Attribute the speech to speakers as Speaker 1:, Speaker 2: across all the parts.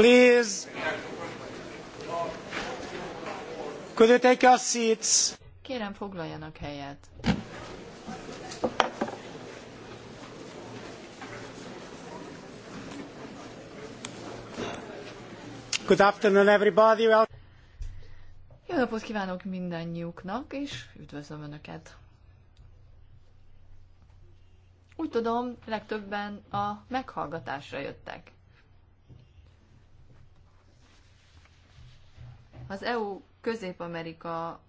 Speaker 1: Please. Could you take your seats?
Speaker 2: Kérem, foglaljanak helyet.
Speaker 1: Good afternoon, everybody. Jó
Speaker 2: napot kívánok mindannyiuknak, és üdvözlöm Önöket. Úgy tudom, legtöbben a meghallgatásra jöttek. Az EU Közép-Amerika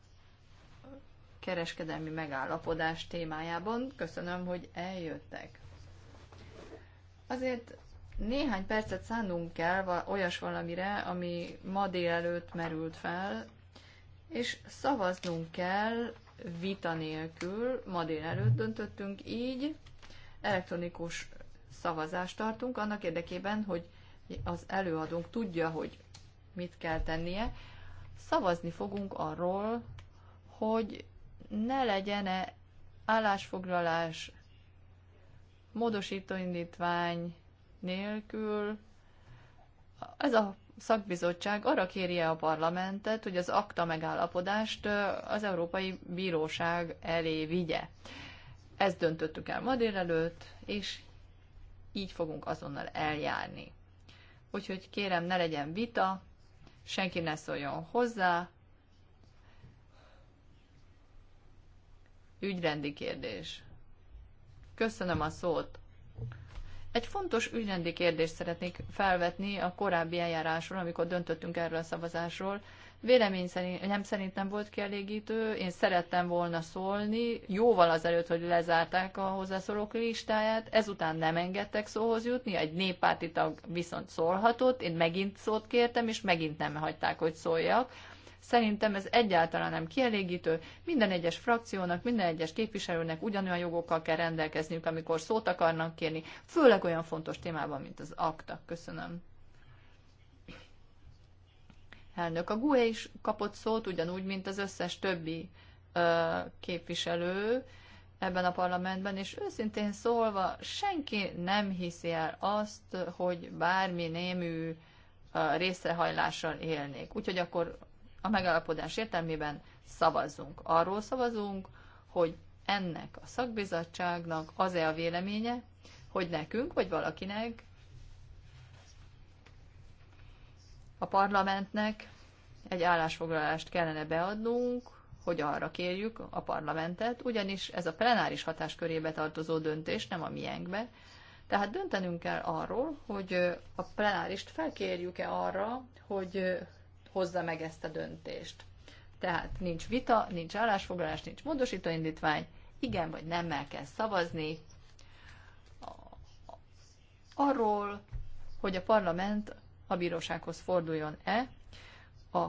Speaker 2: kereskedelmi megállapodás témájában köszönöm, hogy eljöttek. Azért néhány percet szánunk kell olyas valamire, ami ma délelőtt merült fel, és szavaznunk kell vita nélkül, ma délelőtt döntöttünk így, elektronikus szavazást tartunk annak érdekében, hogy az előadónk tudja, hogy mit kell tennie, szavazni fogunk arról, hogy ne legyen -e állásfoglalás módosítóindítvány nélkül. Ez a szakbizottság arra kérje a parlamentet, hogy az akta megállapodást az Európai Bíróság elé vigye. Ezt döntöttük el ma délelőtt, és így fogunk azonnal eljárni. Úgyhogy kérem, ne legyen vita, senki ne szóljon hozzá. Ügyrendi kérdés. Köszönöm a szót. Egy fontos ügyrendi kérdést szeretnék felvetni a korábbi eljárásról, amikor döntöttünk erről a szavazásról. Vélemény szerint, nem szerintem volt kielégítő, én szerettem volna szólni, jóval azelőtt, hogy lezárták a hozzászólók listáját, ezután nem engedtek szóhoz jutni, egy néppárti tag viszont szólhatott, én megint szót kértem, és megint nem hagyták, hogy szóljak. Szerintem ez egyáltalán nem kielégítő. Minden egyes frakciónak, minden egyes képviselőnek ugyanolyan jogokkal kell rendelkezniük, amikor szót akarnak kérni, főleg olyan fontos témában, mint az akta. Köszönöm elnök. A GUE is kapott szót, ugyanúgy, mint az összes többi ö, képviselő ebben a parlamentben, és őszintén szólva senki nem hiszi el azt, hogy bármi némű ö, részrehajlással élnék. Úgyhogy akkor a megállapodás értelmében szavazzunk. Arról szavazunk, hogy ennek a szakbizottságnak az-e a véleménye, hogy nekünk vagy valakinek a parlamentnek egy állásfoglalást kellene beadnunk, hogy arra kérjük a parlamentet, ugyanis ez a plenáris hatáskörébe tartozó döntés, nem a miénkbe. Tehát döntenünk kell arról, hogy a plenárist felkérjük-e arra, hogy hozza meg ezt a döntést. Tehát nincs vita, nincs állásfoglalás, nincs módosítóindítvány, igen vagy nemmel kell szavazni arról, hogy a parlament a bírósághoz forduljon-e a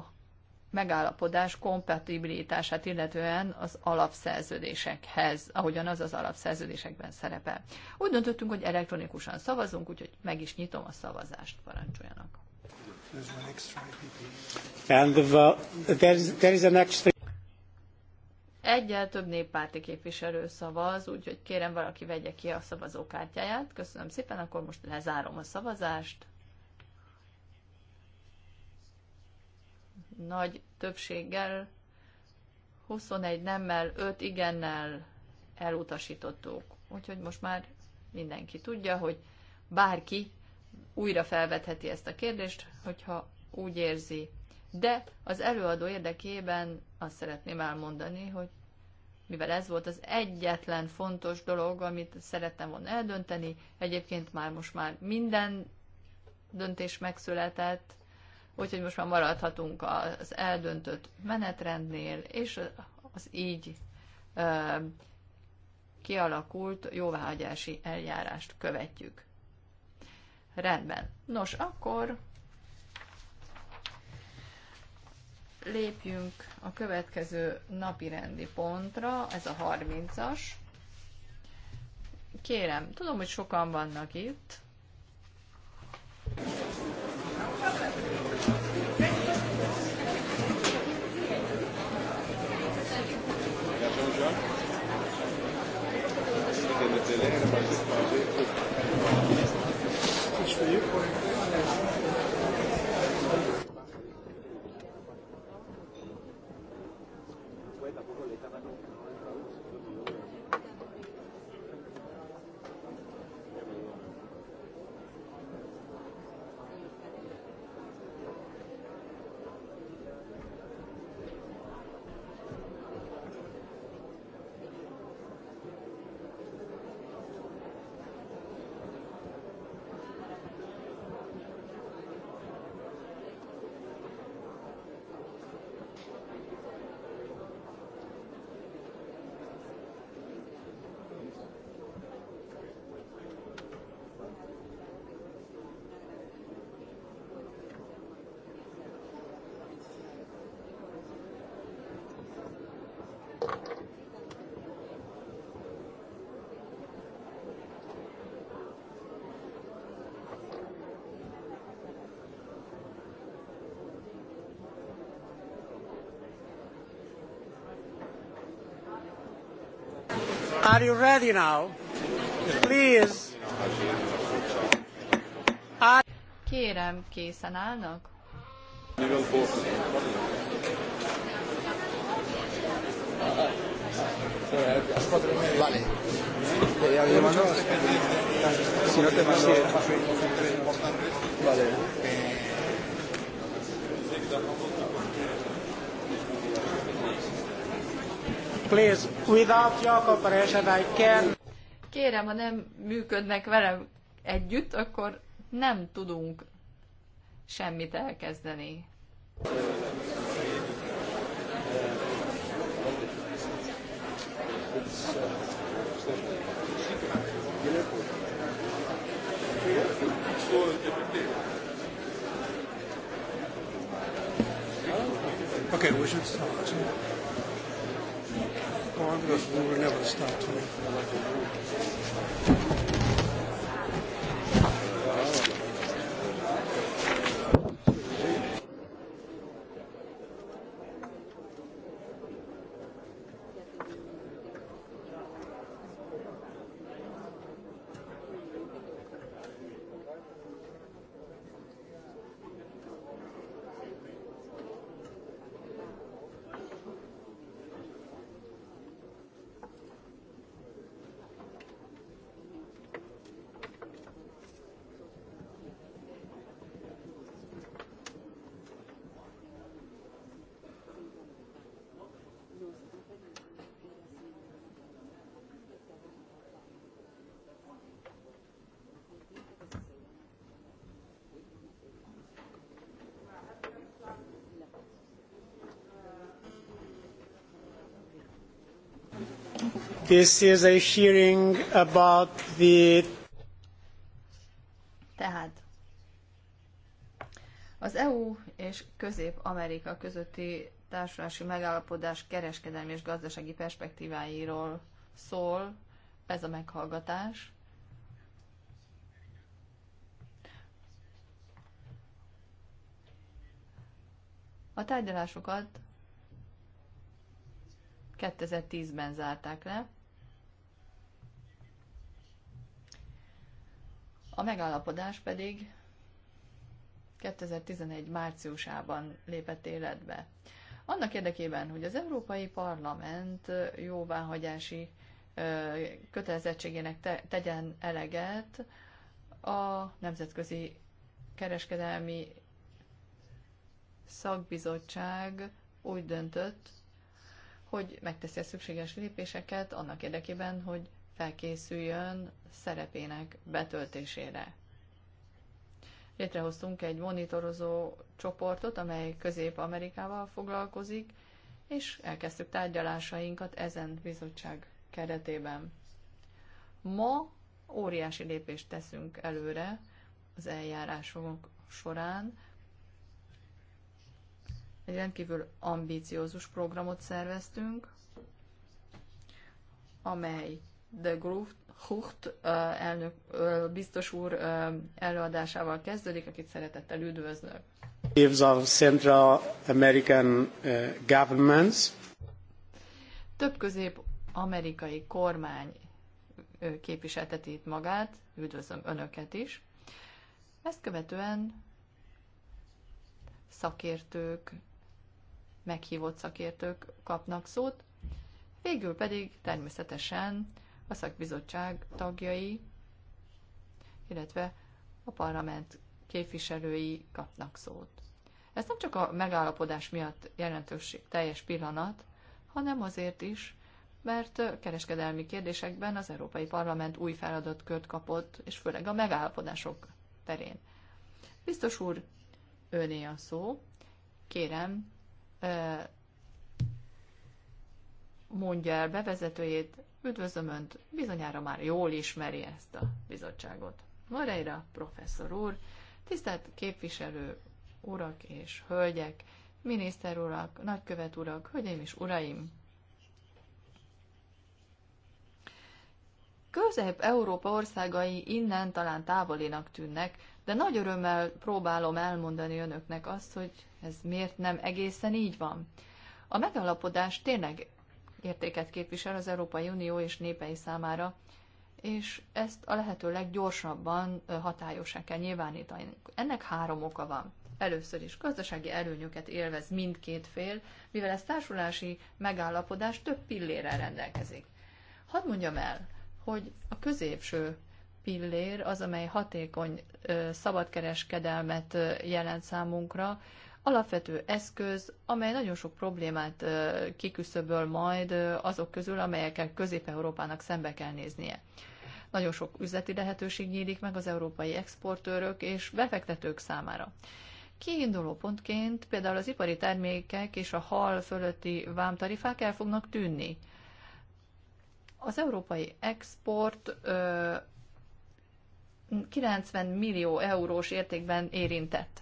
Speaker 2: megállapodás kompatibilitását illetően az alapszerződésekhez, ahogyan az az alapszerződésekben szerepel. Úgy döntöttünk, hogy elektronikusan szavazunk, úgyhogy meg is nyitom a szavazást, parancsoljanak.
Speaker 1: And there is, there is
Speaker 2: Egyel több néppárti képviselő szavaz, úgyhogy kérem valaki vegye ki a szavazókártyáját. Köszönöm szépen, akkor most lezárom a szavazást. nagy többséggel, 21 nemmel, 5 igennel elutasítottuk. Úgyhogy most már mindenki tudja, hogy bárki újra felvetheti ezt a kérdést, hogyha úgy érzi. De az előadó érdekében azt szeretném elmondani, hogy mivel ez volt az egyetlen fontos dolog, amit szerettem volna eldönteni, egyébként már most már minden döntés megszületett, úgyhogy most már maradhatunk az eldöntött menetrendnél, és az így kialakult jóváhagyási eljárást követjük. Rendben. Nos, akkor lépjünk a következő napi rendi pontra, ez a 30-as. Kérem, tudom, hogy sokan vannak itt.
Speaker 1: Are you ready now? Please.
Speaker 2: Are... Kérem, készen állnak?
Speaker 1: Vale. Vale. Please, without your cooperation I can...
Speaker 2: Kérem, ha nem működnek velem együtt, akkor nem tudunk semmit elkezdeni.
Speaker 1: Okay, we should start form because we were never stopped. This is a hearing about the...
Speaker 2: Tehát az EU és Közép-Amerika közötti társulási megállapodás kereskedelmi és gazdasági perspektíváiról szól ez a meghallgatás. A tárgyalásokat 2010-ben zárták le. A megállapodás pedig 2011 márciusában lépett életbe. Annak érdekében, hogy az Európai Parlament jóváhagyási kötelezettségének te- tegyen eleget a Nemzetközi Kereskedelmi Szakbizottság úgy döntött, hogy megteszi a szükséges lépéseket annak érdekében, hogy felkészüljön szerepének betöltésére. Létrehoztunk egy monitorozó csoportot, amely Közép-Amerikával foglalkozik, és elkezdtük tárgyalásainkat ezen bizottság keretében. Ma óriási lépést teszünk előre az eljárások során. Egy rendkívül ambíciózus programot szerveztünk, amely de Hucht elnök, biztos úr előadásával kezdődik, akit szeretettel üdvözlök.
Speaker 1: of Central American Governments.
Speaker 2: Több közép-amerikai kormány képviselteti itt magát, üdvözlöm Önöket is. Ezt követően szakértők, meghívott szakértők kapnak szót, végül pedig természetesen a szakbizottság tagjai, illetve a parlament képviselői kapnak szót. Ez nem csak a megállapodás miatt jelentőség teljes pillanat, hanem azért is, mert kereskedelmi kérdésekben az Európai Parlament új feladatkört kapott, és főleg a megállapodások terén. Biztos úr, öné a szó. Kérem, eh, mondja el bevezetőjét, Üdvözlöm Önt, bizonyára már jól ismeri ezt a bizottságot. Moreira, professzor úr, tisztelt képviselő urak és hölgyek, miniszter urak, nagykövet urak, hölgyeim és uraim! Közép-Európa országai innen talán távolinak tűnnek, de nagy örömmel próbálom elmondani önöknek azt, hogy ez miért nem egészen így van. A megalapodás tényleg értéket képvisel az Európai Unió és népei számára, és ezt a lehető leggyorsabban hatályosá kell nyilvánítani. Ennek három oka van. Először is gazdasági előnyöket élvez mindkét fél, mivel ez társulási megállapodás több pillérrel rendelkezik. Hadd mondjam el, hogy a középső pillér az, amely hatékony szabadkereskedelmet jelent számunkra, alapvető eszköz, amely nagyon sok problémát kiküszöböl majd azok közül, amelyekkel Közép-Európának szembe kell néznie. Nagyon sok üzleti lehetőség nyílik meg az európai exportőrök és befektetők számára. Kiinduló pontként például az ipari termékek és a hal fölötti vámtarifák el fognak tűnni. Az európai export ö, 90 millió eurós értékben érintett.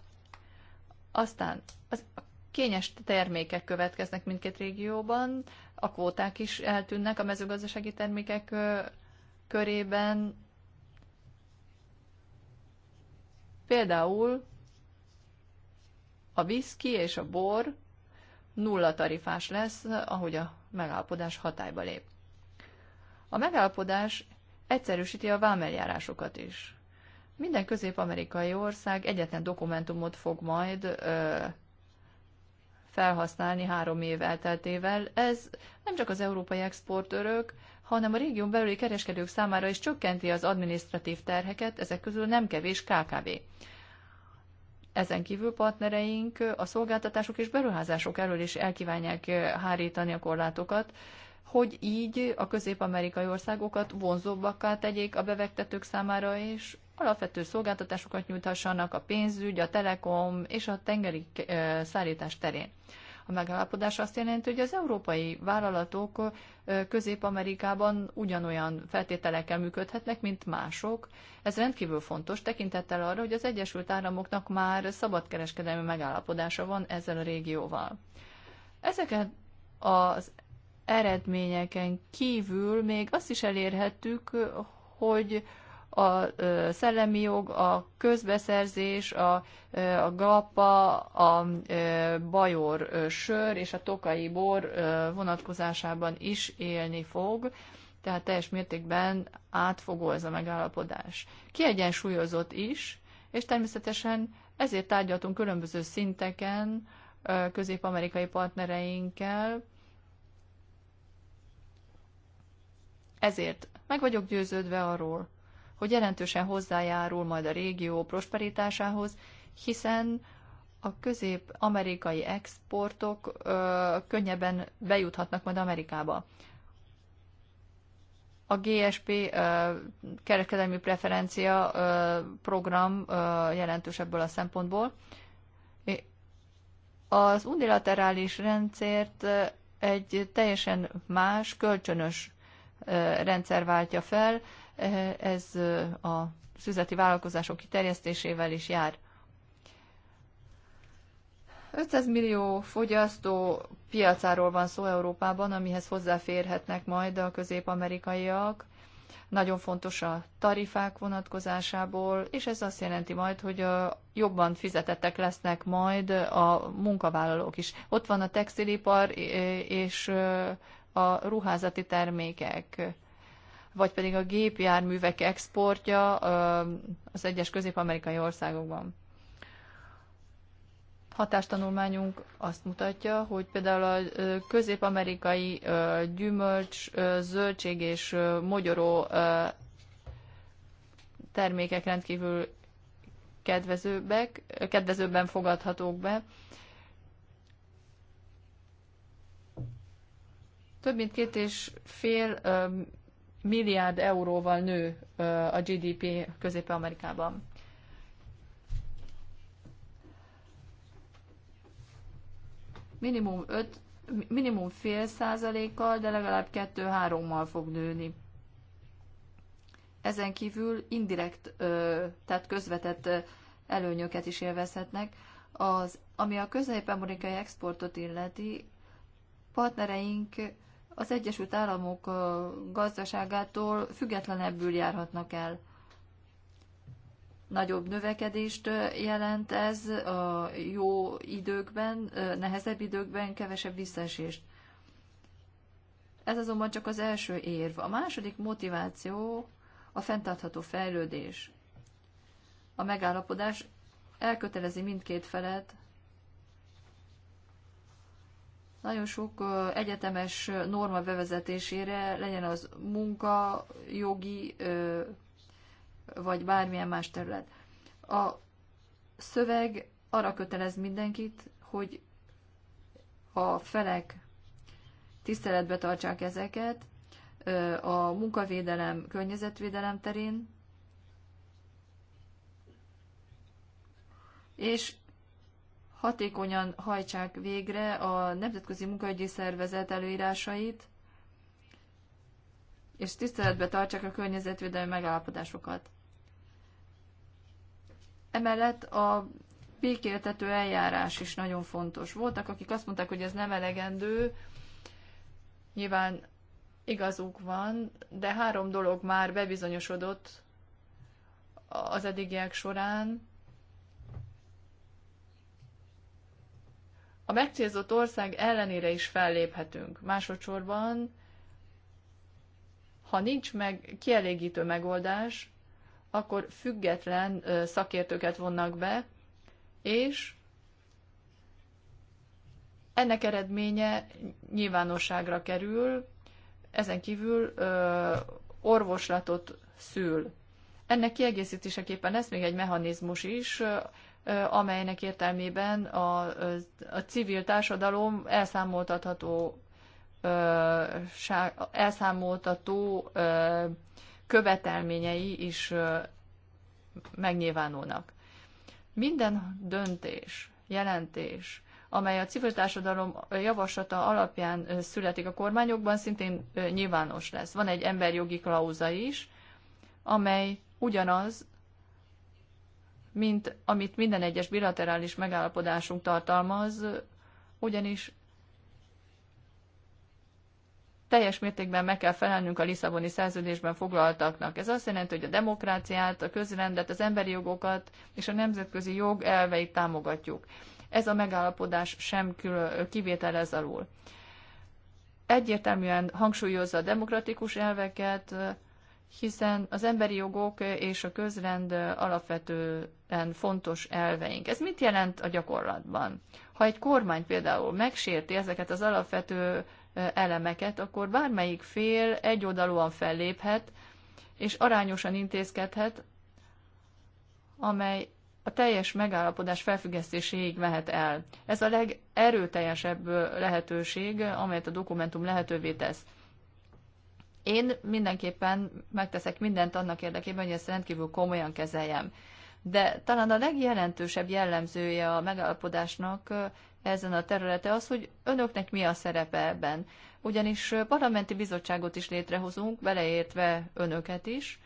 Speaker 2: Aztán az kényes termékek következnek mindkét régióban, a kvóták is eltűnnek a mezőgazdasági termékek körében. Például a viszki és a bor nulla tarifás lesz, ahogy a megállapodás hatályba lép. A megállapodás egyszerűsíti a vámeljárásokat is. Minden közép-amerikai ország egyetlen dokumentumot fog majd ö, felhasználni három év elteltével. Ez nem csak az európai exportőrök, hanem a régión belüli kereskedők számára is csökkenti az administratív terheket, ezek közül nem kevés KKV. Ezen kívül partnereink a szolgáltatások és beruházások elől is elkívánják hárítani a korlátokat, hogy így a közép-amerikai országokat vonzóbbakká tegyék a bevektetők számára, és alapvető szolgáltatásokat nyújthassanak a pénzügy, a telekom és a tengeri eh, szállítás terén. A megállapodás azt jelenti, hogy az európai vállalatok eh, Közép-Amerikában ugyanolyan feltételekkel működhetnek, mint mások. Ez rendkívül fontos, tekintettel arra, hogy az Egyesült Államoknak már szabadkereskedelmi megállapodása van ezzel a régióval. Ezeket az eredményeken kívül még azt is elérhettük, hogy a szellemi jog, a közbeszerzés, a, a GAPA, a bajor sör és a tokai bor vonatkozásában is élni fog, tehát teljes mértékben átfogó ez a megállapodás. Kiegyensúlyozott is, és természetesen ezért tárgyaltunk különböző szinteken közép-amerikai partnereinkkel, ezért meg vagyok győződve arról, hogy jelentősen hozzájárul majd a régió prosperitásához, hiszen a közép-amerikai exportok ö, könnyebben bejuthatnak majd Amerikába. A GSP ö, kereskedelmi preferencia ö, program ö, jelentős ebből a szempontból. Az unilaterális rendszert egy teljesen más, kölcsönös rendszer váltja fel, ez a szüzeti vállalkozások kiterjesztésével is jár. 500 millió fogyasztó piacáról van szó Európában, amihez hozzáférhetnek majd a közép-amerikaiak. Nagyon fontos a tarifák vonatkozásából, és ez azt jelenti majd, hogy jobban fizetettek lesznek majd a munkavállalók is. Ott van a textilipar és a ruházati termékek vagy pedig a gépjárművek exportja az egyes közép-amerikai országokban. Hatástanulmányunk azt mutatja, hogy például a közép-amerikai gyümölcs, zöldség és mogyoró termékek rendkívül kedvezőbbek, kedvezőbben fogadhatók be. Több mint két és fél milliárd euróval nő a GDP Közép-Amerikában. Minimum 5, minimum fél százalékkal, de legalább 2 3 fog nőni. Ezen kívül indirekt, tehát közvetett előnyöket is élvezhetnek. Az, ami a közép-amerikai exportot illeti, partnereink az Egyesült Államok gazdaságától függetlenebbül járhatnak el. Nagyobb növekedést jelent ez a jó időkben, nehezebb időkben, kevesebb visszaesést. Ez azonban csak az első érv. A második motiváció a fenntartható fejlődés. A megállapodás elkötelezi mindkét felet nagyon sok egyetemes norma bevezetésére legyen az munka, jogi vagy bármilyen más terület. A szöveg arra kötelez mindenkit, hogy a felek tiszteletbe tartsák ezeket a munkavédelem, környezetvédelem terén, és hatékonyan hajtsák végre a Nemzetközi Munkaügyi Szervezet előírásait, és tiszteletbe tartsák a környezetvédelmi megállapodásokat. Emellett a békéltető eljárás is nagyon fontos. Voltak, akik azt mondták, hogy ez nem elegendő, nyilván igazuk van, de három dolog már bebizonyosodott az eddigiek során, a megcélzott ország ellenére is felléphetünk. Másodszorban, ha nincs meg kielégítő megoldás, akkor független szakértőket vonnak be, és ennek eredménye nyilvánosságra kerül, ezen kívül ö, orvoslatot szül. Ennek kiegészítéseképpen lesz még egy mechanizmus is, amelynek értelmében a, a civil társadalom elszámoltatható elszámoltató követelményei is megnyilvánulnak. Minden döntés, jelentés, amely a civil társadalom javaslata alapján születik a kormányokban, szintén nyilvános lesz. Van egy emberjogi klauza is, amely ugyanaz, mint amit minden egyes bilaterális megállapodásunk tartalmaz, ugyanis teljes mértékben meg kell felelnünk a Lisszaboni szerződésben foglaltaknak. Ez azt jelenti, hogy a demokráciát, a közrendet, az emberi jogokat és a nemzetközi jog elveit támogatjuk. Ez a megállapodás sem kivételez alul. Egyértelműen hangsúlyozza a demokratikus elveket, hiszen az emberi jogok és a közrend alapvetően fontos elveink. Ez mit jelent a gyakorlatban? Ha egy kormány például megsérti ezeket az alapvető elemeket, akkor bármelyik fél egyoldalúan felléphet, és arányosan intézkedhet, amely a teljes megállapodás felfüggesztéséig mehet el. Ez a legerőteljesebb lehetőség, amelyet a dokumentum lehetővé tesz. Én mindenképpen megteszek mindent annak érdekében, hogy ezt rendkívül komolyan kezeljem. De talán a legjelentősebb jellemzője a megállapodásnak ezen a területe az, hogy önöknek mi a szerepe ebben. Ugyanis parlamenti bizottságot is létrehozunk, beleértve önöket is,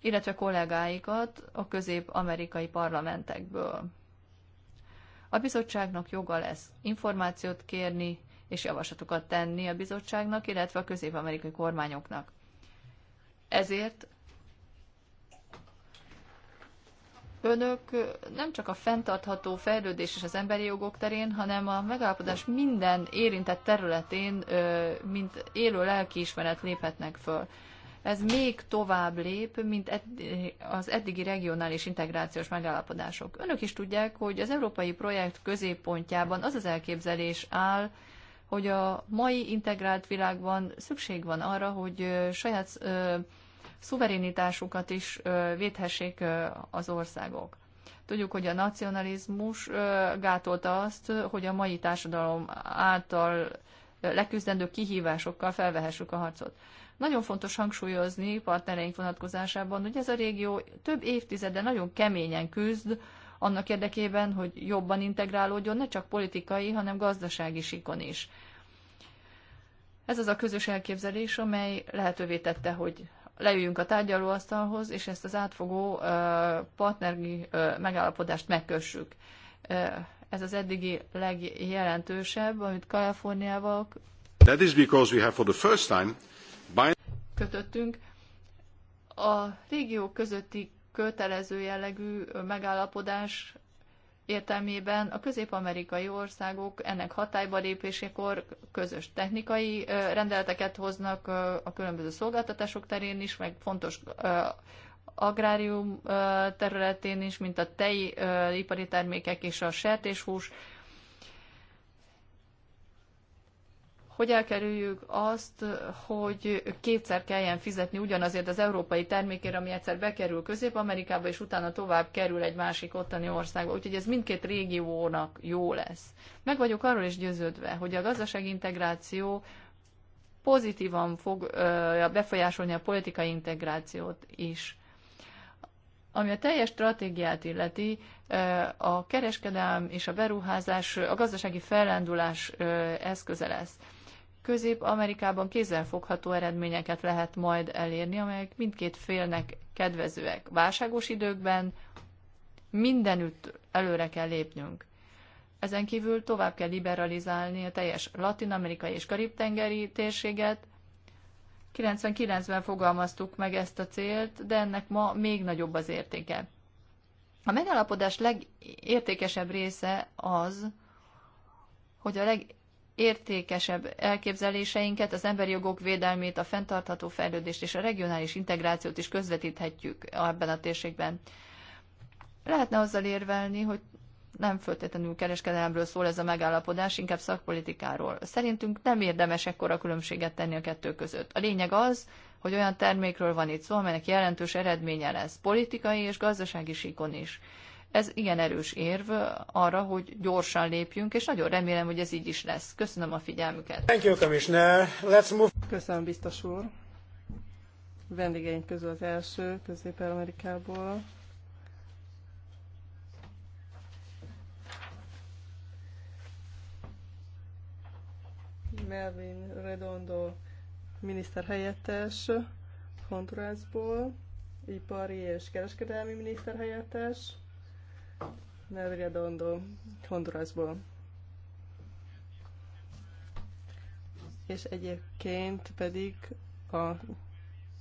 Speaker 2: illetve kollégáikat a közép-amerikai parlamentekből. A bizottságnak joga lesz információt kérni, és javaslatokat tenni a bizottságnak, illetve a közép-amerikai kormányoknak. Ezért önök nem csak a fenntartható fejlődés és az emberi jogok terén, hanem a megállapodás minden érintett területén, mint élő lelkiismeret léphetnek föl. Ez még tovább lép, mint az eddigi regionális integrációs megállapodások. Önök is tudják, hogy az európai projekt középpontjában az az elképzelés áll, hogy a mai integrált világban szükség van arra, hogy saját szuverenitásukat is védhessék az országok. Tudjuk, hogy a nacionalizmus gátolta azt, hogy a mai társadalom által leküzdendő kihívásokkal felvehessük a harcot. Nagyon fontos hangsúlyozni partnereink vonatkozásában, hogy ez a régió több évtizede nagyon keményen küzd annak érdekében, hogy jobban integrálódjon, ne csak politikai, hanem gazdasági sikon is. Ez az a közös elképzelés, amely lehetővé tette, hogy leüljünk a tárgyalóasztalhoz, és ezt az átfogó partneri megállapodást megkössük. Ez az eddigi legjelentősebb, amit Kaliforniával
Speaker 1: That is because we have for the first time by...
Speaker 2: kötöttünk. A régiók közötti kötelező jellegű megállapodás értelmében a közép-amerikai országok ennek hatályba lépésekor közös technikai rendeleteket hoznak a különböző szolgáltatások terén is, meg fontos agrárium területén is, mint a tejipari termékek és a sertéshús, hogy elkerüljük azt, hogy kétszer kelljen fizetni ugyanazért az európai termékért, ami egyszer bekerül Közép-Amerikába, és utána tovább kerül egy másik ottani országba. Úgyhogy ez mindkét régiónak jó lesz. Meg vagyok arról is győződve, hogy a gazdasági integráció pozitívan fog befolyásolni a politikai integrációt is. Ami a teljes stratégiát illeti, a kereskedelm és a beruházás a gazdasági fellendulás eszköze lesz. Közép-Amerikában kézzelfogható eredményeket lehet majd elérni, amelyek mindkét félnek kedvezőek. Válságos időkben mindenütt előre kell lépnünk. Ezen kívül tovább kell liberalizálni a teljes latin-amerikai és karib-tengeri térséget. 99-ben fogalmaztuk meg ezt a célt, de ennek ma még nagyobb az értéke. A megállapodás legértékesebb része az, hogy a leg értékesebb elképzeléseinket, az emberi jogok védelmét, a fenntartható fejlődést és a regionális integrációt is közvetíthetjük ebben a térségben. Lehetne azzal érvelni, hogy nem föltétlenül kereskedelemről szól ez a megállapodás, inkább szakpolitikáról. Szerintünk nem érdemes ekkora különbséget tenni a kettő között. A lényeg az, hogy olyan termékről van itt szó, amelynek jelentős eredménye lesz politikai és gazdasági síkon is. Ez igen erős érv arra, hogy gyorsan lépjünk, és nagyon remélem, hogy ez így is lesz. Köszönöm a figyelmüket.
Speaker 3: Thank you, Commissioner. Let's move. Köszönöm, biztos úr.
Speaker 2: Vendégeink közül
Speaker 3: az első, Közép-Amerikából. Melvin Redondo miniszter helyettes Hondurasból, ipari és kereskedelmi miniszter helyettes. Melredondo, Hondurasból. És egyébként pedig a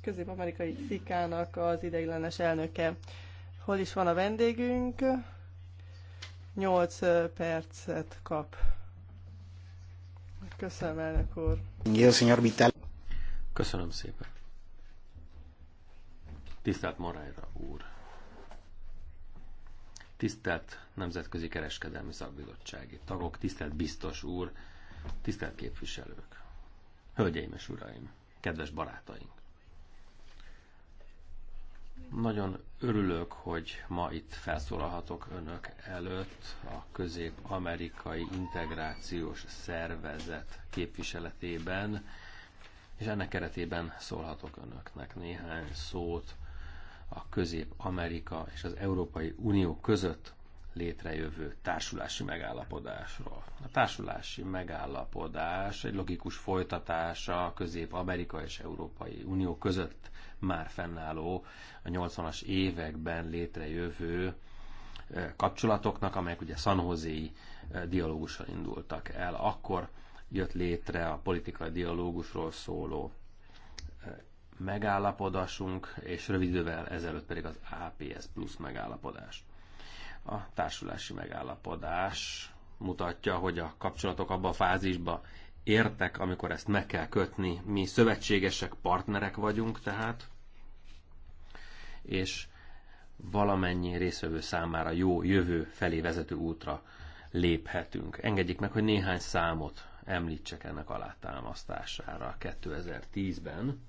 Speaker 3: közép-amerikai szikának az ideiglenes elnöke. Hol is van a vendégünk? 8 percet kap. Köszönöm, elnök úr.
Speaker 4: Köszönöm szépen. Tisztelt Marajra úr tisztelt Nemzetközi Kereskedelmi Szakbizottsági tagok, tisztelt biztos úr, tisztelt képviselők, hölgyeim és uraim, kedves barátaink! Nagyon örülök, hogy ma itt felszólalhatok önök előtt a közép-amerikai integrációs szervezet képviseletében, és ennek keretében szólhatok önöknek néhány szót a Közép-Amerika és az Európai Unió között létrejövő társulási megállapodásról. A társulási megállapodás egy logikus folytatása a Közép-Amerika és Európai Unió között már fennálló a 80-as években létrejövő eh, kapcsolatoknak, amelyek ugye szanhozéi eh, dialógussal indultak el. Akkor jött létre a politikai dialógusról szóló megállapodásunk, és rövid idővel ezelőtt pedig az APS plusz megállapodás. A társulási megállapodás mutatja, hogy a kapcsolatok abban a fázisba értek, amikor ezt meg kell kötni. Mi szövetségesek, partnerek vagyunk tehát, és valamennyi részvevő számára jó jövő felé vezető útra léphetünk. Engedjék meg, hogy néhány számot említsek ennek alátámasztására 2010-ben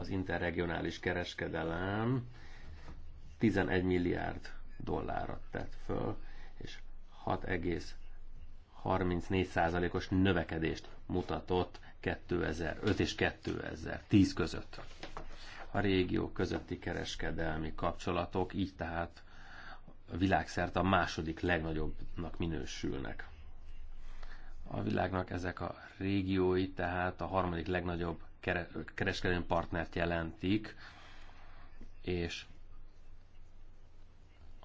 Speaker 4: az interregionális kereskedelem 11 milliárd dollárra tett föl, és 6,34%-os növekedést mutatott 2005 és 2010 között. A régió közötti kereskedelmi kapcsolatok így tehát világszerte a második legnagyobbnak minősülnek. A világnak ezek a régiói tehát a harmadik legnagyobb kereskedelmi partnert jelentik, és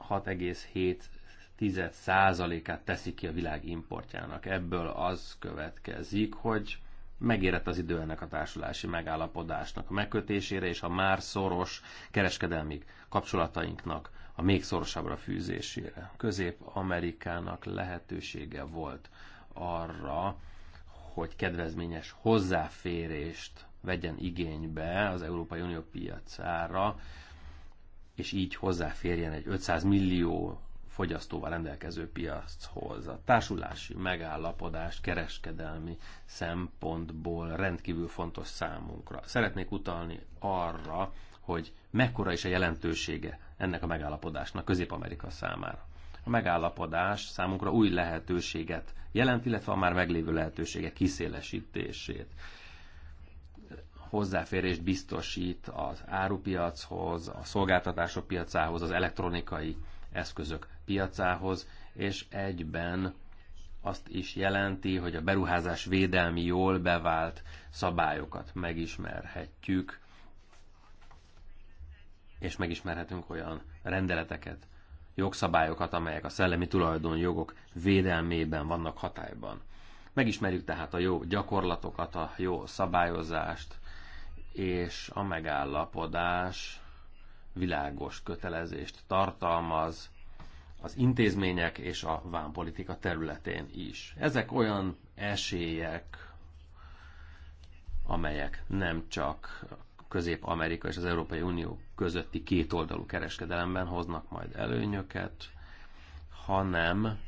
Speaker 4: 6,7%-át teszik ki a világ importjának. Ebből az következik, hogy megérett az idő ennek a társulási megállapodásnak a megkötésére, és a már szoros kereskedelmi kapcsolatainknak a még szorosabbra fűzésére. Közép-Amerikának lehetősége volt arra, hogy kedvezményes hozzáférést vegyen igénybe az Európai Unió piacára, és így hozzáférjen egy 500 millió fogyasztóval rendelkező piachoz. A társulási megállapodás kereskedelmi szempontból rendkívül fontos számunkra. Szeretnék utalni arra, hogy mekkora is a jelentősége ennek a megállapodásnak Közép-Amerika számára. A megállapodás számunkra új lehetőséget jelent, illetve a már meglévő lehetőségek kiszélesítését hozzáférést biztosít az árupiachoz, a szolgáltatások piacához, az elektronikai eszközök piacához, és egyben azt is jelenti, hogy a beruházás védelmi jól bevált szabályokat megismerhetjük, és megismerhetünk olyan rendeleteket jogszabályokat, amelyek a szellemi tulajdon jogok védelmében vannak hatályban. Megismerjük tehát a jó gyakorlatokat, a jó szabályozást, és a megállapodás világos kötelezést tartalmaz az intézmények és a vámpolitika területén is. Ezek olyan esélyek, amelyek nem csak Közép-Amerika és az Európai Unió közötti kétoldalú kereskedelemben hoznak majd előnyöket, hanem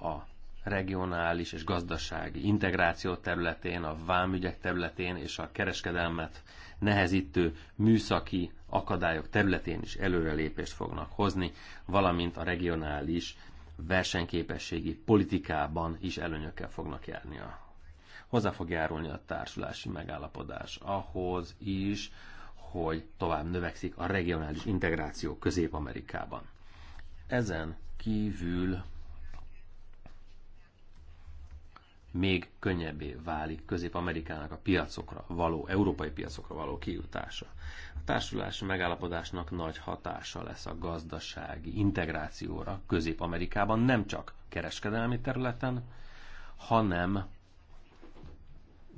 Speaker 4: a regionális és gazdasági integráció területén, a vámügyek területén és a kereskedelmet nehezítő műszaki akadályok területén is előrelépést fognak hozni, valamint a regionális versenyképességi politikában is előnyökkel fognak járni a hozzá fog járulni a társulási megállapodás ahhoz is, hogy tovább növekszik a regionális integráció Közép-Amerikában. Ezen kívül még könnyebbé válik Közép-Amerikának a piacokra való, európai piacokra való kijutása. A társulási megállapodásnak nagy hatása lesz a gazdasági integrációra Közép-Amerikában, nem csak kereskedelmi területen, hanem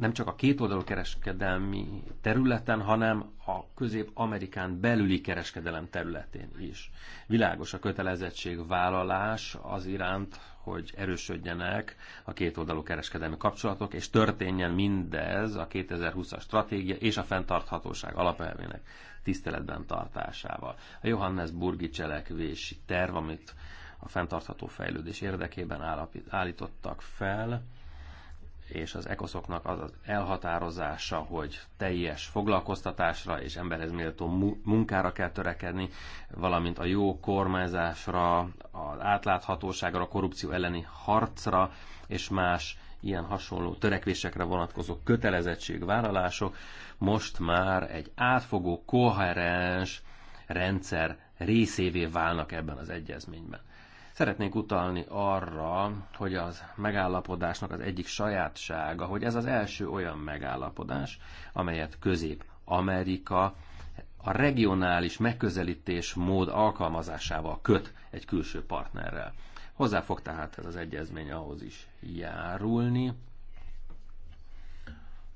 Speaker 4: nem csak a kétoldalú kereskedelmi területen, hanem a közép-amerikán belüli kereskedelem területén is. Világos a kötelezettségvállalás az iránt, hogy erősödjenek a kétoldalú kereskedelmi kapcsolatok, és történjen mindez a 2020-as stratégia és a fenntarthatóság alapelvének tiszteletben tartásával. A Johannesburgi cselekvési terv, amit a fenntartható fejlődés érdekében állapít, állítottak fel, és az ekoszoknak az, az elhatározása, hogy teljes foglalkoztatásra és emberhez méltó munkára kell törekedni, valamint a jó kormányzásra, az átláthatóságra, a korrupció elleni harcra és más ilyen hasonló törekvésekre vonatkozó kötelezettségvállalások most már egy átfogó, koherens rendszer részévé válnak ebben az egyezményben. Szeretnék utalni arra, hogy az megállapodásnak az egyik sajátsága, hogy ez az első olyan megállapodás, amelyet Közép-Amerika a regionális megközelítés mód alkalmazásával köt egy külső partnerrel. Hozzá fog tehát ez az egyezmény ahhoz is járulni,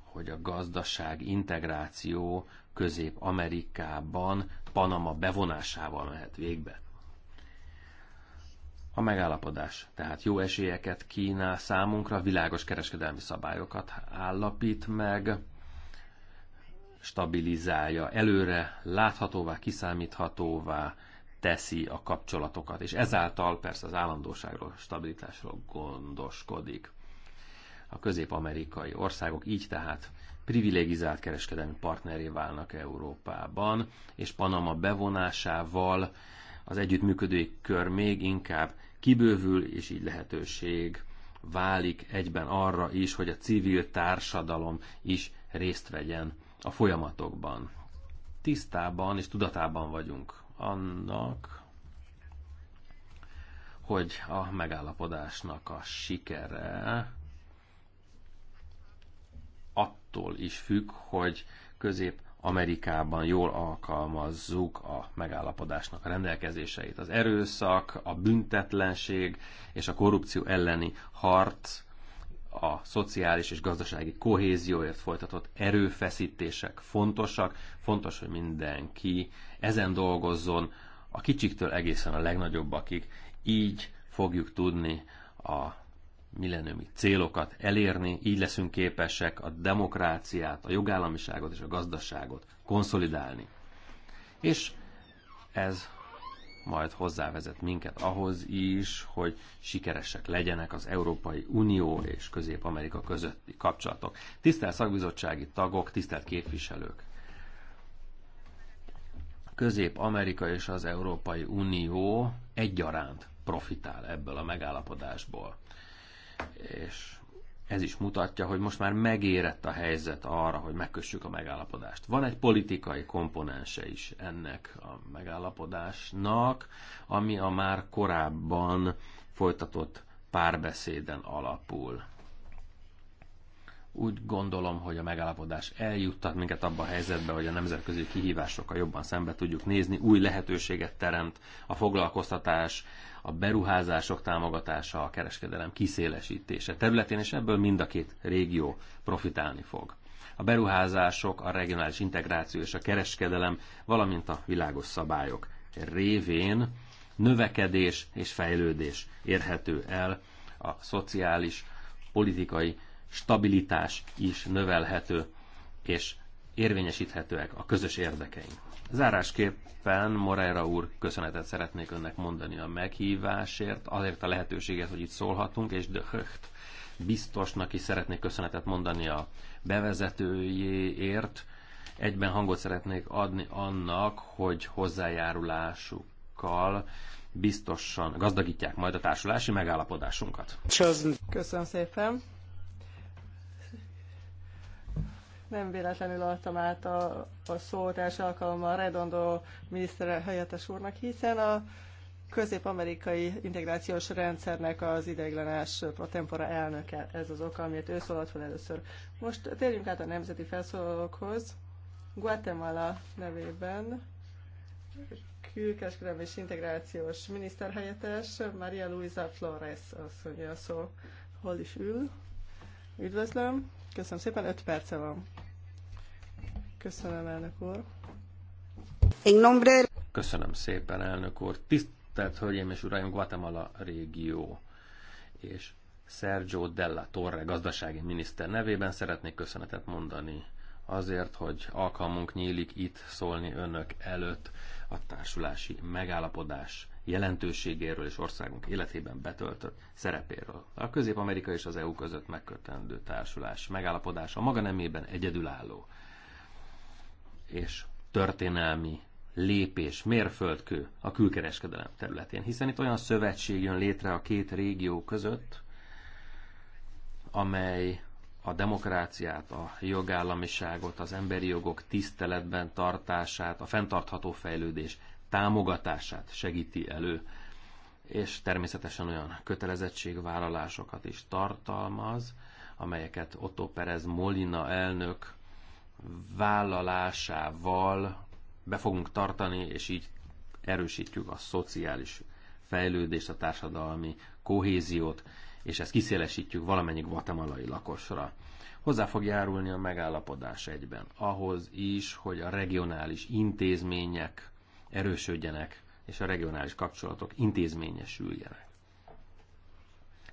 Speaker 4: hogy a gazdaság integráció Közép-Amerikában Panama bevonásával mehet végbe. A megállapodás tehát jó esélyeket kínál számunkra, világos kereskedelmi szabályokat állapít meg, stabilizálja, előre láthatóvá, kiszámíthatóvá teszi a kapcsolatokat, és ezáltal persze az állandóságról, stabilitásról gondoskodik. A közép-amerikai országok így tehát privilegizált kereskedelmi partneré válnak Európában, és Panama bevonásával az együttműködői kör még inkább kibővül, és így lehetőség válik egyben arra is, hogy a civil társadalom is részt vegyen a folyamatokban. Tisztában és tudatában vagyunk annak, hogy a megállapodásnak a sikere attól is függ, hogy közép Amerikában jól alkalmazzuk a megállapodásnak a rendelkezéseit. Az erőszak, a büntetlenség és a korrupció elleni harc a szociális és gazdasági kohézióért folytatott erőfeszítések fontosak. Fontos, hogy mindenki ezen dolgozzon, a kicsiktől egészen a legnagyobbakig. Így fogjuk tudni a millenőmi célokat elérni, így leszünk képesek a demokráciát, a jogállamiságot és a gazdaságot konszolidálni. És ez majd hozzávezet minket ahhoz is, hogy sikeresek legyenek az Európai Unió és Közép-Amerika közötti kapcsolatok. Tisztelt szakbizottsági tagok, tisztelt képviselők! Közép-Amerika és az Európai Unió egyaránt profitál ebből a megállapodásból és ez is mutatja, hogy most már megérett a helyzet arra, hogy megkössük a megállapodást. Van egy politikai komponense is ennek a megállapodásnak, ami a már korábban folytatott párbeszéden alapul. Úgy gondolom, hogy a megállapodás eljuttat minket abba a helyzetbe, hogy a nemzetközi kihívásokkal jobban szembe tudjuk nézni, új lehetőséget teremt a foglalkoztatás, a beruházások támogatása, a kereskedelem kiszélesítése területén, és ebből mind a két régió profitálni fog. A beruházások, a regionális integráció és a kereskedelem, valamint a világos szabályok révén növekedés és fejlődés érhető el, a szociális, politikai stabilitás is növelhető, és érvényesíthetőek a közös érdekeink. Zárásképpen Moreira úr, köszönetet szeretnék önnek mondani a meghívásért, azért a lehetőséget, hogy itt szólhatunk, és de höcht biztosnak is szeretnék köszönetet mondani a bevezetőjéért. Egyben hangot szeretnék adni annak, hogy hozzájárulásukkal biztosan gazdagítják majd a társulási megállapodásunkat.
Speaker 3: Köszönöm szépen! Nem véletlenül adtam át a, a szót első alkalommal Redondo miniszter helyettes úrnak, hiszen a közép-amerikai integrációs rendszernek az ideiglenes protempora elnöke. Ez az oka, amiért ő szólalt fel először. Most térjünk át a nemzeti felszólalókhoz. Guatemala nevében külkereskedelmi és integrációs miniszterhelyettes Maria Luisa Flores asszonyja a szó. Hol is ül? Üdvözlöm, köszönöm szépen, 5 perce van. Köszönöm, elnök úr.
Speaker 4: Köszönöm szépen, elnök úr. Tisztelt Hölgyeim és Uraim, Guatemala régió és Sergio Della Torre gazdasági miniszter nevében szeretnék köszönetet mondani azért, hogy alkalmunk nyílik itt szólni önök előtt a társulási megállapodás jelentőségéről és országunk életében betöltött szerepéről. A Közép-Amerika és az EU között megkötendő társulás megállapodása maga nemében egyedülálló és történelmi lépés, mérföldkő a külkereskedelem területén, hiszen itt olyan szövetség jön létre a két régió között, amely a demokráciát, a jogállamiságot, az emberi jogok tiszteletben tartását, a fenntartható fejlődés támogatását segíti elő, és természetesen olyan kötelezettségvállalásokat is tartalmaz, amelyeket Otto Perez Molina elnök vállalásával be fogunk tartani, és így erősítjük a szociális fejlődést, a társadalmi kohéziót, és ezt kiszélesítjük valamennyi guatemalai lakosra. Hozzá fog járulni a megállapodás egyben ahhoz is, hogy a regionális intézmények erősödjenek, és a regionális kapcsolatok intézményesüljenek.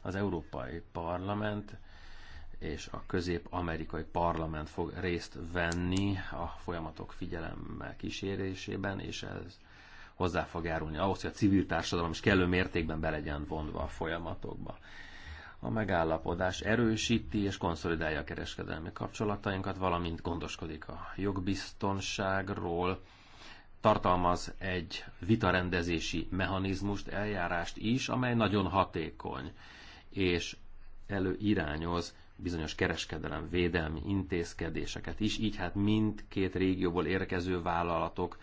Speaker 4: Az Európai Parlament és a közép-amerikai parlament fog részt venni a folyamatok figyelemmel kísérésében, és ez hozzá fog járulni ahhoz, hogy a civil társadalom is kellő mértékben be legyen vonva a folyamatokba. A megállapodás erősíti és konszolidálja a kereskedelmi kapcsolatainkat, valamint gondoskodik a jogbiztonságról, tartalmaz egy vitarendezési mechanizmust, eljárást is, amely nagyon hatékony, és előirányoz bizonyos kereskedelem védelmi intézkedéseket is, így hát mindkét régióból érkező vállalatok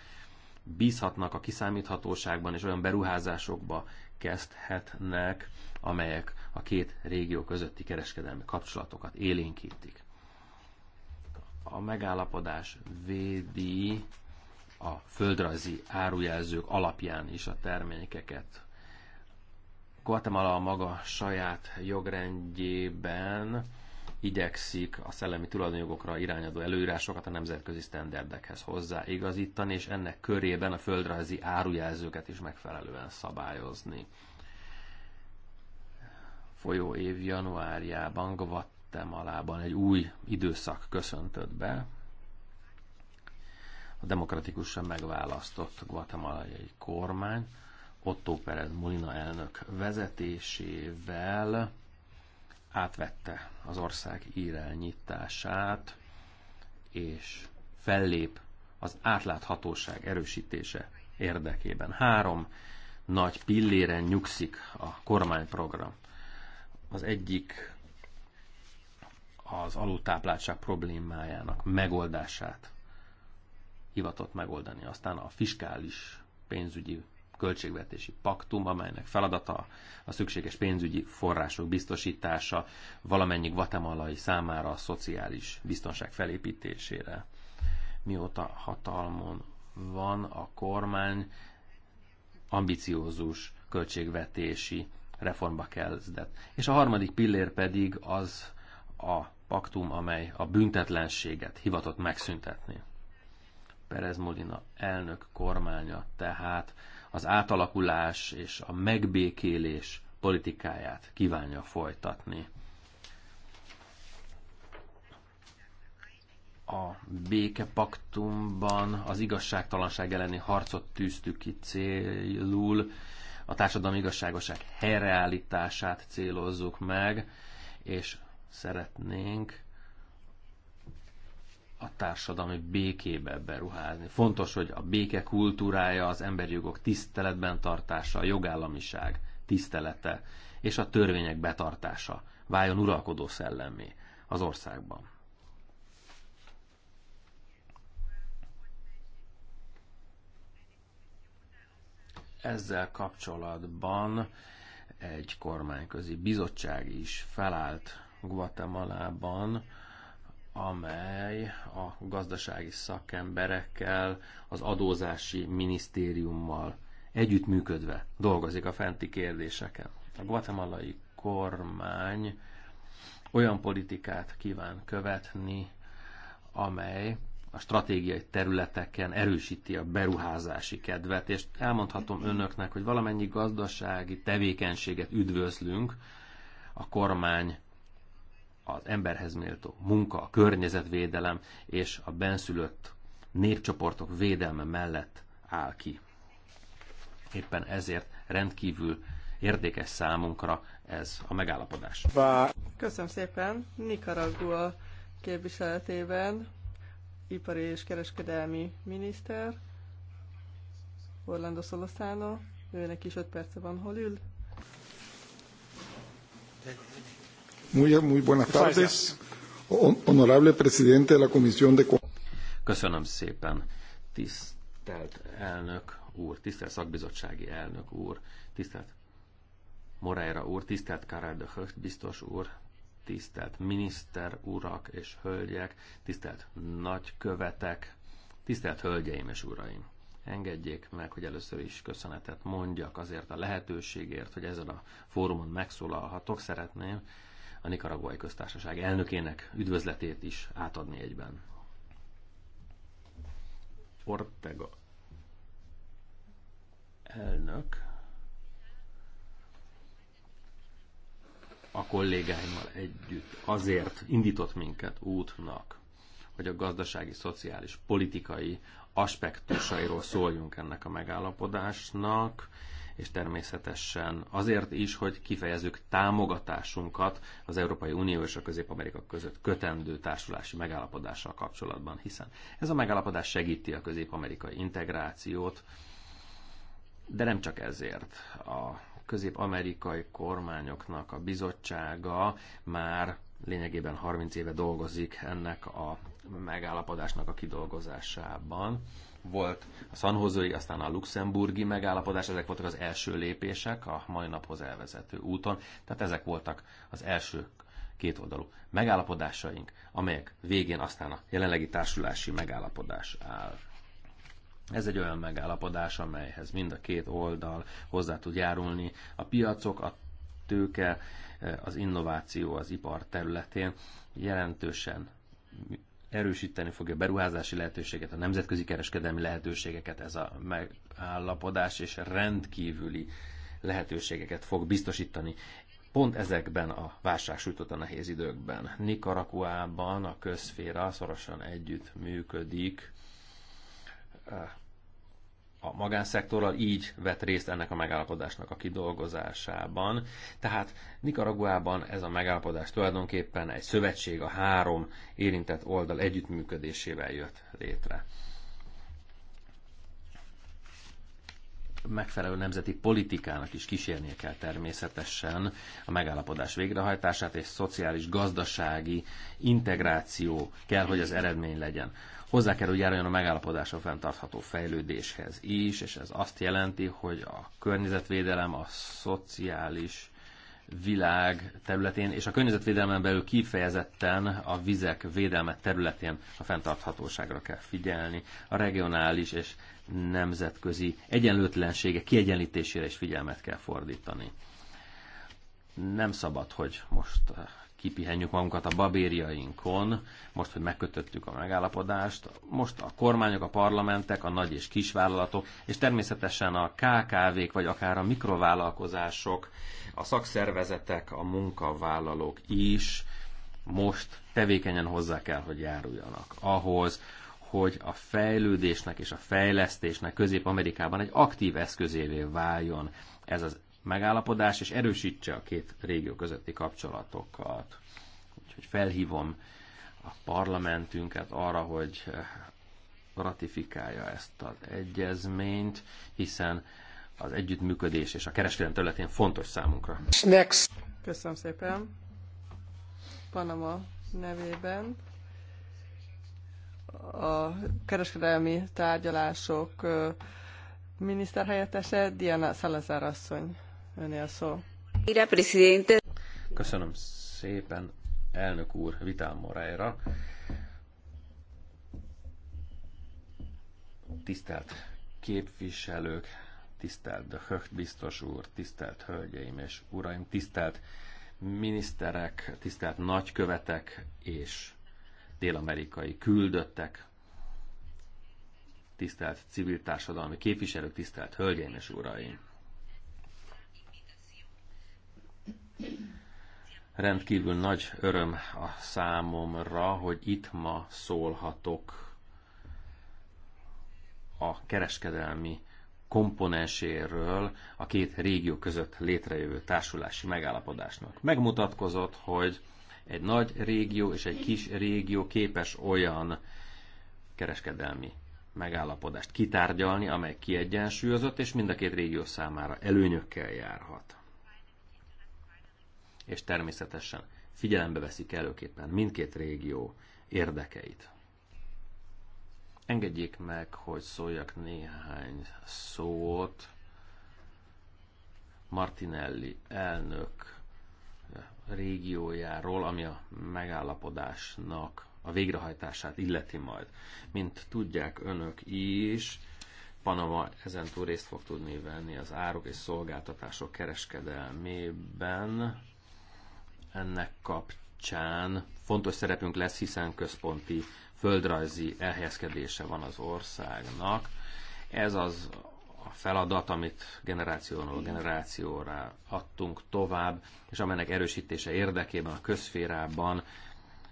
Speaker 4: bízhatnak a kiszámíthatóságban, és olyan beruházásokba kezdhetnek, amelyek a két régió közötti kereskedelmi kapcsolatokat élénkítik. A megállapodás védi a földrajzi árujelzők alapján is a termékeket. Guatemala a maga saját jogrendjében igyekszik a szellemi tulajdonjogokra irányadó előírásokat a nemzetközi sztenderdekhez hozzáigazítani, és ennek körében a földrajzi árujelzőket is megfelelően szabályozni. Folyó év januárjában Guatemalában egy új időszak köszöntött be, a demokratikusan megválasztott guatemalai kormány Otto Pérez Molina elnök vezetésével átvette az ország irányítását, és fellép az átláthatóság erősítése érdekében. Három nagy pilléren nyugszik a kormányprogram. Az egyik az alultápláltság problémájának megoldását hivatott megoldani, aztán a fiskális pénzügyi költségvetési paktum, amelynek feladata a szükséges pénzügyi források biztosítása valamennyi guatemalai számára a szociális biztonság felépítésére. Mióta hatalmon van a kormány, ambiciózus költségvetési reformba kezdett. És a harmadik pillér pedig az a paktum, amely a büntetlenséget hivatott megszüntetni. Perez Molina elnök kormánya tehát az átalakulás és a megbékélés politikáját kívánja folytatni. A békepaktumban az igazságtalanság elleni harcot tűztük ki célul, a társadalmi igazságoság helyreállítását célozzuk meg, és szeretnénk a társadalmi békébe beruházni. Fontos, hogy a béke kultúrája, az emberi jogok tiszteletben tartása, a jogállamiság tisztelete és a törvények betartása váljon uralkodó szellemé az országban. Ezzel kapcsolatban egy kormányközi bizottság is felállt Guatemalában, amely a gazdasági szakemberekkel, az adózási minisztériummal együttműködve dolgozik a fenti kérdéseken. A guatemalai kormány olyan politikát kíván követni, amely a stratégiai területeken erősíti a beruházási kedvet, és elmondhatom önöknek, hogy valamennyi gazdasági tevékenységet üdvözlünk a kormány az emberhez méltó munka, a környezetvédelem és a benszülött népcsoportok védelme mellett áll ki. Éppen ezért rendkívül érdekes számunkra ez a megállapodás.
Speaker 3: Köszönöm szépen. Nicaragua képviseletében ipari és kereskedelmi miniszter Orlando Solosano, őnek is 5 perce van, hol ül.
Speaker 1: Muy, muy buenas tardes. Honorable presidente de la Comisión de...
Speaker 4: Köszönöm szépen, tisztelt elnök úr, tisztelt szakbizottsági elnök úr, tisztelt Moreira úr, tisztelt Karel de Höcht biztos úr, tisztelt miniszter urak és hölgyek, tisztelt nagykövetek, tisztelt hölgyeim és uraim. Engedjék meg, hogy először is köszönetet mondjak azért a lehetőségért, hogy ezen a fórumon megszólalhatok. Szeretném a Nikaraguai Köztársaság elnökének üdvözletét is átadni egyben. Ortega elnök a kollégáimmal együtt azért indított minket útnak, hogy a gazdasági, szociális, politikai aspektusairól szóljunk ennek a megállapodásnak, és természetesen azért is, hogy kifejezzük támogatásunkat az Európai Unió és a Közép-Amerika között kötendő társulási megállapodással kapcsolatban, hiszen ez a megállapodás segíti a közép-amerikai integrációt, de nem csak ezért. A közép-amerikai kormányoknak a bizottsága már lényegében 30 éve dolgozik ennek a megállapodásnak a kidolgozásában, volt a szanhozói, aztán a luxemburgi megállapodás, ezek voltak az első lépések a mai naphoz elvezető úton. Tehát ezek voltak az első kétoldalú megállapodásaink, amelyek végén aztán a jelenlegi társulási megállapodás áll. Ez egy olyan megállapodás, amelyhez mind a két oldal hozzá tud járulni a piacok, a tőke, az innováció az ipar területén jelentősen erősíteni fogja a beruházási lehetőséget, a nemzetközi kereskedelmi lehetőségeket ez a megállapodás, és rendkívüli lehetőségeket fog biztosítani. Pont ezekben a válság sújtott a nehéz időkben. Nikarakuában a közféra szorosan együtt működik eh, a magánszektorral, így vett részt ennek a megállapodásnak a kidolgozásában. Tehát Nikaraguában ez a megállapodás tulajdonképpen egy szövetség a három érintett oldal együttműködésével jött létre. megfelelő nemzeti politikának is kísérnie kell természetesen a megállapodás végrehajtását, és szociális-gazdasági integráció kell, hogy az eredmény legyen. Hozzá kell, hogy járuljon a megállapodás a fenntartható fejlődéshez is, és ez azt jelenti, hogy a környezetvédelem, a szociális világ területén, és a környezetvédelmen belül kifejezetten a vizek védelme területén a fenntarthatóságra kell figyelni, a regionális és nemzetközi egyenlőtlensége kiegyenlítésére is figyelmet kell fordítani. Nem szabad, hogy most eh, kipihenjük magunkat a babériainkon, most, hogy megkötöttük a megállapodást, most a kormányok, a parlamentek, a nagy és kisvállalatok, és természetesen a KKV-k, vagy akár a mikrovállalkozások, a szakszervezetek, a munkavállalók is most tevékenyen hozzá kell, hogy járuljanak ahhoz, hogy a fejlődésnek és a fejlesztésnek Közép-Amerikában egy aktív eszközévé váljon ez az megállapodás, és erősítse a két régió közötti kapcsolatokat. Úgyhogy felhívom a parlamentünket arra, hogy eh, ratifikálja ezt az egyezményt, hiszen az együttműködés és a kereskedelem területén fontos számunkra.
Speaker 3: Next. Köszönöm szépen. Panama nevében a kereskedelmi tárgyalások miniszterhelyettese, Diana Salazar asszony. Önél szó.
Speaker 4: Köszönöm szépen, elnök úr, Vitál Moreira. Tisztelt képviselők, tisztelt Höcht biztos úr, tisztelt hölgyeim és uraim, tisztelt miniszterek, tisztelt nagykövetek és dél-amerikai küldöttek, tisztelt civil társadalmi képviselők, tisztelt hölgyeim és uraim! Rendkívül nagy öröm a számomra, hogy itt ma szólhatok a kereskedelmi komponenséről a két régió között létrejövő társulási megállapodásnak. Megmutatkozott, hogy egy nagy régió és egy kis régió képes olyan kereskedelmi megállapodást kitárgyalni, amely kiegyensúlyozott, és mind a két régió számára előnyökkel járhat. És természetesen figyelembe veszik előképpen mindkét régió érdekeit. Engedjék meg, hogy szóljak néhány szót Martinelli elnök régiójáról, ami a megállapodásnak a végrehajtását illeti majd. Mint tudják önök is, Panama ezentúl részt fog tudni venni az árok és szolgáltatások kereskedelmében. Ennek kapcsán fontos szerepünk lesz, hiszen központi földrajzi elhelyezkedése van az országnak. Ez az a feladat, amit generációról generációra adtunk tovább, és amelynek erősítése érdekében a közférában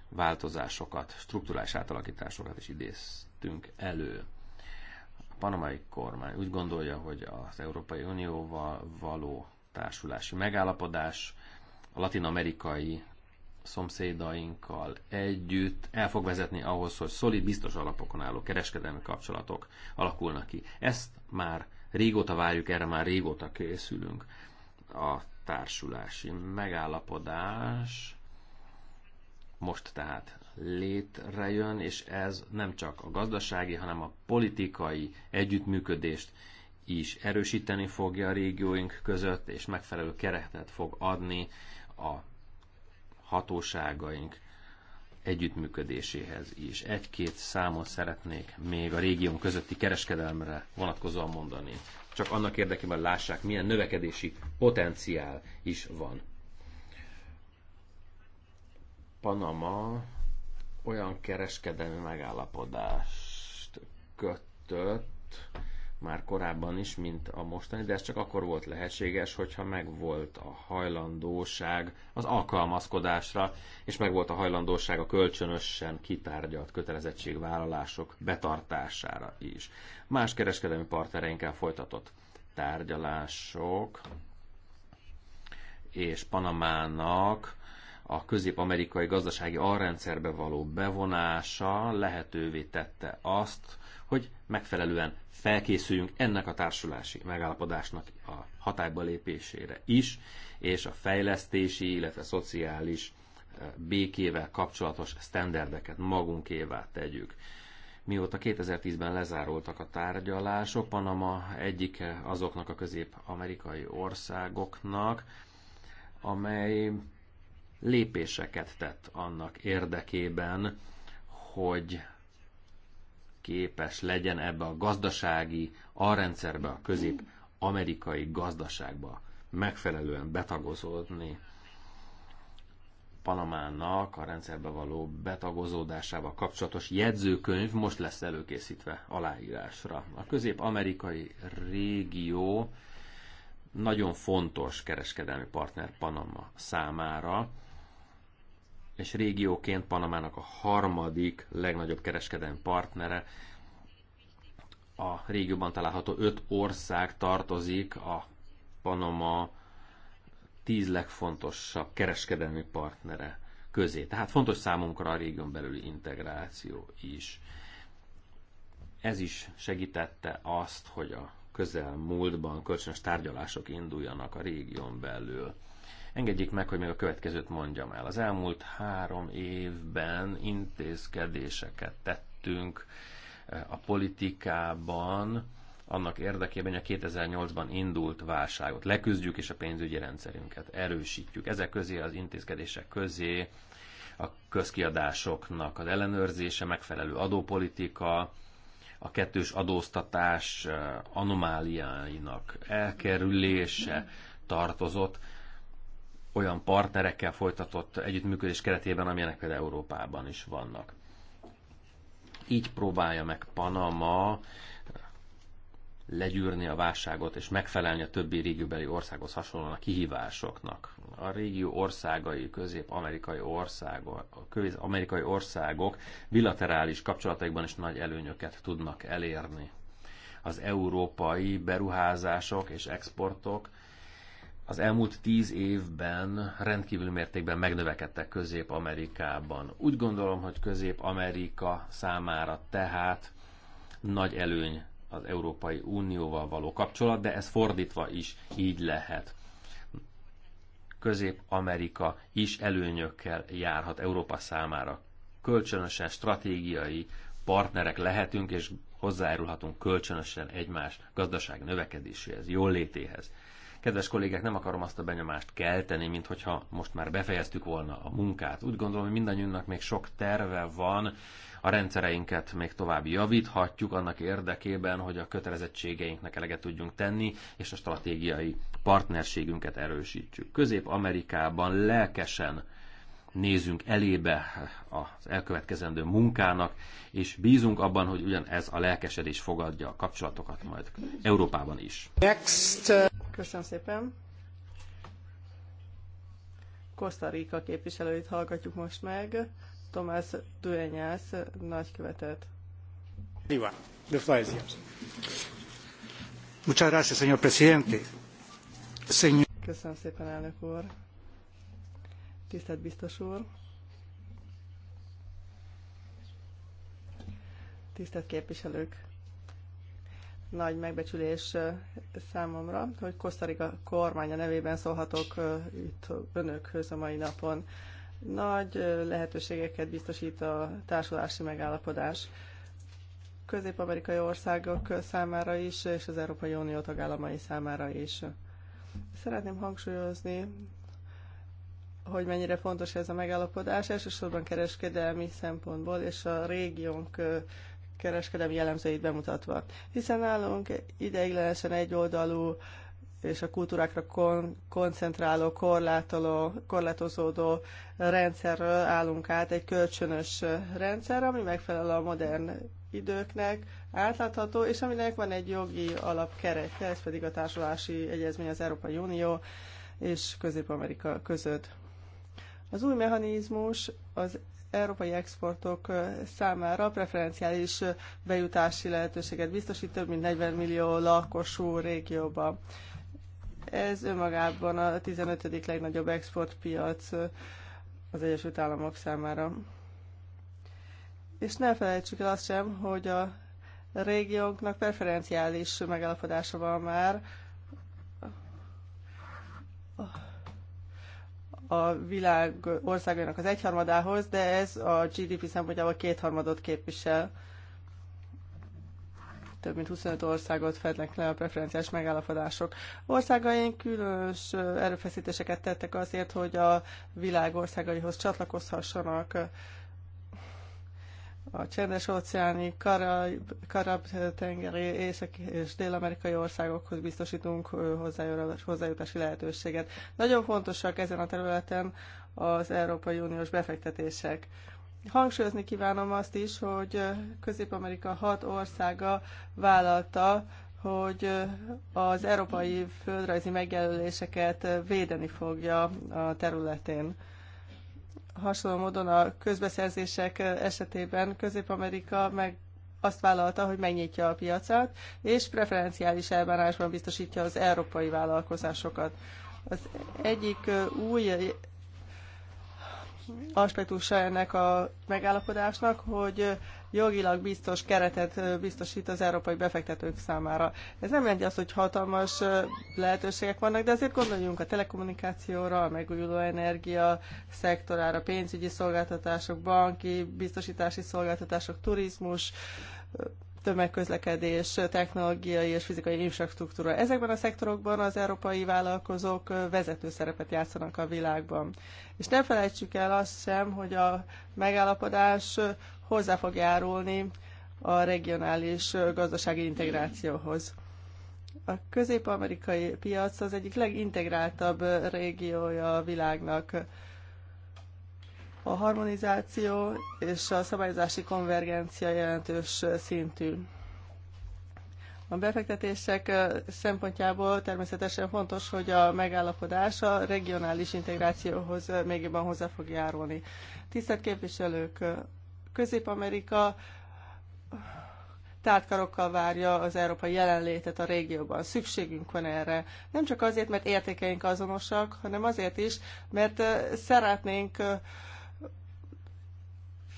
Speaker 4: változásokat, struktúrális átalakításokat is idéztünk elő. A panamai kormány úgy gondolja, hogy az Európai Unióval való társulási megállapodás a latin-amerikai szomszédainkkal együtt el fog vezetni ahhoz, hogy szolid, biztos alapokon álló kereskedelmi kapcsolatok alakulnak ki. Ezt már Régóta várjuk, erre már régóta készülünk. A társulási megállapodás most tehát létrejön, és ez nem csak a gazdasági, hanem a politikai együttműködést is erősíteni fogja a régióink között, és megfelelő keretet fog adni a hatóságaink együttműködéséhez is. Egy-két számot szeretnék még a régión közötti kereskedelmre vonatkozóan mondani. Csak annak érdekében lássák, milyen növekedési potenciál is van. Panama olyan kereskedelmi megállapodást kötött, már korábban is, mint a mostani, de ez csak akkor volt lehetséges, hogyha megvolt a hajlandóság az alkalmazkodásra, és megvolt a hajlandóság a kölcsönösen kitárgyalt kötelezettségvállalások betartására is. Más kereskedelmi partnereinkkel folytatott tárgyalások és Panamának a közép-amerikai gazdasági alrendszerbe való bevonása lehetővé tette azt, hogy megfelelően felkészüljünk ennek a társulási megállapodásnak a hatályba lépésére is, és a fejlesztési, illetve szociális békével kapcsolatos sztenderdeket magunkévá tegyük. Mióta 2010-ben lezárultak a tárgyalások, Panama egyik azoknak a közép-amerikai országoknak, amely lépéseket tett annak érdekében, hogy képes legyen ebbe a gazdasági alrendszerbe, a közép-amerikai gazdaságba megfelelően betagozódni. Panamának a rendszerbe való betagozódásával kapcsolatos jegyzőkönyv most lesz előkészítve aláírásra. A közép-amerikai régió nagyon fontos kereskedelmi partner Panama számára, és régióként Panamának a harmadik legnagyobb kereskedelmi partnere. A régióban található öt ország tartozik a Panama tíz legfontosabb kereskedelmi partnere közé. Tehát fontos számunkra a régión belüli integráció is. Ez is segítette azt, hogy a közelmúltban kölcsönös tárgyalások induljanak a régión belül Engedjék meg, hogy még a következőt mondjam el. Az elmúlt három évben intézkedéseket tettünk eh, a politikában, annak érdekében, hogy a 2008-ban indult válságot leküzdjük, és a pénzügyi rendszerünket erősítjük. Ezek közé az intézkedések közé a közkiadásoknak az ellenőrzése, megfelelő adópolitika, a kettős adóztatás eh, anomáliáinak elkerülése tartozott olyan partnerekkel folytatott együttműködés keretében, amilyenek például Európában is vannak. Így próbálja meg Panama legyűrni a válságot és megfelelni a többi régióbeli országhoz hasonlóan a kihívásoknak. A régió országai, közép-amerikai országok, amerikai országok bilaterális kapcsolataikban is nagy előnyöket tudnak elérni. Az európai beruházások és exportok az elmúlt tíz évben rendkívül mértékben megnövekedtek Közép-Amerikában. Úgy gondolom, hogy Közép-Amerika számára tehát nagy előny az Európai Unióval való kapcsolat, de ez fordítva is így lehet. Közép-Amerika is előnyökkel járhat Európa számára. Kölcsönösen stratégiai partnerek lehetünk, és hozzájárulhatunk kölcsönösen egymás gazdaság növekedéséhez, jólétéhez. Kedves kollégák, nem akarom azt a benyomást kelteni, mint hogyha most már befejeztük volna a munkát. Úgy gondolom, hogy mindannyiunknak még sok terve van, a rendszereinket még tovább javíthatjuk annak érdekében, hogy a kötelezettségeinknek eleget tudjunk tenni, és a stratégiai partnerségünket erősítsük. Közép-Amerikában lelkesen nézünk elébe az elkövetkezendő munkának, és bízunk abban, hogy ugyanez a lelkesedés fogadja a kapcsolatokat majd Európában is.
Speaker 1: Next.
Speaker 3: Köszönöm szépen. Costa Rica képviselőit hallgatjuk most meg, Tomás Duenyász nagykövetet.
Speaker 1: Iván, the floor is yours. Muchas gracias, señor presidente. Señor...
Speaker 3: Köszönöm szépen, elnök úr tisztelt biztos úr, tisztelt képviselők! Nagy megbecsülés számomra, hogy Kosztarika kormánya nevében szólhatok itt önökhöz a mai napon. Nagy lehetőségeket biztosít a társulási megállapodás közép-amerikai országok számára is, és az Európai Unió tagállamai számára is. Szeretném hangsúlyozni, hogy mennyire fontos ez a megállapodás, elsősorban kereskedelmi szempontból és a régiónk kereskedelmi jellemzőit bemutatva. Hiszen nálunk ideiglenesen egyoldalú és a kultúrákra kon- koncentráló, korlátoló, korlátozódó rendszerről állunk át egy kölcsönös rendszer, ami megfelel a modern időknek, átlátható, és aminek van egy jogi alapkeretje, ez pedig a társulási egyezmény az Európai Unió és Közép-Amerika között. Az új mechanizmus az európai exportok számára preferenciális bejutási lehetőséget biztosít több mint 40 millió lakosú régióba. Ez önmagában a 15. legnagyobb exportpiac az Egyesült Államok számára. És ne felejtsük el azt sem, hogy a régióknak preferenciális megállapodása van már a világ országainak az egyharmadához, de ez a GDP szempontjából kétharmadot képvisel. Több mint 25 országot fednek le a preferenciás megállapodások. Országaink különös erőfeszítéseket tettek azért, hogy a világ országaihoz csatlakozhassanak a csendes-óceáni, karab-tengeri, északi és dél-amerikai országokhoz biztosítunk hozzájutási lehetőséget. Nagyon fontosak ezen a területen az Európai Uniós befektetések. Hangsúlyozni kívánom azt is, hogy Közép-Amerika hat országa vállalta, hogy az európai földrajzi megjelöléseket védeni fogja a területén hasonló módon a közbeszerzések esetében Közép-Amerika meg azt vállalta, hogy megnyitja a piacát, és preferenciális elbánásban biztosítja az európai vállalkozásokat. Az egyik új aspektusa ennek a megállapodásnak, hogy jogilag biztos keretet biztosít az európai befektetők számára. Ez nem jelenti azt, hogy hatalmas lehetőségek vannak, de azért gondoljunk a telekommunikációra, a megújuló energia szektorára, pénzügyi szolgáltatások, banki, biztosítási szolgáltatások, turizmus, tömegközlekedés, technológiai és fizikai infrastruktúra. Ezekben a szektorokban az európai vállalkozók vezető szerepet játszanak a világban. És ne felejtsük el azt sem, hogy a megállapodás hozzá fog járulni a regionális gazdasági integrációhoz. A közép-amerikai piac az egyik legintegráltabb régiója a világnak. A harmonizáció és a szabályozási konvergencia jelentős szintű. A befektetések szempontjából természetesen fontos, hogy a megállapodás a regionális integrációhoz még jobban hozzá fog járulni. Tisztelt képviselők, Közép-Amerika tártkarokkal várja az európai jelenlétet a régióban. Szükségünk van erre. Nem csak azért, mert értékeink azonosak, hanem azért is, mert szeretnénk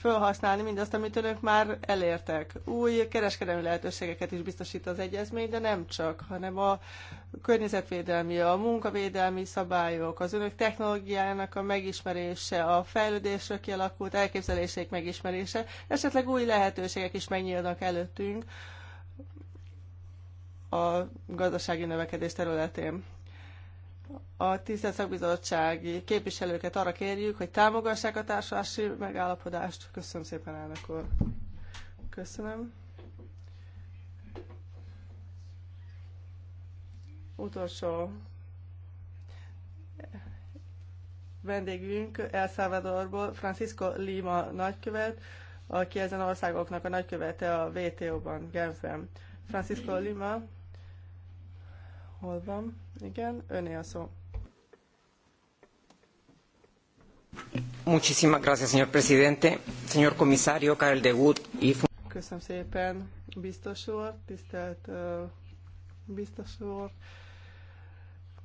Speaker 3: felhasználni mindazt, amit önök már elértek. Új kereskedelmi lehetőségeket is biztosít az egyezmény, de nem csak, hanem a környezetvédelmi, a munkavédelmi szabályok, az önök technológiának a megismerése, a fejlődésről kialakult elképzelések megismerése, esetleg új lehetőségek is megnyílnak előttünk a gazdasági növekedés területén a tisztelt szakbizottsági képviselőket arra kérjük, hogy támogassák a társulási megállapodást. Köszönöm szépen, elnök úr. Köszönöm. Utolsó vendégünk El Salvadorból, Francisco Lima nagykövet, aki ezen országoknak a nagykövete a WTO-ban, Genfben. Francisco Lima, Hol van? Igen, öné a szó.
Speaker 1: Muchísimas gracias, señor presidente, señor comisario, Karel de Wood. Y...
Speaker 3: Köszönöm szépen, biztos úr, tisztelt uh, biztos úr,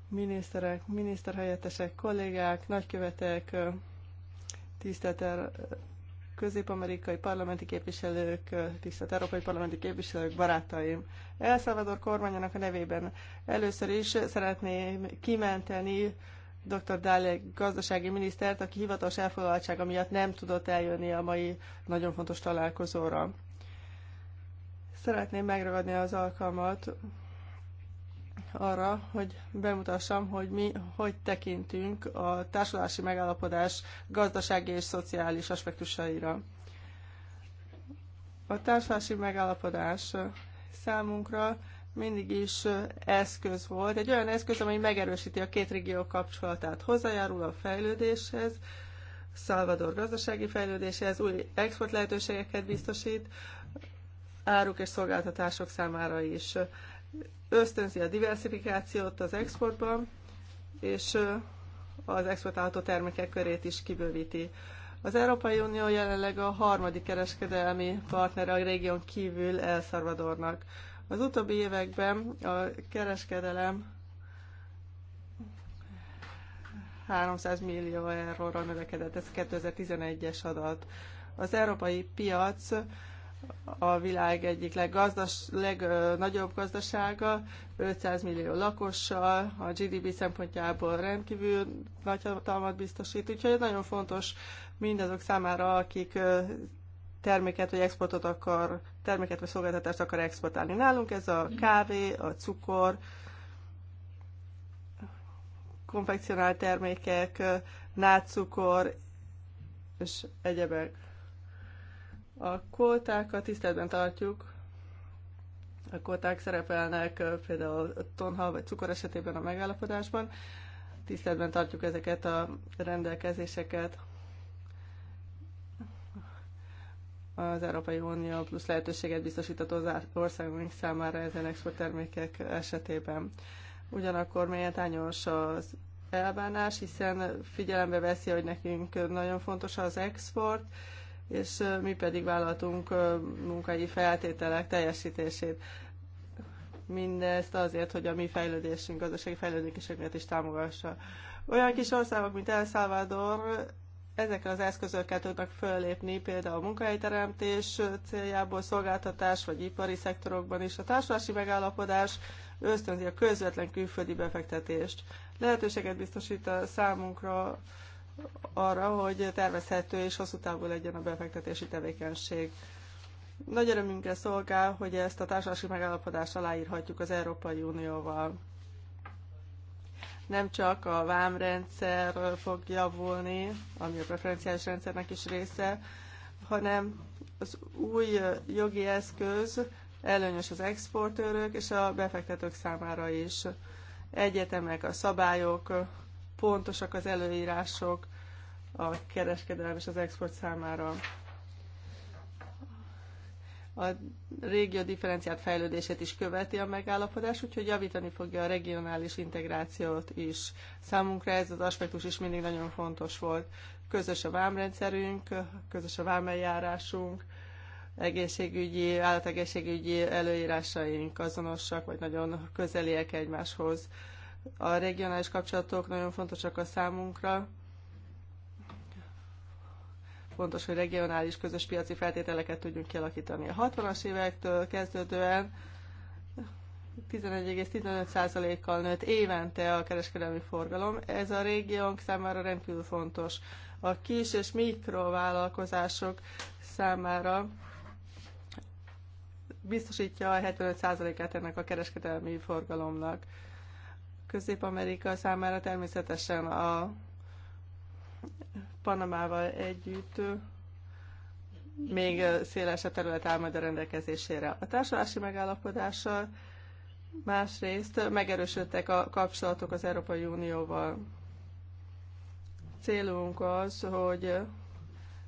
Speaker 3: miniszterek, miniszterhelyettesek, kollégák, nagykövetek, uh, tisztelt uh, közép-amerikai parlamenti képviselők, tisztelt európai parlamenti képviselők, barátaim. El Salvador kormányának a nevében először is szeretném kimenteni dr. Dále gazdasági minisztert, aki hivatalos elfoglaltsága miatt nem tudott eljönni a mai nagyon fontos találkozóra. Szeretném megragadni az alkalmat, arra, hogy bemutassam, hogy mi hogy tekintünk a társulási megállapodás gazdasági és szociális aspektusaira. A társulási megállapodás számunkra mindig is eszköz volt, egy olyan eszköz, amely megerősíti a két régió kapcsolatát, hozzájárul a fejlődéshez, Szalvador gazdasági fejlődéshez, új export lehetőségeket biztosít, áruk és szolgáltatások számára is ösztönzi a diversifikációt az exportban, és az exportálható termékek körét is kibővíti. Az Európai Unió jelenleg a harmadik kereskedelmi partnere a régión kívül El Salvadornak. Az utóbbi években a kereskedelem 300 millió euróra növekedett, ez 2011-es adat. Az európai piac a világ egyik leggazdas, legnagyobb gazdasága, 500 millió lakossal, a GDP szempontjából rendkívül nagy hatalmat biztosít, úgyhogy ez nagyon fontos mindazok számára, akik terméket vagy exportot akar, terméket vagy szolgáltatást akar exportálni. Nálunk ez a kávé, a cukor, konfekcionált termékek, nátszukor és egyebek. A koltákat tiszteletben tartjuk, a kolták szerepelnek például tonhal vagy cukor esetében a megállapodásban, tiszteletben tartjuk ezeket a rendelkezéseket. Az Európai Unió plusz lehetőséget biztosított az országunk számára ezen termékek esetében. Ugyanakkor méltányos az elbánás, hiszen figyelembe veszi, hogy nekünk nagyon fontos az export, és mi pedig vállaltunk munkai feltételek teljesítését. Mindezt azért, hogy a mi fejlődésünk, gazdasági fejlődésünket is támogassa. Olyan kis országok, mint El Salvador, ezekkel az eszközökkel tudnak fölépni, például a munkahelyteremtés céljából, szolgáltatás vagy ipari szektorokban is. A társulási megállapodás ösztönzi a közvetlen külföldi befektetést. Lehetőséget biztosít a számunkra arra, hogy tervezhető és hosszú távú legyen a befektetési tevékenység. Nagy örömünkre szolgál, hogy ezt a társadalmi megállapodást aláírhatjuk az Európai Unióval. Nem csak a vámrendszer fog javulni, ami a preferenciális rendszernek is része, hanem az új jogi eszköz előnyös az exportőrök és a befektetők számára is. Egyetemek a szabályok, fontosak az előírások a kereskedelem és az export számára. A régió differenciált fejlődését is követi a megállapodás, úgyhogy javítani fogja a regionális integrációt is. Számunkra ez az aspektus is mindig nagyon fontos volt. Közös a vámrendszerünk, közös a vámeljárásunk, egészségügyi, állategészségügyi előírásaink azonosak, vagy nagyon közeliek egymáshoz. A regionális kapcsolatok nagyon fontosak a számunkra. Fontos, hogy regionális közös piaci feltételeket tudjunk kialakítani. A 60-as évektől kezdődően 11,15%-kal nőtt évente a kereskedelmi forgalom. Ez a régiónk számára rendkívül fontos. A kis és mikrovállalkozások számára biztosítja a 75%-át ennek a kereskedelmi forgalomnak. Közép-Amerika számára természetesen a Panamával együtt még a terület áll majd a rendelkezésére. A társadalási megállapodással másrészt megerősödtek a kapcsolatok az Európai Unióval. Célunk az, hogy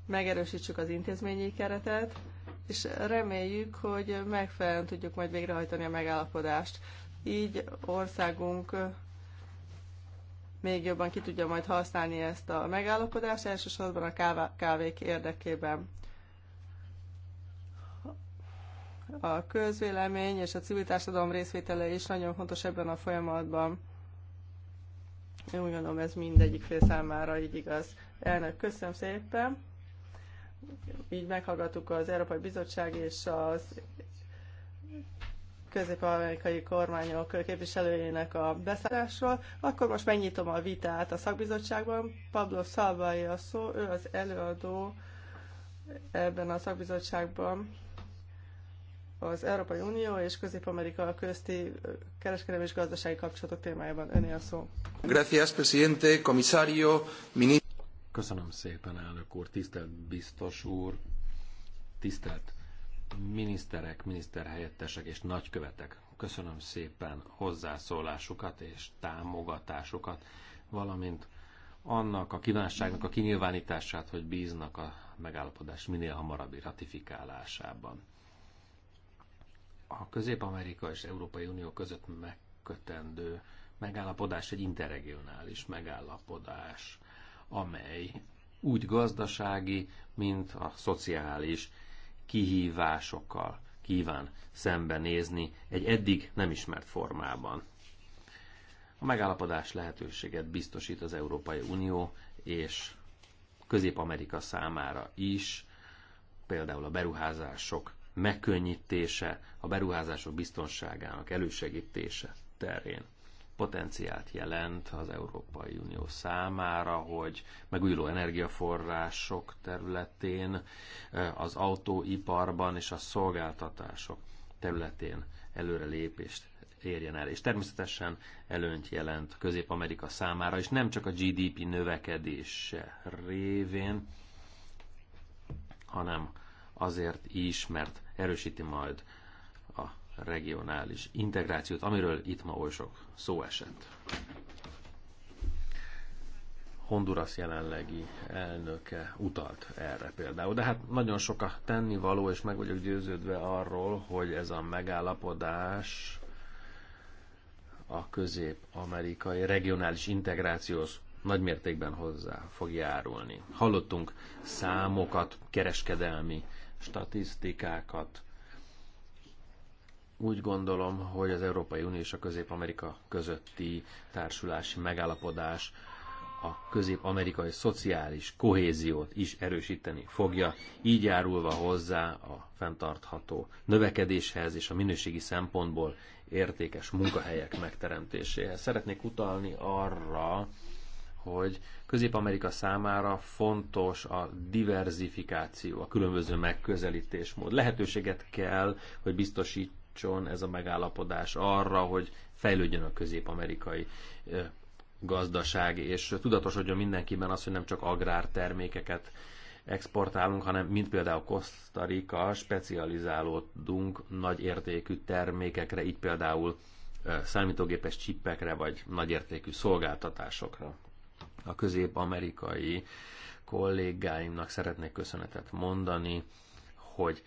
Speaker 3: megerősítsük az intézményi keretet, és reméljük, hogy megfelelően tudjuk majd végrehajtani a megállapodást. Így országunk még jobban ki tudja majd használni ezt a megállapodást, elsősorban a kávék érdekében. A közvélemény és a civil társadalom részvétele is nagyon fontos ebben a folyamatban. Én úgy gondolom, ez mindegyik fél számára így igaz. Elnök, köszönöm szépen! Így meghallgattuk az Európai Bizottság és az közép-amerikai kormányok képviselőjének a beszállásról, akkor most megnyitom a vitát a szakbizottságban. Pablo Szalvai a szó, ő az előadó ebben a szakbizottságban az Európai Unió és Közép-Amerika közti kereskedelmi és gazdasági kapcsolatok témájában. Öné a szó.
Speaker 4: Gracias, presidente, minister. Köszönöm szépen, elnök úr, tisztelt biztos úr, tisztelt miniszterek, miniszterhelyettesek és nagykövetek, köszönöm szépen hozzászólásukat és támogatásukat, valamint annak a kívánságnak a kinyilvánítását, hogy bíznak a megállapodás minél hamarabbi ratifikálásában. A Közép-Amerika és Európai Unió között megkötendő megállapodás egy interregionális megállapodás, amely úgy gazdasági, mint a szociális kihívásokkal kíván szembenézni egy eddig nem ismert formában. A megállapodás lehetőséget biztosít az Európai Unió és Közép-Amerika számára is, például a beruházások megkönnyítése, a beruházások biztonságának elősegítése terén potenciált jelent az Európai Unió számára, hogy megújuló energiaforrások területén, az autóiparban és a szolgáltatások területén előrelépést érjen el. És természetesen előnyt jelent Közép-Amerika számára, és nem csak a GDP növekedése révén, hanem azért is, mert erősíti majd regionális integrációt, amiről itt ma oly sok szó esett. Honduras jelenlegi elnöke utalt erre például. De hát nagyon sok a tennivaló, és meg vagyok győződve arról, hogy ez a megállapodás a közép-amerikai regionális integrációhoz nagy mértékben hozzá fog járulni. Hallottunk számokat, kereskedelmi statisztikákat, úgy gondolom, hogy az Európai Unió és a Közép-Amerika közötti társulási megállapodás a közép-amerikai szociális kohéziót is erősíteni fogja, így járulva hozzá a fenntartható növekedéshez és a minőségi szempontból értékes munkahelyek megteremtéséhez. Szeretnék utalni arra, hogy Közép-Amerika számára fontos a diverzifikáció, a különböző megközelítésmód. Lehetőséget kell, hogy biztosít tanácson ez a megállapodás arra, hogy fejlődjön a közép-amerikai gazdaság, és tudatosodjon mindenkiben az, hogy nem csak agrártermékeket exportálunk, hanem mint például Costa Rica specializálódunk nagy értékű termékekre, így például számítógépes csippekre, vagy nagyértékű szolgáltatásokra. A közép-amerikai kollégáimnak szeretnék köszönetet mondani, hogy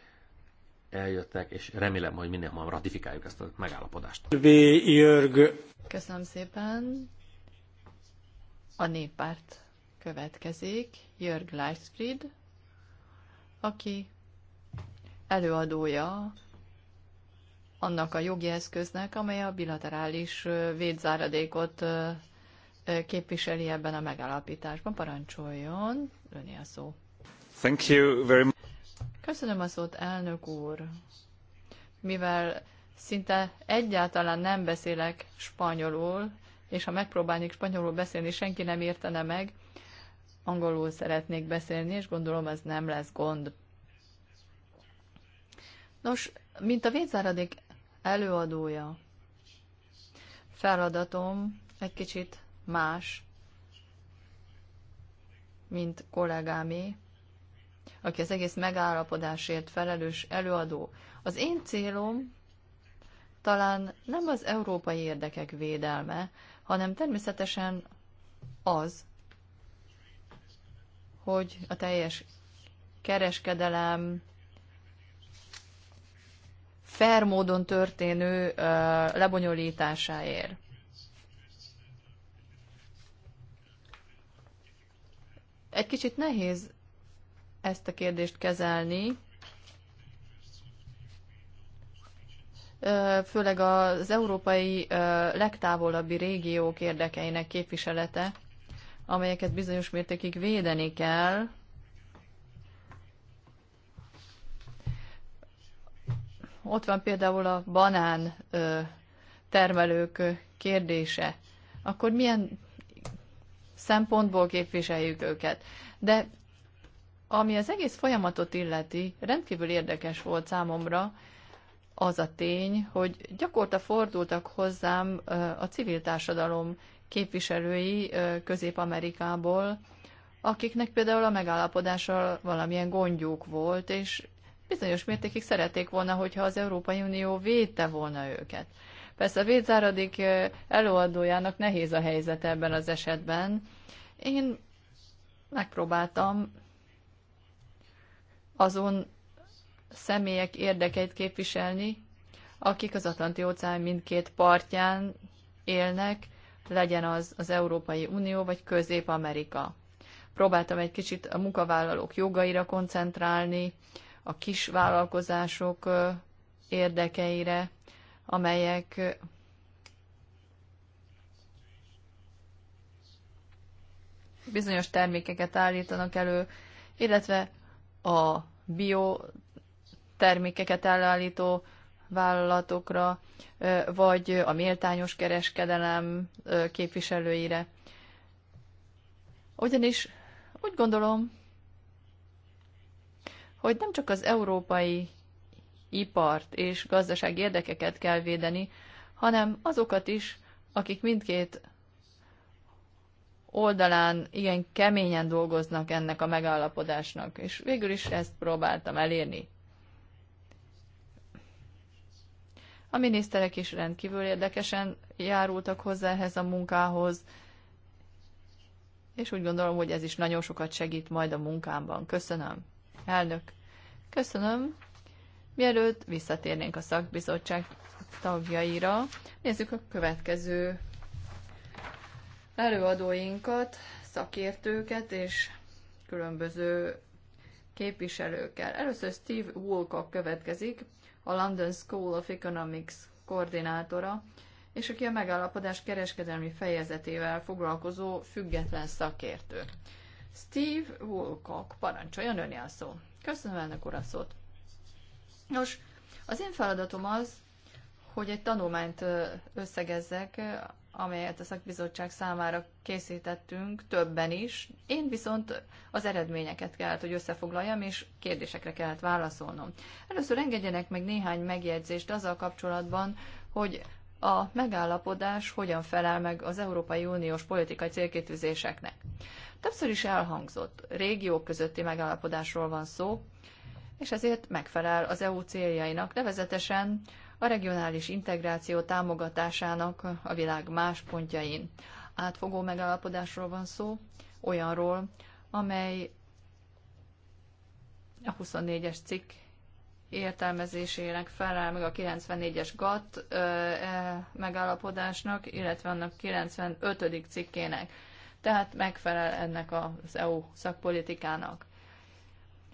Speaker 4: eljöttek, és remélem, hogy minél hamarabb ratifikáljuk ezt a megállapodást.
Speaker 1: V. Jörg.
Speaker 2: Köszönöm szépen. A néppárt következik. Jörg Leichtfried, aki előadója annak a jogi eszköznek, amely a bilaterális védzáradékot képviseli ebben a megállapításban. Parancsoljon, öné a szó.
Speaker 4: Thank you very much.
Speaker 2: Köszönöm a szót, elnök úr. Mivel szinte egyáltalán nem beszélek spanyolul, és ha megpróbálnék spanyolul beszélni, senki nem értene meg, angolul szeretnék beszélni, és gondolom ez nem lesz gond. Nos, mint a védzáradék előadója, feladatom egy kicsit más, mint kollégámé, aki az egész megállapodásért felelős előadó. Az én célom talán nem az európai érdekek védelme, hanem természetesen az, hogy a teljes kereskedelem fair módon történő lebonyolításáért. Egy kicsit nehéz ezt a kérdést kezelni, főleg az európai legtávolabbi régiók érdekeinek képviselete, amelyeket bizonyos mértékig védeni kell. Ott van például a banán termelők kérdése. Akkor milyen szempontból képviseljük őket? De ami az egész folyamatot illeti, rendkívül érdekes volt számomra az a tény, hogy gyakorta fordultak hozzám a civil társadalom képviselői Közép-Amerikából, akiknek például a megállapodással valamilyen gondjuk volt, és bizonyos mértékig szerették volna, hogyha az Európai Unió védte volna őket. Persze a védzáradék előadójának nehéz a helyzet ebben az esetben. Én megpróbáltam azon személyek érdekeit képviselni, akik az Atlanti óceán mindkét partján élnek, legyen az az Európai Unió vagy Közép-Amerika. Próbáltam egy kicsit a munkavállalók jogaira koncentrálni, a kis vállalkozások érdekeire, amelyek bizonyos termékeket állítanak elő, illetve a bio termékeket előállító vállalatokra, vagy a méltányos kereskedelem képviselőire. Ugyanis úgy gondolom, hogy nem csak az európai ipart és gazdasági érdekeket kell védeni, hanem azokat is, akik mindkét oldalán igen keményen dolgoznak ennek a megállapodásnak, és végül is ezt próbáltam elérni. A miniszterek is rendkívül érdekesen járultak hozzá ehhez a munkához, és úgy gondolom, hogy ez is nagyon sokat segít majd a munkámban. Köszönöm. Elnök, köszönöm. Mielőtt visszatérnénk a szakbizottság tagjaira, nézzük a következő előadóinkat, szakértőket és különböző képviselőkkel. Először Steve Woolcock következik, a London School of Economics koordinátora, és aki a megállapodás kereskedelmi fejezetével foglalkozó független szakértő. Steve Woolcock, parancsoljon ön a szó. Köszönöm elnök ura szót. Nos, az én feladatom az, hogy egy tanulmányt összegezzek amelyet a szakbizottság számára készítettünk, többen is. Én viszont az eredményeket kellett, hogy összefoglaljam, és kérdésekre kellett válaszolnom. Először engedjenek meg néhány megjegyzést azzal kapcsolatban, hogy a megállapodás hogyan felel meg az Európai Uniós politikai célkitűzéseknek. Többször is elhangzott, régiók közötti megállapodásról van szó, és ezért megfelel az EU céljainak, nevezetesen a regionális integráció támogatásának a világ más pontjain. Átfogó megállapodásról van szó, olyanról, amely a 24-es cikk értelmezésének felel meg a 94-es GATT e, megállapodásnak, illetve annak 95. cikkének. Tehát megfelel ennek az EU szakpolitikának.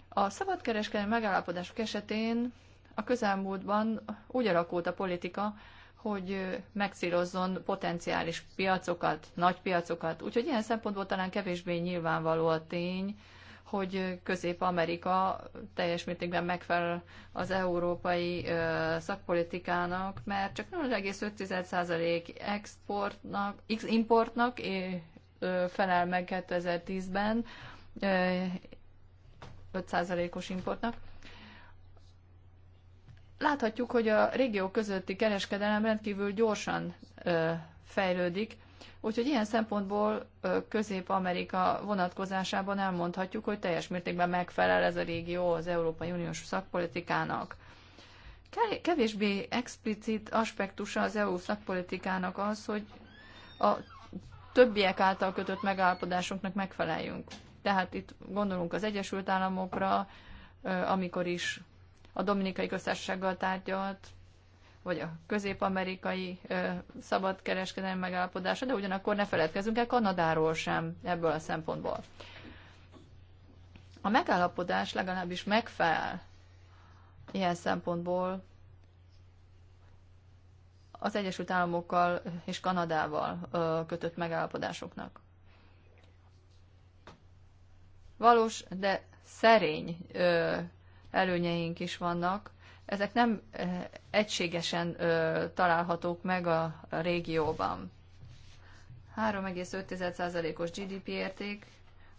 Speaker 2: A szabadkereskedelmi megállapodások esetén a közelmúltban úgy alakult a politika, hogy megszírozzon potenciális piacokat, nagy piacokat. Úgyhogy ilyen szempontból talán kevésbé nyilvánvaló a tény, hogy Közép-Amerika teljes mértékben megfelel az európai szakpolitikának, mert csak 0,5% exportnak, importnak felel meg 2010-ben, 5%-os importnak láthatjuk, hogy a régió közötti kereskedelem rendkívül gyorsan fejlődik, úgyhogy ilyen szempontból Közép-Amerika vonatkozásában elmondhatjuk, hogy teljes mértékben megfelel ez a régió az Európai Uniós szakpolitikának. Kevésbé explicit aspektusa az EU szakpolitikának az, hogy a többiek által kötött megállapodásunknak megfeleljünk. Tehát itt gondolunk az Egyesült Államokra, amikor is a Dominikai Köztársasággal tárgyalt, vagy a közép-amerikai szabadkereskedelmi megállapodása, de ugyanakkor ne feledkezzünk el Kanadáról sem ebből a szempontból. A megállapodás legalábbis megfelel ilyen szempontból az Egyesült Államokkal és Kanadával kötött megállapodásoknak. Valós, de szerény előnyeink is vannak. Ezek nem eh, egységesen találhatók meg a régióban. 3,5%-os GDP érték,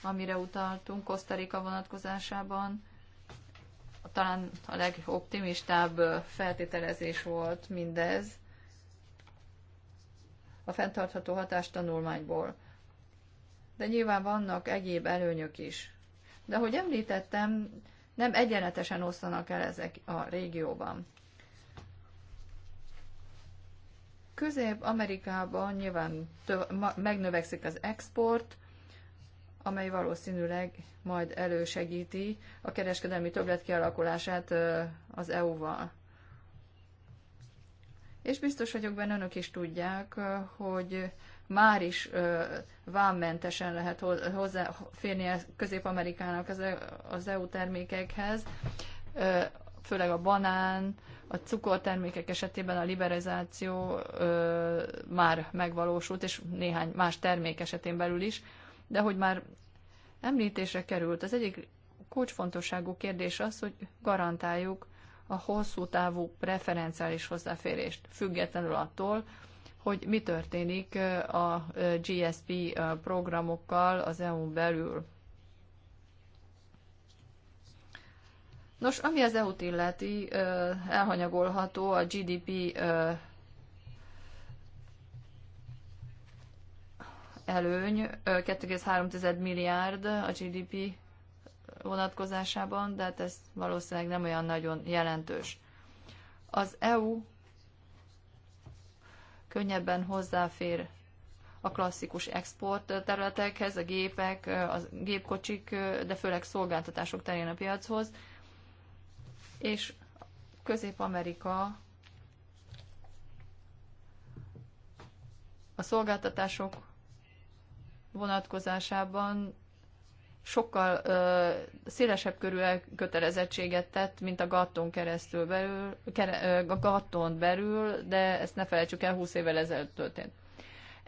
Speaker 2: amire utaltunk Rica vonatkozásában, talán a legoptimistább feltételezés volt mindez a fenntartható hatás tanulmányból. De nyilván vannak egyéb előnyök is. De ahogy említettem, nem egyenletesen osztanak el ezek a régióban. Közép-Amerikában nyilván megnövekszik az export, amely valószínűleg majd elősegíti a kereskedelmi többlet kialakulását az EU-val. És biztos vagyok benne, önök is tudják, hogy már is vámmentesen lehet hozzáférni Közép-Amerikának az EU termékekhez, főleg a banán, a cukortermékek esetében a liberalizáció már megvalósult, és néhány más termék esetén belül is, de hogy már említésre került, az egyik kulcsfontosságú kérdés az, hogy garantáljuk a hosszú távú preferenciális hozzáférést, függetlenül attól, hogy mi történik a GSP programokkal az EU-n belül. Nos, ami az EU-t illeti, elhanyagolható a GDP előny, 2,3 milliárd a GDP vonatkozásában, de hát ez valószínűleg nem olyan nagyon jelentős. Az EU könnyebben hozzáfér a klasszikus export területekhez, a gépek, a gépkocsik, de főleg szolgáltatások terén a piachoz, és Közép-Amerika a szolgáltatások vonatkozásában sokkal ö, szélesebb körű kötelezettséget tett, mint a gatton keresztül belül, kere, ö, a gatton belül, de ezt ne felejtsük el, 20 évvel ezelőtt történt.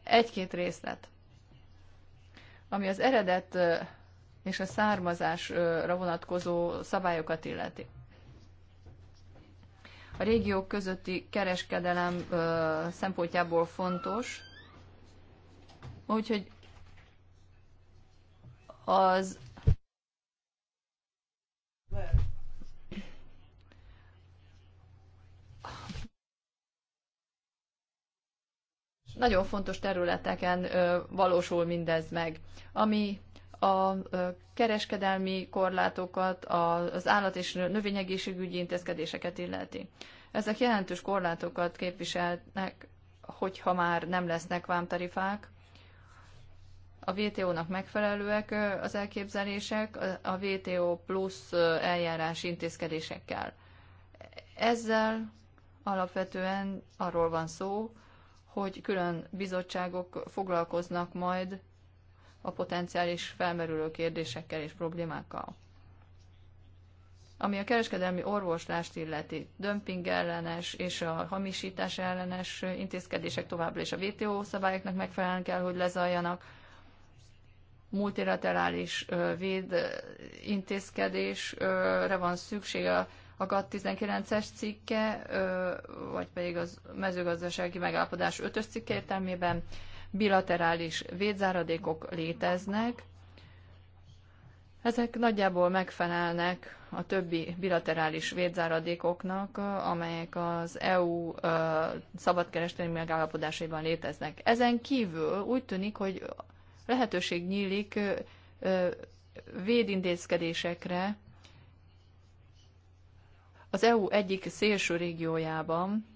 Speaker 2: Egy-két részlet. Ami az eredet ö, és a származásra vonatkozó szabályokat illeti. A régiók közötti kereskedelem ö, szempontjából fontos, úgyhogy az nagyon fontos területeken valósul mindez meg, ami a kereskedelmi korlátokat, az állat és növényegészségügyi intézkedéseket illeti. Ezek jelentős korlátokat képviselnek, hogyha már nem lesznek vámtarifák, a VTO-nak megfelelőek az elképzelések, a VTO plusz eljárás intézkedésekkel. Ezzel alapvetően arról van szó, hogy külön bizottságok foglalkoznak majd a potenciális felmerülő kérdésekkel és problémákkal. Ami a kereskedelmi orvoslást illeti, dömping ellenes és a hamisítás ellenes intézkedések továbbra is a WTO szabályoknak megfelelően kell, hogy lezajjanak, multilaterális véd intézkedésre van szükség a a GATT 19-es cikke, vagy pedig az mezőgazdasági megállapodás 5-ös cikke értelmében bilaterális védzáradékok léteznek. Ezek nagyjából megfelelnek a többi bilaterális védzáradékoknak, amelyek az EU szabadkereskedelmi megállapodásaiban léteznek. Ezen kívül úgy tűnik, hogy lehetőség nyílik védintézkedésekre az EU egyik szélső régiójában,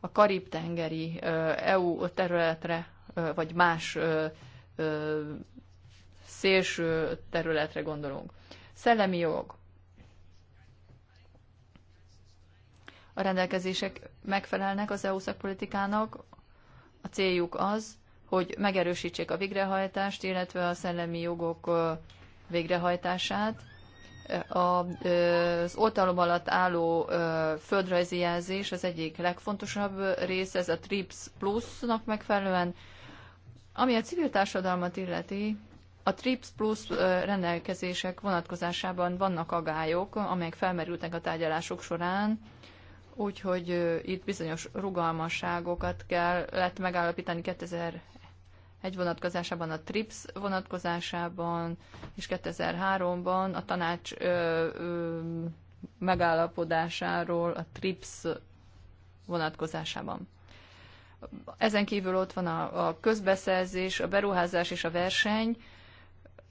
Speaker 2: a Karib-tengeri EU területre, vagy más szélső területre gondolunk. Szellemi jogok. a rendelkezések megfelelnek az EU szakpolitikának. A céljuk az, hogy megerősítsék a végrehajtást, illetve a szellemi jogok végrehajtását. Az oltalom alatt álló földrajzi jelzés az egyik legfontosabb része, ez a TRIPS Plus-nak megfelelően. Ami a civil társadalmat illeti, a TRIPS Plus rendelkezések vonatkozásában vannak agályok, amelyek felmerültek a tárgyalások során Úgyhogy itt bizonyos rugalmasságokat kellett megállapítani 2000 egy vonatkozásában a TRIPS vonatkozásában, és 2003-ban a tanács ö, ö, megállapodásáról a TRIPS vonatkozásában. Ezen kívül ott van a, a közbeszerzés, a beruházás és a verseny,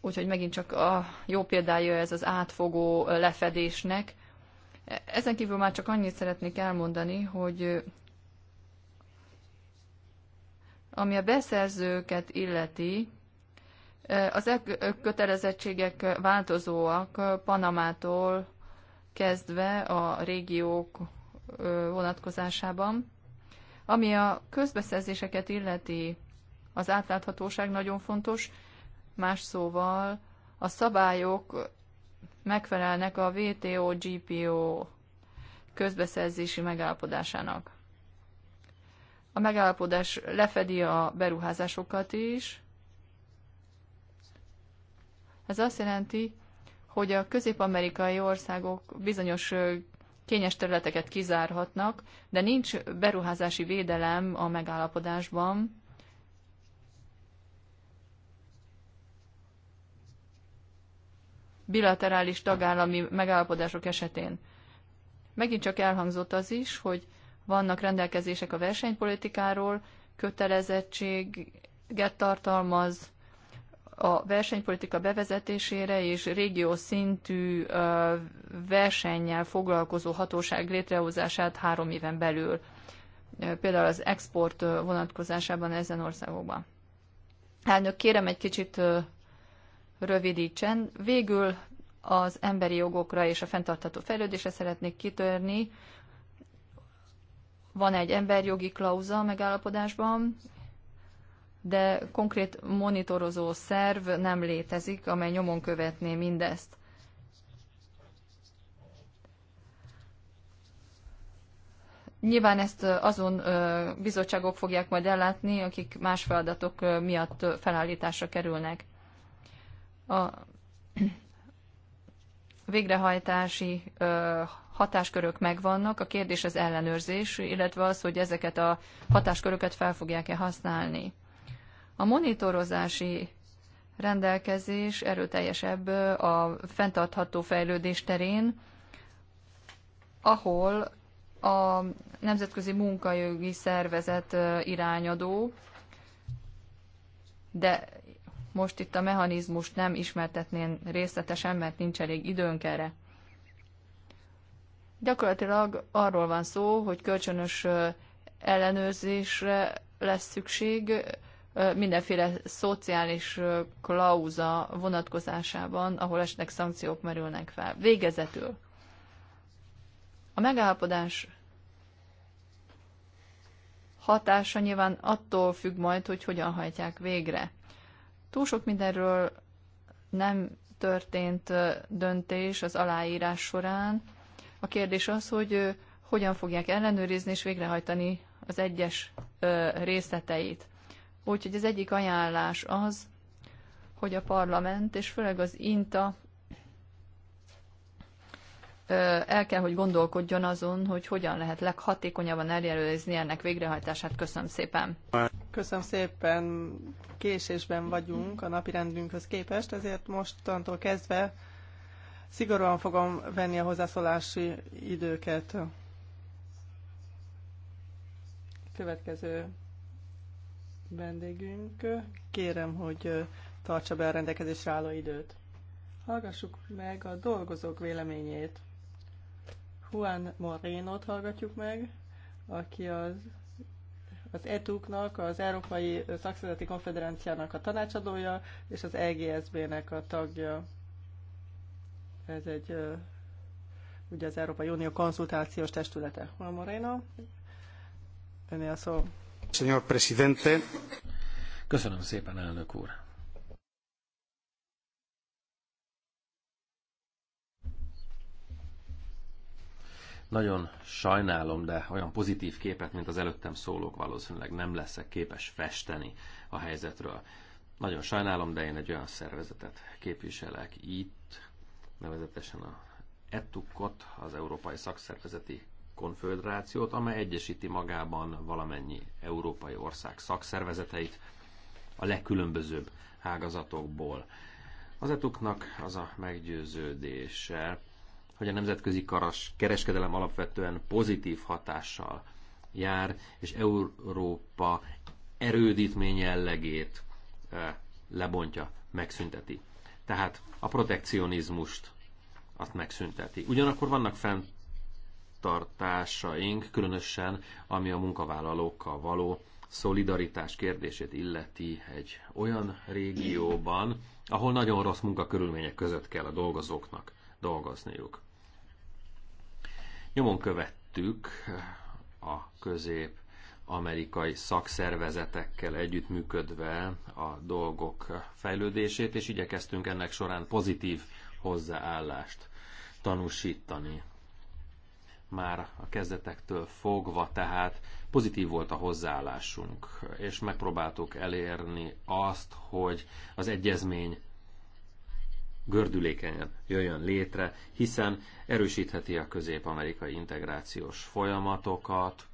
Speaker 2: úgyhogy megint csak a jó példája ez az átfogó lefedésnek, ezen kívül már csak annyit szeretnék elmondani, hogy ami a beszerzőket illeti, az kötelezettségek változóak Panamától kezdve a régiók vonatkozásában. Ami a közbeszerzéseket illeti, az átláthatóság nagyon fontos, más szóval a szabályok megfelelnek a WTO-GPO közbeszerzési megállapodásának. A megállapodás lefedi a beruházásokat is. Ez azt jelenti, hogy a közép-amerikai országok bizonyos kényes területeket kizárhatnak, de nincs beruházási védelem a megállapodásban, bilaterális tagállami megállapodások esetén. Megint csak elhangzott az is, hogy vannak rendelkezések a versenypolitikáról, kötelezettséget tartalmaz a versenypolitika bevezetésére és régió szintű versennyel foglalkozó hatóság létrehozását három éven belül, például az export vonatkozásában ezen országokban. Elnök, kérem egy kicsit rövidítsen. Végül az emberi jogokra és a fenntartható fejlődésre szeretnék kitörni. Van egy emberjogi klauza a megállapodásban, de konkrét monitorozó szerv nem létezik, amely nyomon követné mindezt. Nyilván ezt azon bizottságok fogják majd ellátni, akik más feladatok miatt felállításra kerülnek a végrehajtási hatáskörök megvannak, a kérdés az ellenőrzés, illetve az, hogy ezeket a hatásköröket fel fogják-e használni. A monitorozási rendelkezés erőteljesebb a fenntartható fejlődés terén, ahol a Nemzetközi Munkajogi Szervezet irányadó, de most itt a mechanizmust nem ismertetném részletesen, mert nincs elég időnk erre. Gyakorlatilag arról van szó, hogy kölcsönös ellenőrzésre lesz szükség mindenféle szociális klauza vonatkozásában, ahol esetleg szankciók merülnek fel. Végezetül. A megállapodás hatása nyilván attól függ majd, hogy hogyan hajtják végre. Túl sok mindenről nem történt döntés az aláírás során. A kérdés az, hogy hogyan fogják ellenőrizni és végrehajtani az egyes részleteit. Úgyhogy az egyik ajánlás az, hogy a parlament, és főleg az INTA el kell, hogy gondolkodjon azon, hogy hogyan lehet leghatékonyabban eljelölni ennek végrehajtását. Köszönöm szépen. Köszönöm szépen, késésben vagyunk
Speaker 3: a rendünkhöz képest, ezért mostantól kezdve szigorúan fogom venni a hozzászólási időket. Következő vendégünk, kérem, hogy tartsa be a rendelkezésre álló időt. Hallgassuk meg a dolgozók véleményét. Juan Morénot hallgatjuk meg, aki az az ETUK-nak, az Európai Szakszervezeti Konfederenciának a tanácsadója, és az EGSB-nek a tagja. Ez egy ugye az Európai Unió konzultációs testülete. Juan Moreno, önél szó.
Speaker 4: Señor Presidente. Köszönöm szépen, elnök úr. Nagyon sajnálom, de olyan pozitív képet, mint az előttem szólók valószínűleg nem leszek képes festeni a helyzetről. Nagyon sajnálom, de én egy olyan szervezetet képviselek itt, nevezetesen a ETUKot, az Európai Szakszervezeti Konföderációt, amely egyesíti magában valamennyi európai ország szakszervezeteit a legkülönbözőbb ágazatokból. Az etuknak az a meggyőződése, hogy a nemzetközi karas, kereskedelem alapvetően pozitív hatással jár, és Európa erődítmény jellegét eh, lebontja, megszünteti. Tehát a protekcionizmust azt megszünteti. Ugyanakkor vannak fenntartásaink, különösen ami a munkavállalókkal való szolidaritás kérdését illeti egy olyan régióban, ahol nagyon rossz munkakörülmények között kell a dolgozóknak dolgozniuk. Nyomon követtük a közép amerikai szakszervezetekkel együttműködve a dolgok fejlődését, és igyekeztünk ennek során pozitív hozzáállást tanúsítani. Már a kezdetektől fogva tehát pozitív volt a hozzáállásunk, és megpróbáltuk elérni azt, hogy az egyezmény gördülékenyen jöjjön létre, hiszen erősítheti a közép-amerikai integrációs folyamatokat,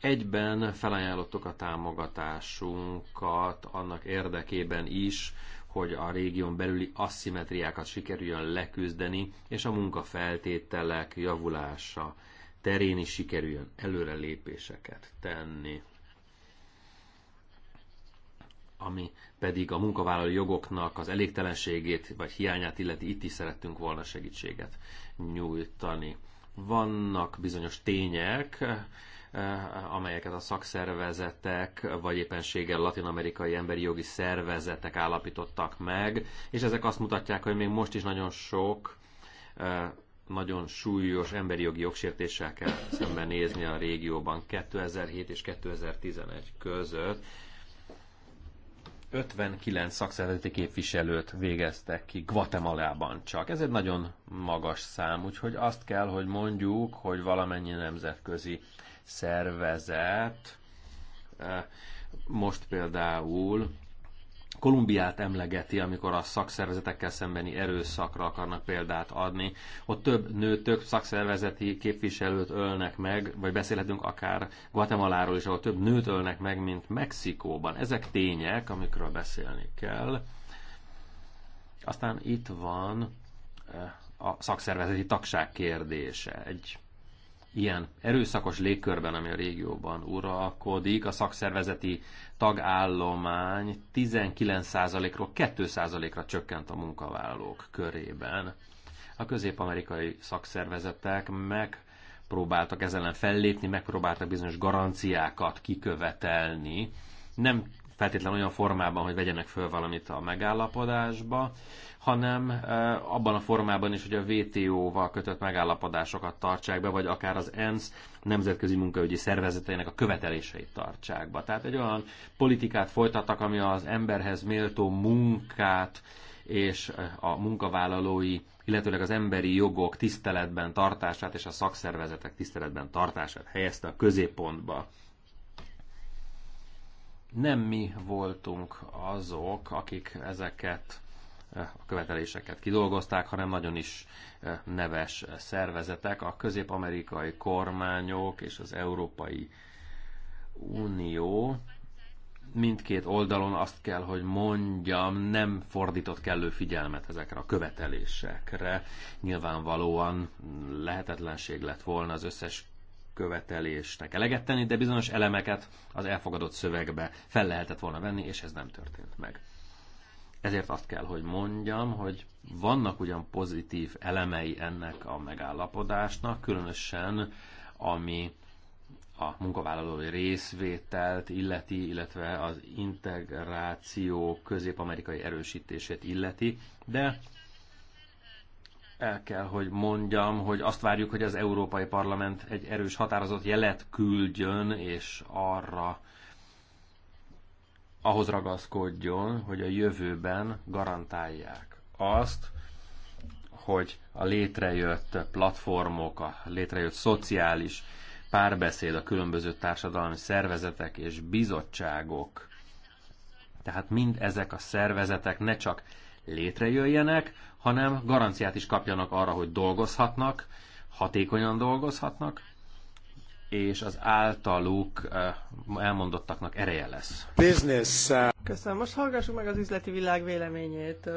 Speaker 4: egyben felajánlottuk a támogatásunkat annak érdekében is, hogy a régión belüli asszimetriákat sikerüljön leküzdeni, és a munkafeltételek javulása terén is sikerüljön előrelépéseket tenni ami pedig a munkavállaló jogoknak az elégtelenségét vagy hiányát illeti, itt is szerettünk volna segítséget nyújtani. Vannak bizonyos tények, eh, amelyeket a szakszervezetek, vagy éppenséggel latin-amerikai emberi jogi szervezetek állapítottak meg, és ezek azt mutatják, hogy még most is nagyon sok eh, nagyon súlyos emberi jogi jogsértéssel kell szembenézni a régióban 2007 és 2011 között 59 szakszervezeti képviselőt végeztek ki Guatemalában csak. Ez egy nagyon magas szám, úgyhogy azt kell, hogy mondjuk, hogy valamennyi nemzetközi szervezet eh, most például Kolumbiát emlegeti, amikor a szakszervezetekkel szembeni erőszakra akarnak példát adni. Ott több nő, több szakszervezeti képviselőt ölnek meg, vagy beszélhetünk akár Guatemaláról is, ahol több nőt ölnek meg, mint Mexikóban. Ezek tények, amikről beszélni kell. Aztán itt van eh, a szakszervezeti tagság kérdése. Egy ilyen erőszakos légkörben, ami a régióban uralkodik, a szakszervezeti tagállomány 19%-ról 2%-ra csökkent a munkavállalók körében. A közép-amerikai szakszervezetek megpróbáltak ezzel ellen fellépni, megpróbáltak bizonyos garanciákat kikövetelni. Nem feltétlen olyan formában, hogy vegyenek föl valamit a megállapodásba, hanem eh, abban a formában is, hogy a WTO-val kötött megállapodásokat tartsák be, vagy akár az ENSZ nemzetközi munkaügyi szervezeteinek a követeléseit tartsák be. Tehát egy olyan politikát folytattak, ami az emberhez méltó munkát és eh, a munkavállalói, illetőleg az emberi jogok tiszteletben tartását és a szakszervezetek tiszteletben tartását helyezte a középpontba nem mi voltunk azok, akik ezeket a követeléseket kidolgozták, hanem nagyon is eh, neves szervezetek. A közép-amerikai kormányok és az Európai Unió mindkét oldalon azt kell, hogy mondjam, nem fordított kellő figyelmet ezekre a követelésekre. Nyilvánvalóan lehetetlenség lett volna az összes követelésnek eleget tenni, de bizonyos elemeket az elfogadott szövegbe fel lehetett volna venni, és ez nem történt meg. Ezért azt kell, hogy mondjam, hogy vannak ugyan pozitív elemei ennek a megállapodásnak, különösen ami a munkavállalói részvételt illeti, illetve az integráció közép-amerikai erősítését illeti, de el kell, hogy mondjam, hogy azt várjuk, hogy az Európai Parlament egy erős határozott jelet küldjön, és arra ahhoz ragaszkodjon, hogy a jövőben garantálják azt, hogy a létrejött platformok, a létrejött szociális párbeszéd a különböző társadalmi szervezetek és bizottságok, tehát mind ezek a szervezetek ne csak létrejöjjenek, hanem garanciát is kapjanak arra, hogy dolgozhatnak, hatékonyan dolgozhatnak, és az általuk eh,
Speaker 1: elmondottaknak ereje lesz. Business. Uh,
Speaker 3: Köszönöm. Most hallgassuk meg az üzleti világ véleményét.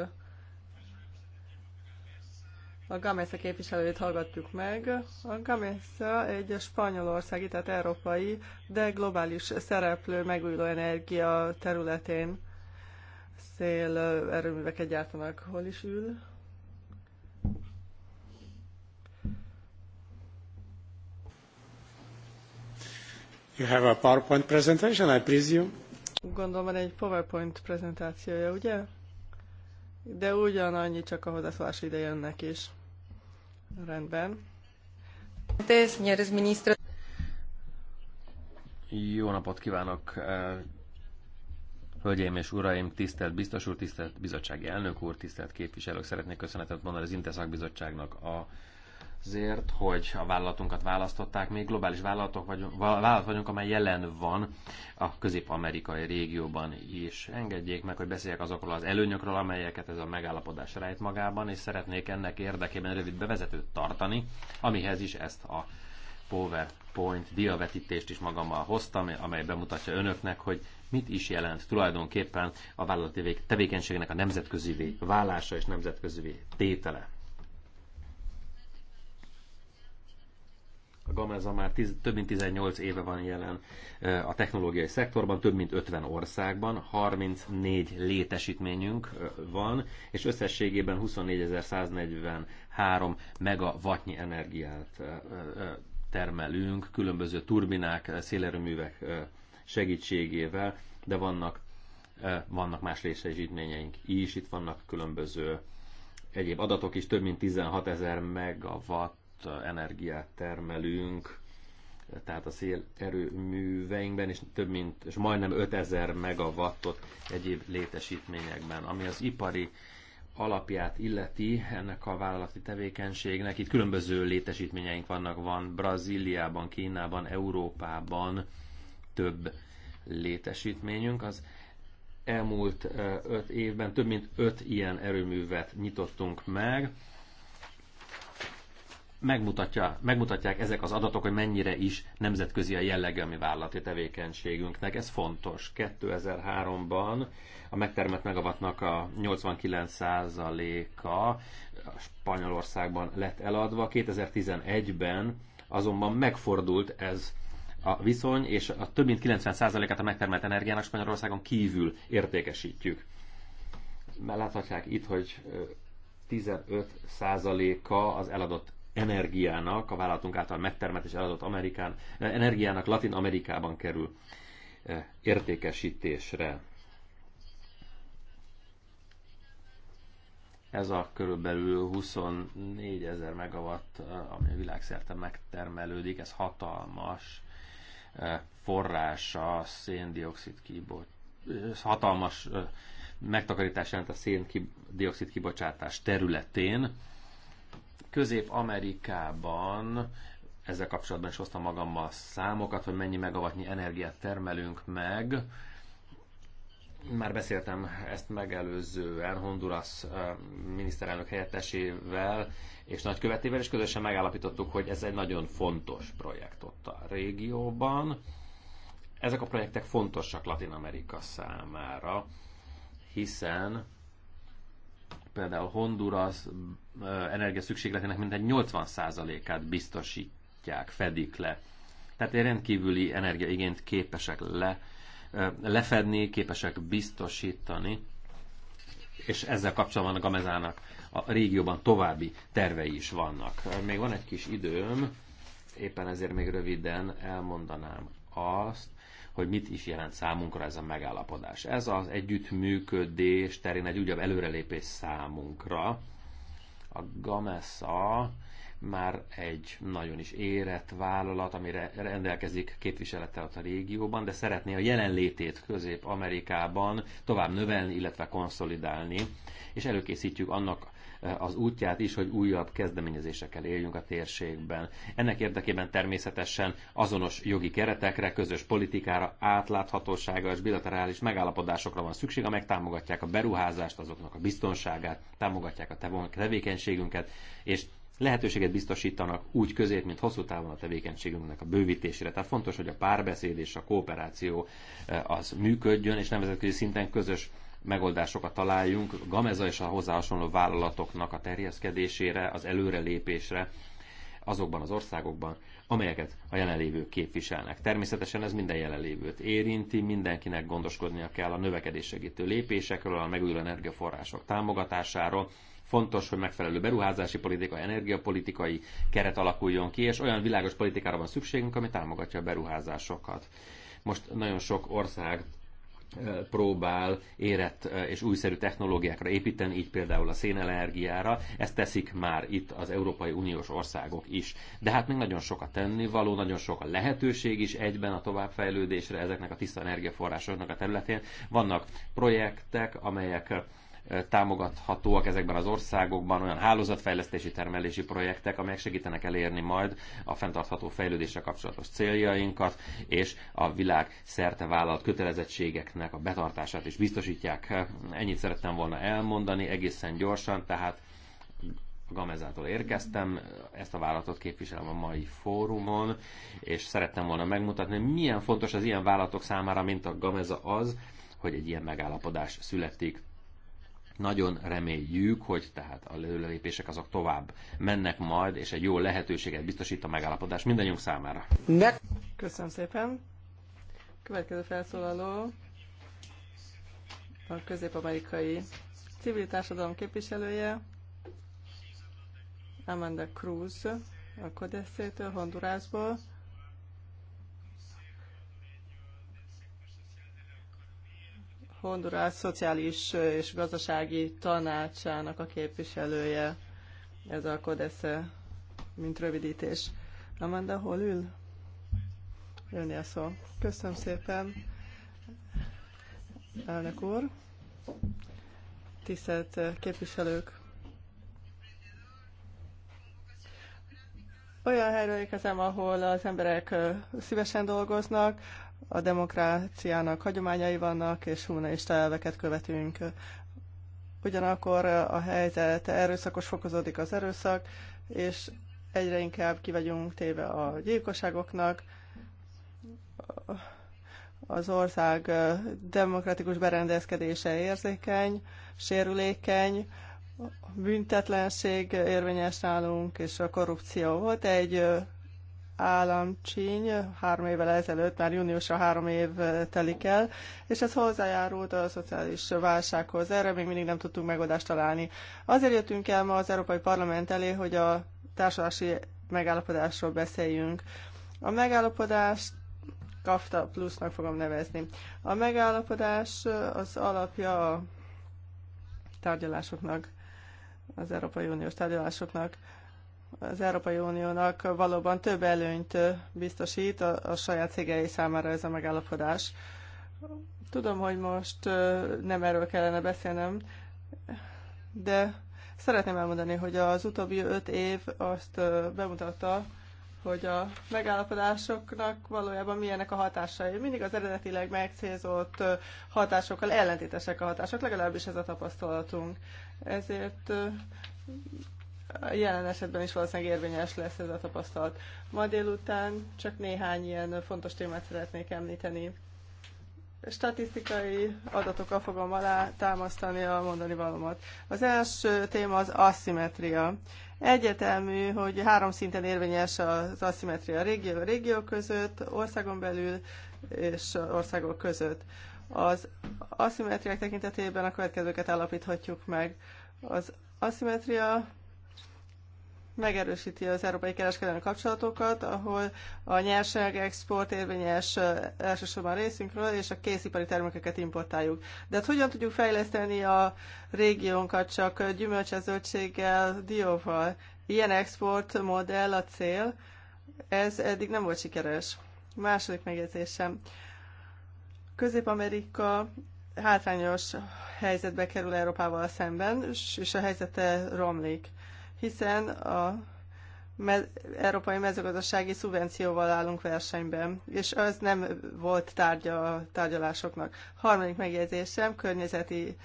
Speaker 3: A Gamesa képviselőjét hallgattuk meg. A Gamesa egy spanyolországi, tehát európai, de globális szereplő megújuló energia területén szél erőműveket gyártanak. Hol is ül?
Speaker 1: You have a PowerPoint presentation, I presume?
Speaker 3: Gondolom van egy PowerPoint prezentációja, ugye? De ugyanannyi csak a hozzászólás ide jönnek is. Rendben.
Speaker 1: Jó
Speaker 4: napot kívánok, eh, Hölgyeim és Uraim, tisztelt biztos úr, tisztelt bizottsági elnök úr, tisztelt képviselők, szeretnék köszönetet mondani az Inteszak bizottságnak a azért, hogy a vállalatunkat választották, még globális vállalatok vagyunk, vállalat vagyunk, amely jelen van a közép-amerikai régióban is. Engedjék meg, hogy beszéljek azokról az előnyökről, amelyeket ez a megállapodás rejt magában, és szeretnék ennek érdekében rövid bevezetőt tartani, amihez is ezt a PowerPoint diavetítést is magammal hoztam, amely bemutatja önöknek, hogy mit is jelent tulajdonképpen a vállalati tevékenységnek a nemzetközi válása és nemzetközi tétele. A Gamesa már tiz, több mint 18 éve van jelen a technológiai szektorban, több mint 50 országban, 34 létesítményünk van, és összességében 24.143 megawattnyi energiát termelünk, különböző turbinák, szélerőművek segítségével, de vannak, vannak más létesítményeink is, itt vannak különböző egyéb adatok is, több mint 16 ezer megawatt energiát termelünk, tehát a szélerőműveinkben is több mint, és majdnem 5000 megawattot egyéb létesítményekben, ami az ipari alapját illeti ennek a vállalati tevékenységnek. Itt különböző létesítményeink vannak, van Brazíliában, Kínában, Európában több létesítményünk. Az elmúlt öt évben több mint öt ilyen erőművet nyitottunk meg, megmutatja, megmutatják ezek az adatok, hogy mennyire is nemzetközi a jellege a mi vállalati tevékenységünknek. Ez fontos. 2003-ban a megtermett megavatnak a 89%-a Spanyolországban lett eladva, 2011-ben azonban megfordult ez a viszony, és a több mint 90%-át a megtermelt energiának Spanyolországon kívül értékesítjük. Mert láthatják itt, hogy 15%-a az eladott energiának, a vállalatunk által megtermelt és eladott Amerikán, energiának Latin Amerikában kerül eh, értékesítésre. Ez a körülbelül 24 ezer megawatt, eh, ami világszerte megtermelődik, ez hatalmas eh, forrása a széndiokszid kibocsátásnak hatalmas megtakarítás jelent a széndiokszid kibocsátás területén. Közép-Amerikában ezzel kapcsolatban is hoztam magammal számokat, hogy mennyi megavatnyi energiát termelünk meg. Már beszéltem ezt megelőzően Honduras eh, miniszterelnök helyettesével és nagykövetével, és közösen megállapítottuk, hogy ez egy nagyon fontos projekt ott a régióban. Ezek a projektek fontosak Latin Amerika számára, hiszen például Honduras energia szükségletének mintegy 80%-át biztosítják, fedik le. Tehát egy rendkívüli energiaigényt képesek le, lefedni, képesek biztosítani, és ezzel kapcsolatban a Gamezának a régióban további tervei is vannak. Még van egy kis időm, éppen ezért még röviden elmondanám azt, hogy mit is jelent számunkra ez a megállapodás. Ez az együttműködés terén egy újabb előrelépés számunkra. A Gamesa már egy nagyon is érett vállalat, amire rendelkezik képviselettel a régióban, de szeretné a jelenlétét Közép-Amerikában tovább növelni, illetve konszolidálni, és előkészítjük annak az útját is, hogy újabb kezdeményezésekkel éljünk a térségben. Ennek érdekében természetesen azonos jogi keretekre, közös politikára, átláthatóságra és bilaterális megállapodásokra van szükség, amelyek támogatják a beruházást, azoknak a biztonságát, támogatják a tevékenységünket, és lehetőséget biztosítanak úgy közép, mint hosszú távon a tevékenységünknek a bővítésére. Tehát fontos, hogy a párbeszéd és a kooperáció eh, az működjön, és nemzetközi szinten közös megoldásokat találjunk Gameza és a hozzá hasonló vállalatoknak a terjeszkedésére, az előrelépésre azokban az országokban, amelyeket a jelenlévők képviselnek. Természetesen ez minden jelenlévőt érinti, mindenkinek gondoskodnia kell a növekedés segítő lépésekről, a megújuló energiaforrások támogatásáról, fontos, hogy megfelelő beruházási politika, energiapolitikai keret alakuljon ki, és olyan világos politikára van szükségünk, ami támogatja a beruházásokat. Most nagyon sok ország próbál érett eh, és újszerű technológiákra építeni, így például a szénenergiára. Ezt teszik már itt az Európai Uniós országok is. De hát még nagyon sok a tennivaló, nagyon sok a lehetőség is egyben a továbbfejlődésre ezeknek a tiszta energiaforrásoknak a területén. Vannak projektek, amelyek támogathatóak ezekben az országokban olyan hálózatfejlesztési termelési projektek, amelyek segítenek elérni majd a fenntartható fejlődésre kapcsolatos céljainkat, és a világ szerte vállalt kötelezettségeknek a betartását is biztosítják. Ennyit szerettem volna elmondani egészen gyorsan, tehát Gamezától érkeztem, ezt a vállalatot képviselem a mai fórumon, és szerettem volna megmutatni, milyen fontos az ilyen vállalatok számára, mint a Gameza az, hogy egy ilyen megállapodás születik nagyon reméljük, hogy tehát a lépések azok tovább mennek majd, és egy jó lehetőséget biztosít a megállapodás mindannyiunk számára.
Speaker 3: Ne. Köszönöm szépen. Következő felszólaló a közép-amerikai civil társadalom képviselője, Amanda Cruz, a Kodesszétől, Hondurásból. Honduras Szociális és Gazdasági Tanácsának a képviselője. Ez a Kodesze, mint rövidítés. Amanda, hol ül? Jönni szó. Köszönöm szépen, elnök úr. Tisztelt képviselők, olyan helyről érkezem, ahol az emberek szívesen dolgoznak, a demokráciának hagyományai vannak, és humanista elveket követünk. Ugyanakkor a helyzet erőszakos fokozódik az erőszak, és egyre inkább kivagyunk téve a gyilkosságoknak. Az ország demokratikus berendezkedése érzékeny, sérülékeny, büntetlenség érvényes nálunk, és a korrupció volt egy államcsíny három évvel ezelőtt, már júniusra három év eh, telik el, és ez hozzájárult a szociális válsághoz. Erre még mindig nem tudtunk megoldást találni. Azért jöttünk el ma az Európai Parlament elé, hogy a társadalmi megállapodásról beszéljünk. A megállapodást kafta plusznak fogom nevezni. A megállapodás eh, az alapja a tárgyalásoknak, az Európai Uniós tárgyalásoknak az Európai Uniónak valóban több előnyt biztosít a, a saját cégei számára ez a megállapodás. Tudom, hogy most nem erről kellene beszélnem, de szeretném elmondani, hogy az utóbbi öt év azt bemutatta, hogy a megállapodásoknak valójában milyenek a hatásai. Mindig az eredetileg megcélzott hatásokkal ellentétesek a hatások, legalábbis ez a tapasztalatunk. Ezért jelen esetben is valószínűleg érvényes lesz ez a tapasztalat. Ma délután csak néhány ilyen fontos témát szeretnék említeni. Statisztikai adatokkal fogom alá támasztani a mondani valamat. Az első téma az aszimetria. Egyetemű, hogy három szinten érvényes az aszimetria régió, régió között, országon belül és országok között. Az aszimetriák tekintetében a következőket állapíthatjuk meg. Az aszimetria megerősíti az európai kereskedelmi kapcsolatokat, ahol a nyersanyag export érvényes elsősorban részünkről, és a készipari termékeket importáljuk. De hát hogyan tudjuk fejleszteni a régiónkat csak gyümölcsezöldséggel, dióval? Ilyen export modell a cél, ez eddig nem volt sikeres. Második megjegyzésem. Közép-Amerika hátrányos helyzetbe kerül Európával szemben, és a helyzete romlik hiszen a me- európai mezőgazdasági szubvencióval állunk versenyben, és az nem volt tárgya a tárgyalásoknak. Harmadik megjegyzésem, környezeti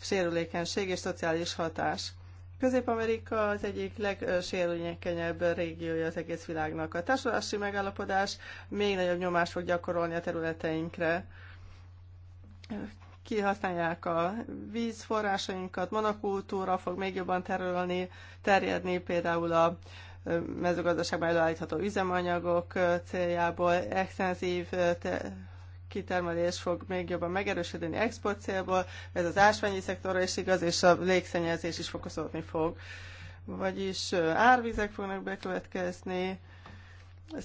Speaker 3: sérülékenység és szociális hatás. Közép-Amerika az egyik legsérülékenyebb régiója az egész világnak. A társulási megállapodás még nagyobb nyomást fog gyakorolni a területeinkre kihasználják a vízforrásainkat, monokultúra fog még jobban terülni, terjedni például a mezőgazdaságban előállítható üzemanyagok céljából, extenzív kitermelés fog még jobban megerősödni export célból, ez az ásványi szektorra is igaz, és a légszennyezés is fokozódni fog. Vagyis árvizek fognak bekövetkezni,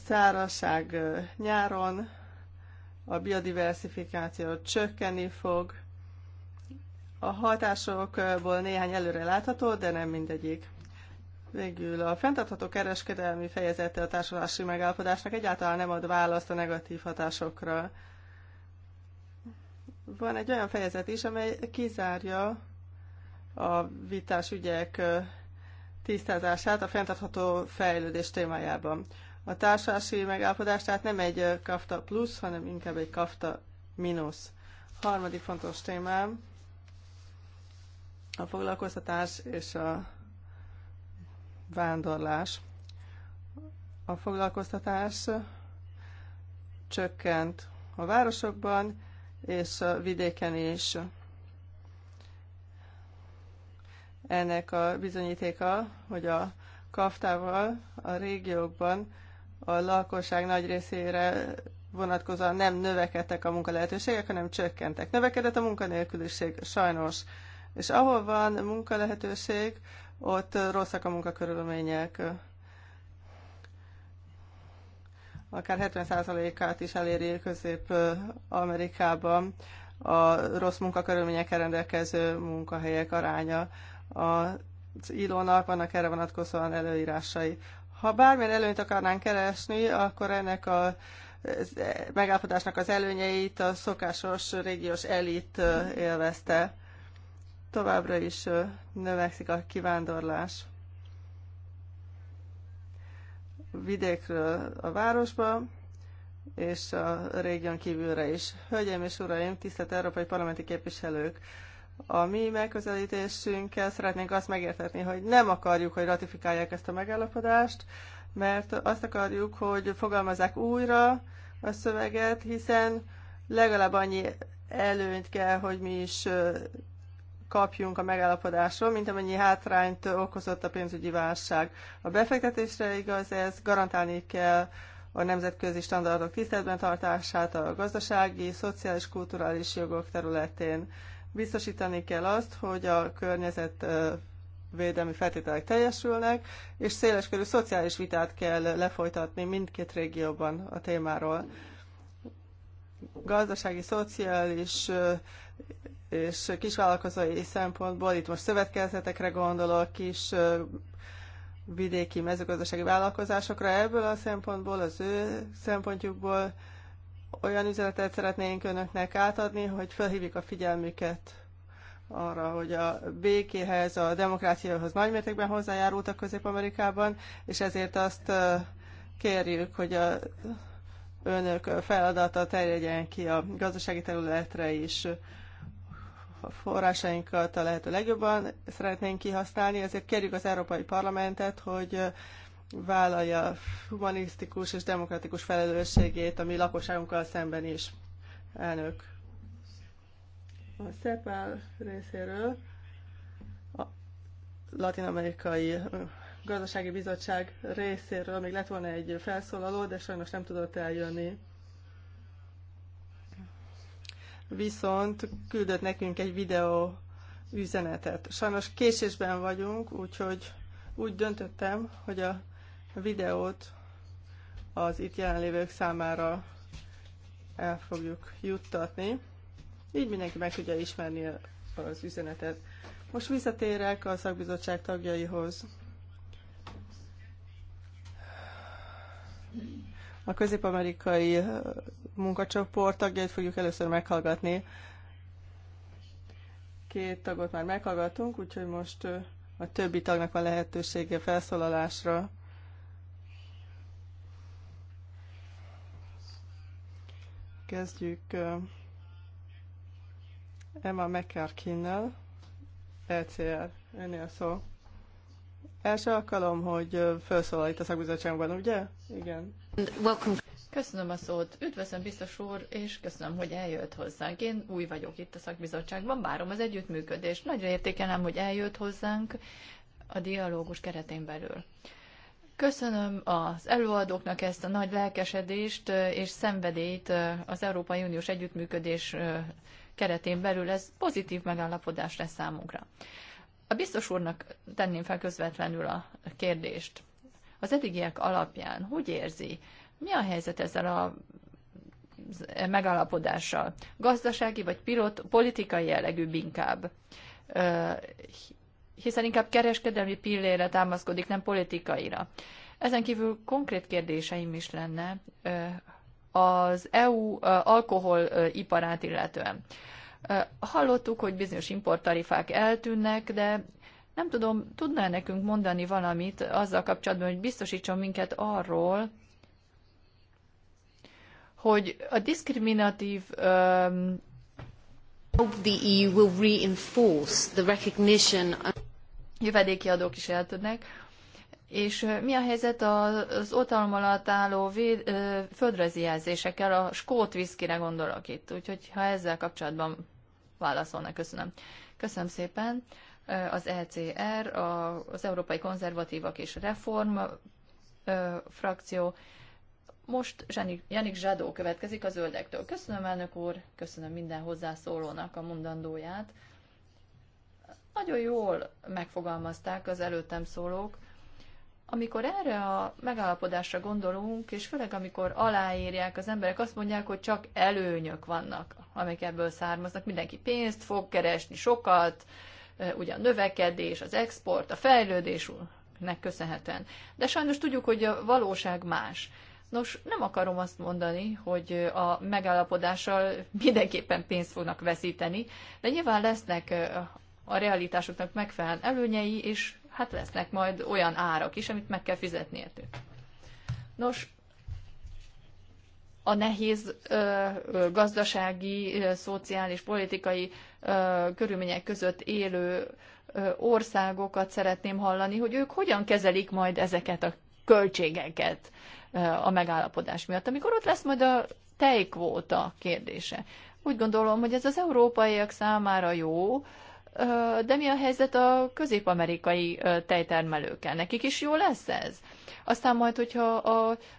Speaker 3: szárazság nyáron, a biodiversifikáció csökkenni fog. A hatásokból néhány előre látható, de nem mindegyik. Végül a fenntartható kereskedelmi fejezete a társulási megállapodásnak egyáltalán nem ad választ a negatív hatásokra. Van egy olyan fejezet is, amely kizárja a vitás ügyek tisztázását a fenntartható fejlődés témájában a társulási megállapodás, tehát nem egy kafta plusz, hanem inkább egy kafta mínusz. Harmadik fontos témám a foglalkoztatás és a vándorlás. A foglalkoztatás csökkent a városokban és a vidéken is. Ennek a bizonyítéka, hogy a kaftával a régiókban a lakosság nagy részére vonatkozóan nem növekedtek a munkalehetőségek, hanem csökkentek. Növekedett a munkanélküliség, sajnos. És ahol van munkalehetőség, ott rosszak a munkakörülmények. Akár 70%-át is eléri Közép-Amerikában a rossz munkakörülményekkel rendelkező munkahelyek aránya. A ilónak vannak erre vonatkozóan előírásai. Ha bármilyen előnyt akarnánk keresni, akkor ennek a e, megállapodásnak az előnyeit a szokásos régiós elit élvezte. Továbbra is növekszik a kivándorlás vidékről a városba, és a régión kívülre is. Hölgyeim és uraim, tisztelt európai parlamenti képviselők! A mi megközelítésünkkel szeretnénk azt megértetni, hogy nem akarjuk, hogy ratifikálják ezt a megállapodást, mert azt akarjuk, hogy fogalmazzák újra a szöveget, hiszen legalább annyi előnyt kell, hogy mi is kapjunk a megállapodásról, mint amennyi hátrányt okozott a pénzügyi válság. A befektetésre igaz ez, garantálni kell a nemzetközi standardok tiszteletben tartását a gazdasági, szociális, kulturális jogok területén. Biztosítani kell azt, hogy a környezet védelmi feltételek teljesülnek, és széleskörű szociális vitát kell lefolytatni mindkét régióban a témáról. Gazdasági, szociális és kisvállalkozói szempontból, itt most szövetkezetekre gondolok, kis vidéki mezőgazdasági vállalkozásokra, ebből a szempontból, az ő szempontjukból olyan üzenetet szeretnénk önöknek átadni, hogy felhívjuk a figyelmüket arra, hogy a békéhez, a demokráciához nagymértékben hozzájárultak Közép-Amerikában, és ezért azt kérjük, hogy a önök feladata terjedjen ki a gazdasági területre is. A forrásainkat a lehető legjobban szeretnénk kihasználni, ezért kérjük az Európai Parlamentet, hogy vállalja humanisztikus és demokratikus felelősségét a mi lakosságunkkal szemben is. Elnök. A SZEPÁL részéről a Latin-amerikai Gazdasági Bizottság részéről még lett volna egy felszólaló, de sajnos nem tudott eljönni. Viszont küldött nekünk egy videó üzenetet. Sajnos késésben vagyunk, úgyhogy úgy döntöttem, hogy a videót az itt jelenlévők számára el fogjuk juttatni. Így mindenki meg tudja ismerni az üzenetet. Most visszatérek a szakbizottság tagjaihoz. A közép-amerikai munkacsoport tagjait fogjuk először meghallgatni. Két tagot már meghallgattunk, úgyhogy most a többi tagnak van lehetősége felszólalásra. Kezdjük Emma McCarkin-nel, ECR, önél szó. Első alkalom, hogy felszólal itt a szakbizottságban,
Speaker 2: ugye? Igen. Welcome. Köszönöm a szót. Üdvözlöm, biztos úr, és köszönöm, hogy eljött hozzánk. Én új vagyok itt a szakbizottságban, várom az együttműködést. Nagyra értékelem, hogy eljött hozzánk a dialógus keretén belül. Köszönöm az előadóknak ezt a nagy lelkesedést és szenvedélyt az Európai Uniós együttműködés keretén belül. Ez pozitív megállapodás lesz számunkra. A biztos úrnak tenném fel közvetlenül a kérdést. Az eddigiek alapján hogy érzi, mi a helyzet ezzel a megállapodással? Gazdasági vagy pilot, politikai jellegű inkább? hiszen inkább kereskedelmi pillére támaszkodik, nem politikaira. Ezen kívül konkrét kérdéseim is lenne az EU alkoholiparát illetően. Hallottuk, hogy bizonyos importtarifák eltűnnek, de nem tudom, tudná nekünk mondani valamit azzal kapcsolatban, hogy biztosítson minket arról, hogy a diszkriminatív um, the EU will reinforce the recognition jövedéki adók is eltűnnek. És mi a helyzet az oltalom alatt álló véd, ö, földrajzi jelzésekkel? A skót viszkire gondolok itt, úgyhogy ha ezzel kapcsolatban válaszolna, köszönöm. Köszönöm szépen. Az ECR, az Európai Konzervatívak és Reform ö, frakció. Most Janik Zsadó következik a zöldektől. Köszönöm, elnök úr, köszönöm minden hozzászólónak a mondandóját. Nagyon jól megfogalmazták az előttem szólók, amikor erre a megállapodásra gondolunk, és főleg amikor aláírják az emberek, azt mondják, hogy csak előnyök vannak, amik ebből származnak. Mindenki pénzt fog keresni sokat, ugye a növekedés, az export, a fejlődésnek köszönhetően. De sajnos tudjuk, hogy a valóság más. Nos, nem akarom azt mondani, hogy a megállapodással mindenképpen pénzt fognak veszíteni, de nyilván lesznek a realitásoknak megfelelően előnyei, és hát lesznek majd olyan árak is, amit meg kell fizetni értük. Nos, a nehéz ö, ö, gazdasági, ö, szociális, politikai ö, körülmények között élő ö, országokat szeretném hallani, hogy ők hogyan kezelik majd ezeket a költségeket ö, a megállapodás miatt, amikor ott lesz majd a tejkvóta kérdése. Úgy gondolom, hogy ez az európaiak számára jó, de mi a helyzet a közép-amerikai tejtermelőkkel? Nekik is jó lesz ez? Aztán majd, hogyha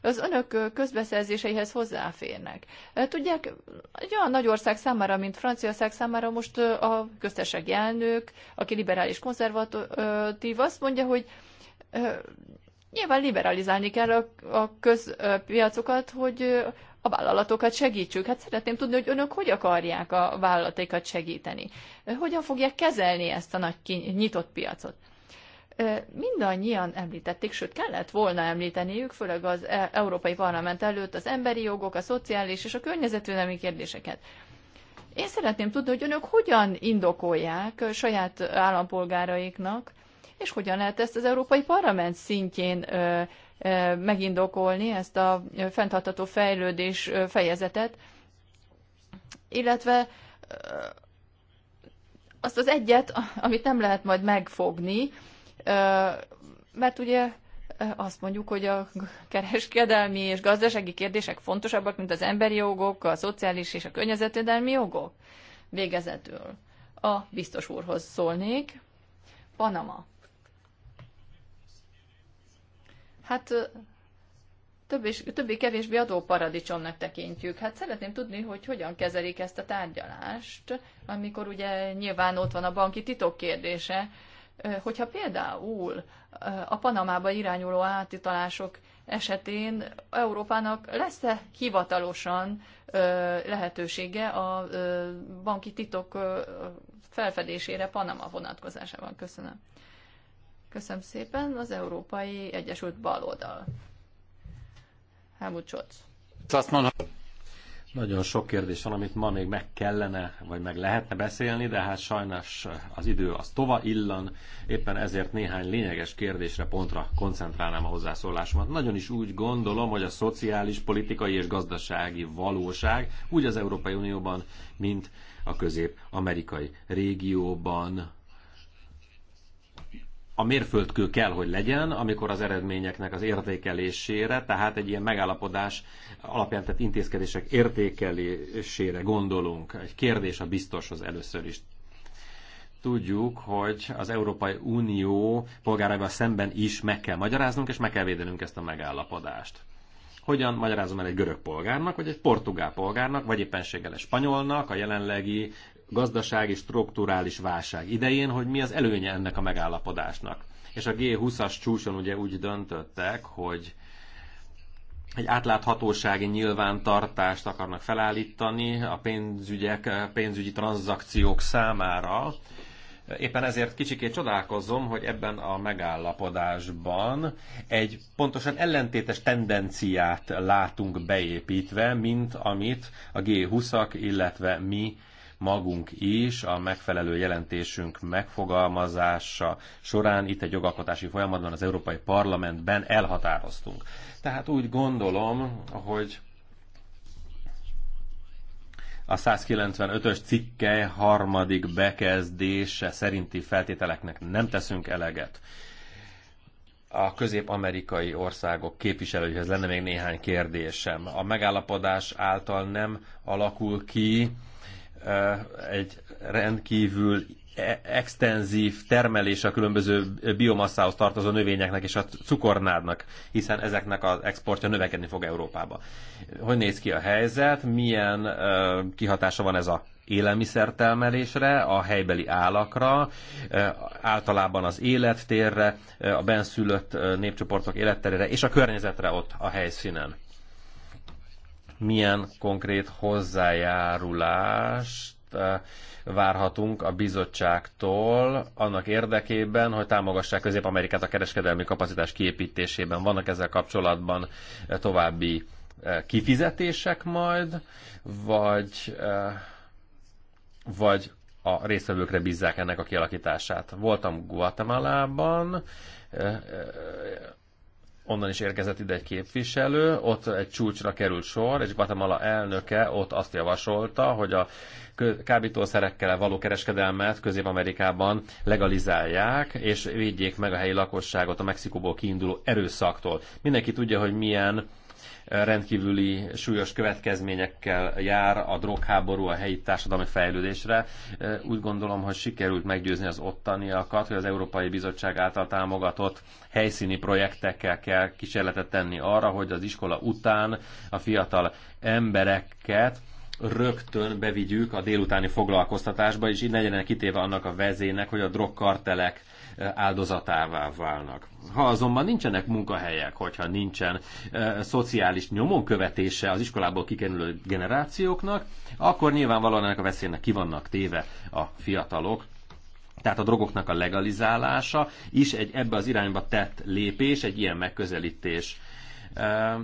Speaker 2: az önök közbeszerzéseihez hozzáférnek. Tudják, egy olyan nagy ország számára, mint Franciaország számára most a köztesek elnök, aki liberális konzervatív, azt mondja, hogy nyilván liberalizálni kell a közpiacokat, hogy a vállalatokat segítsük. Hát szeretném tudni, hogy önök hogy akarják a vállalatokat segíteni. Hogyan fogják kezelni ezt a nagy nyitott piacot? Mindannyian említették, sőt kellett volna említeniük, főleg az e- Európai Parlament előtt az emberi jogok, a szociális és a környezetvédelmi kérdéseket. Én szeretném tudni, hogy önök hogyan indokolják saját állampolgáraiknak, és hogyan lehet ezt az Európai Parlament szintjén megindokolni ezt a fenntartható fejlődés fejezetet, illetve azt az egyet, amit nem lehet majd megfogni, mert ugye azt mondjuk, hogy a kereskedelmi és gazdasági kérdések fontosabbak, mint az emberi jogok, a szociális és a környezetvédelmi jogok. Végezetül a biztos úrhoz szólnék. Panama. hát többé-kevésbé adóparadicsomnak tekintjük. Hát szeretném tudni, hogy hogyan kezelik ezt a tárgyalást, amikor ugye nyilván ott van a banki titok kérdése, hogyha például a Panamába irányuló átitalások esetén Európának lesz-e hivatalosan lehetősége a banki titok felfedésére Panama vonatkozásában? Köszönöm. Köszönöm szépen, az Európai Egyesült Baloldal. Helmut Scholz.
Speaker 4: Azt nagyon sok kérdés van, amit ma még meg kellene, vagy meg lehetne beszélni, de hát sajnos az idő az tova illan, éppen ezért néhány lényeges kérdésre, pontra koncentrálnám a hozzászólásomat. Nagyon is úgy gondolom, hogy a szociális, politikai és gazdasági valóság úgy az Európai Unióban, mint a közép-amerikai régióban a mérföldkő kell, hogy legyen, amikor az eredményeknek az értékelésére, tehát egy ilyen megállapodás alapján tett intézkedések értékelésére gondolunk. Egy kérdés a biztoshoz először is. Tudjuk, hogy az Európai Unió polgáraival szemben is meg kell magyaráznunk, és meg kell védenünk ezt a megállapodást. Hogyan magyarázom el egy görög polgárnak, vagy egy portugál polgárnak, vagy éppenséggel egy spanyolnak a jelenlegi gazdasági strukturális válság idején, hogy mi az előnye ennek a megállapodásnak. És a G20-as csúcson ugye úgy döntöttek, hogy egy átláthatósági nyilvántartást akarnak felállítani a pénzügyek, pénzügyi tranzakciók számára. Éppen ezért kicsikét csodálkozom, hogy ebben a megállapodásban egy pontosan ellentétes tendenciát látunk beépítve, mint amit a G20-ak, illetve mi magunk is a megfelelő jelentésünk megfogalmazása során itt egy jogalkotási folyamatban az Európai Parlamentben elhatároztunk. Tehát úgy gondolom, hogy a 195-ös cikke harmadik bekezdése szerinti feltételeknek nem teszünk eleget. A közép-amerikai országok képviselőihez lenne még néhány kérdésem. A megállapodás által nem alakul ki egy rendkívül e- extenzív termelés a különböző biomasszához tartozó növényeknek és a cukornádnak, hiszen ezeknek az exportja növekedni fog Európába. Hogy néz ki a helyzet, milyen kihatása van ez a élelmiszertelmelésre, a helybeli állakra, általában az élettérre, a benszülött népcsoportok életterére és a környezetre ott a helyszínen milyen konkrét hozzájárulást eh, várhatunk a bizottságtól annak érdekében, hogy támogassák Közép-Amerikát a kereskedelmi kapacitás kiépítésében. Vannak ezzel kapcsolatban eh, további eh, kifizetések majd, vagy, vagy a résztvevőkre bízzák ennek a kialakítását. Voltam Guatemalában, onnan is érkezett ide egy képviselő, ott egy csúcsra került sor, és Guatemala elnöke ott azt javasolta, hogy a kábítószerekkel való kereskedelmet Közép-Amerikában legalizálják, és védjék meg a helyi lakosságot a Mexikóból kiinduló erőszaktól. Mindenki tudja, hogy milyen rendkívüli súlyos következményekkel jár a drogháború a helyi társadalmi fejlődésre. Úgy gondolom, hogy sikerült meggyőzni az ottaniakat, hogy az Európai Bizottság által támogatott helyszíni projektekkel kell kísérletet tenni arra, hogy az iskola után a fiatal embereket rögtön bevigyük a délutáni foglalkoztatásba, és így legyenek kitéve annak a vezének, hogy a drogkartelek áldozatává válnak. Ha azonban nincsenek munkahelyek, hogyha nincsen e, szociális nyomon követése az iskolából kikerülő generációknak, akkor nyilvánvalóan ennek a veszélynek ki vannak téve a fiatalok, tehát a drogoknak a legalizálása is egy ebbe az irányba tett lépés, egy ilyen megközelítés. E,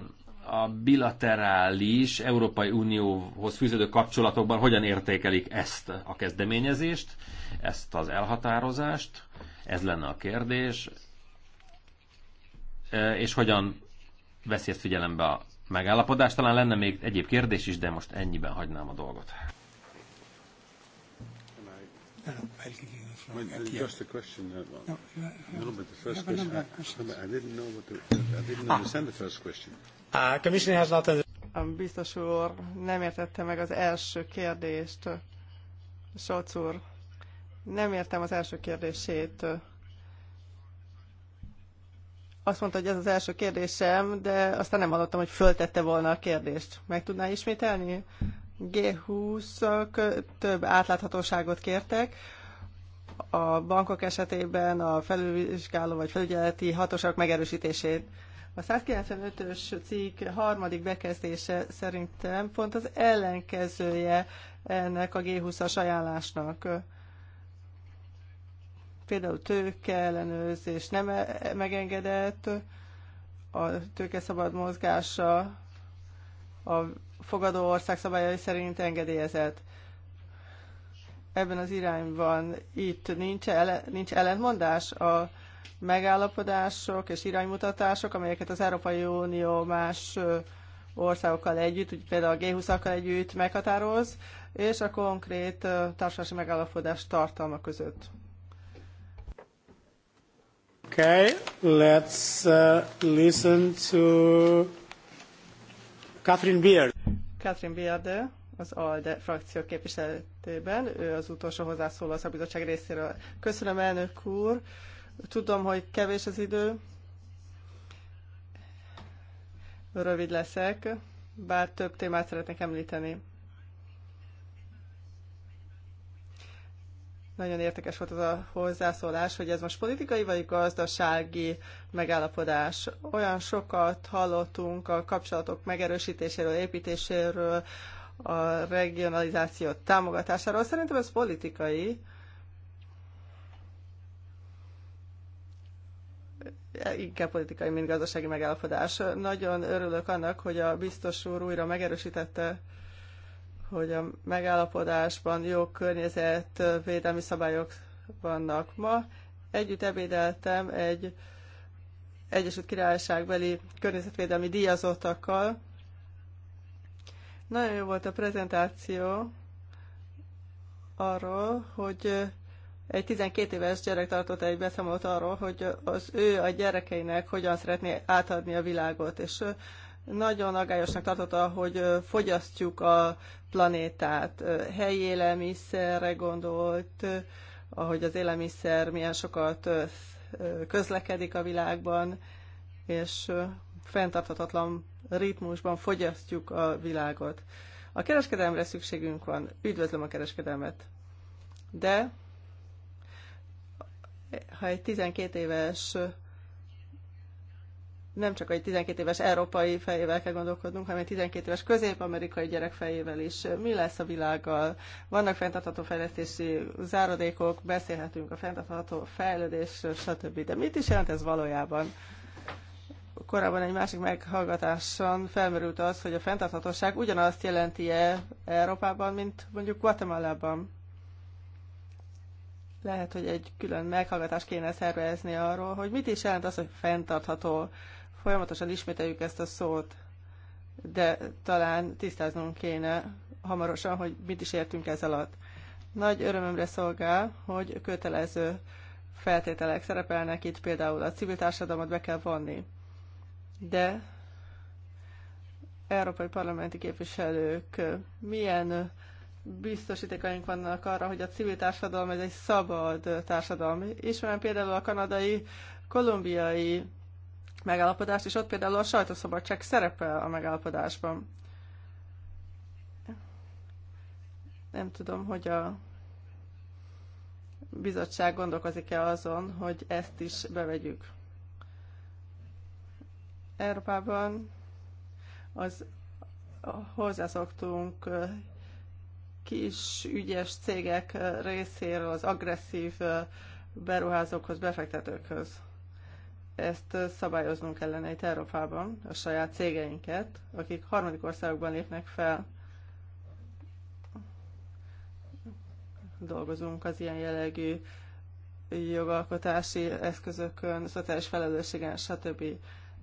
Speaker 4: a bilaterális Európai Unióhoz fűződő kapcsolatokban hogyan értékelik ezt a kezdeményezést, ezt az elhatározást? Ez lenne a kérdés. És hogyan veszi ezt figyelembe a megállapodás? Talán lenne még egyéb kérdés is, de most ennyiben hagynám a dolgot.
Speaker 1: No, Just a question. Uh, no, you have, no, the first question. I, I didn't know what the, I didn't ah. understand the first question. commissioner
Speaker 3: has not a biztos úr nem értette meg az első kérdést. Soc nem értem az első kérdését. Azt mondta, hogy ez az első kérdésem, de aztán nem hallottam, hogy föltette volna a kérdést. Meg tudná ismételni? g 20 több átláthatóságot kértek. A bankok esetében a felülvizsgáló vagy felügyeleti hatóságok megerősítését. A 195-ös cikk harmadik bekezdése szerintem pont az ellenkezője ennek a G20-as ajánlásnak például tőke ellenőrzés nem e- megengedett, a tőke szabad mozgása a fogadó ország szabályai szerint engedélyezett. Ebben az irányban itt nincs, ele, nincs ellentmondás a megállapodások és iránymutatások, amelyeket az Európai Unió más országokkal együtt, úgy például a G20-akkal együtt meghatároz, és a konkrét társadalmi megállapodás tartalma között.
Speaker 1: Okay, let's uh, listen to Catherine Beard.
Speaker 3: Catherine Beard az ALDE frakció képviseletében, ő az utolsó hozzászóló a szakbizottság részéről. Köszönöm, elnök úr. Tudom, hogy kevés az idő. Rövid leszek, bár több témát szeretnék említeni. Nagyon értékes volt az a hozzászólás, hogy ez most politikai vagy gazdasági megállapodás. Olyan sokat hallottunk a kapcsolatok megerősítéséről, építéséről, a regionalizáció támogatásáról. Szerintem ez politikai. inkább politikai, mint gazdasági megállapodás. Nagyon örülök annak, hogy a biztos úr újra megerősítette hogy a megállapodásban jó környezet védelmi szabályok vannak. Ma együtt ebédeltem egy Egyesült Királyságbeli környezetvédelmi díjazottakkal. Nagyon jó volt a prezentáció arról, hogy egy 12 éves gyerek tartott egy beszámolót arról, hogy az ő a gyerekeinek hogyan szeretné átadni a világot, és nagyon agályosnak tartotta, hogy fogyasztjuk a planétát. Helyi élelmiszerre gondolt, ahogy az élelmiszer milyen sokat közlekedik a világban, és fenntarthatatlan ritmusban fogyasztjuk a világot. A kereskedelemre szükségünk van, üdvözlöm a kereskedelmet. De ha egy 12 éves nem csak egy 12 éves európai fejével kell gondolkodnunk, hanem egy 12 éves közép-amerikai gyerek fejével is. Mi lesz a világgal? Vannak fenntartható fejlesztési záradékok, beszélhetünk a fenntartható fejlődésről, stb. De mit is jelent ez valójában? Korábban egy másik meghallgatáson felmerült az, hogy a fenntarthatóság ugyanazt jelenti-e Európában, mint mondjuk Guatemalában. Lehet, hogy egy külön meghallgatást kéne szervezni arról, hogy mit is jelent az, hogy fenntartható Folyamatosan ismételjük ezt a szót, de talán tisztáznunk kéne hamarosan, hogy mit is értünk ez alatt. Nagy örömömre szolgál, hogy kötelező feltételek szerepelnek itt, például a civil társadalmat be kell vonni. De európai parlamenti képviselők milyen biztosítékaink vannak arra, hogy a civil társadalom ez egy szabad társadalom. Ismerem például a kanadai, kolumbiai megállapodást, és ott például a sajtószabadság szerepel a megállapodásban. Nem tudom, hogy a bizottság gondolkozik-e azon, hogy ezt is bevegyük. Európában az hozzászoktunk kis ügyes cégek részéről az agresszív beruházókhoz, befektetőkhöz ezt szabályoznunk kellene itt Európában, a saját cégeinket, akik harmadik országokban lépnek fel. Dolgozunk az ilyen jellegű jogalkotási eszközökön, szociális felelősségen, stb.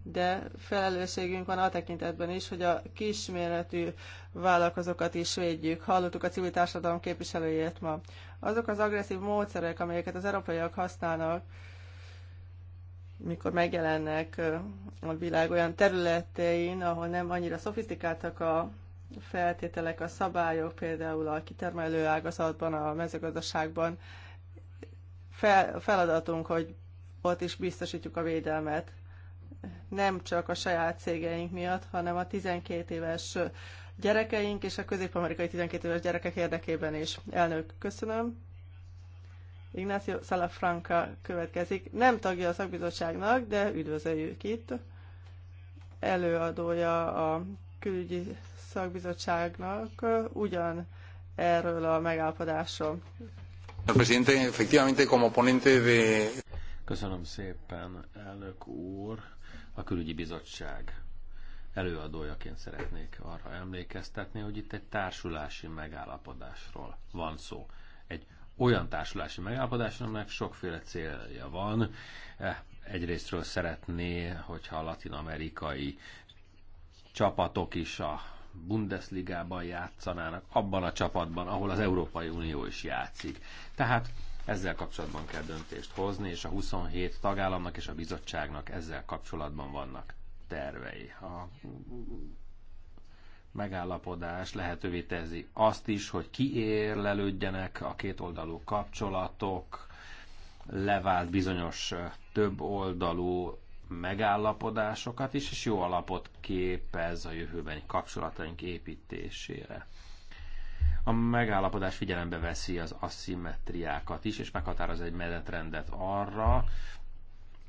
Speaker 3: De felelősségünk van a tekintetben is, hogy a kisméretű vállalkozókat is védjük. Hallottuk a civil társadalom képviselőjét ma. Azok az agresszív módszerek, amelyeket az európaiak használnak, mikor megjelennek a világ olyan területein, ahol nem annyira szofisztikáltak a feltételek, a szabályok, például a kitermelő ágazatban, a mezőgazdaságban, fel, feladatunk, hogy ott is biztosítjuk a védelmet. Nem csak a saját cégeink miatt, hanem a 12 éves gyerekeink és a közép-amerikai 12 éves gyerekek érdekében is. Elnök, köszönöm. Ignacio Salafranca következik. Nem tagja a szakbizottságnak, de üdvözöljük itt. Előadója a külügyi szakbizottságnak ugyan erről a megállapodásról.
Speaker 4: Köszönöm szépen, elnök úr. A külügyi bizottság előadójaként szeretnék arra emlékeztetni, hogy itt egy társulási megállapodásról van szó olyan társulási megállapodás, aminek sokféle célja van. Eh, egyrésztről szeretné, hogyha a latinamerikai csapatok is a Bundesligában játszanának, abban a csapatban, ahol az Európai Unió is játszik. Tehát ezzel kapcsolatban kell döntést hozni, és a 27 tagállamnak és a bizottságnak ezzel kapcsolatban vannak tervei. A megállapodás lehetővé teszi azt is, hogy kiérlelődjenek a kétoldalú kapcsolatok, levált bizonyos több oldalú megállapodásokat is, és jó alapot képez a jövőbeni kapcsolataink építésére. A megállapodás figyelembe veszi az aszimmetriákat is, és meghatároz egy menetrendet arra,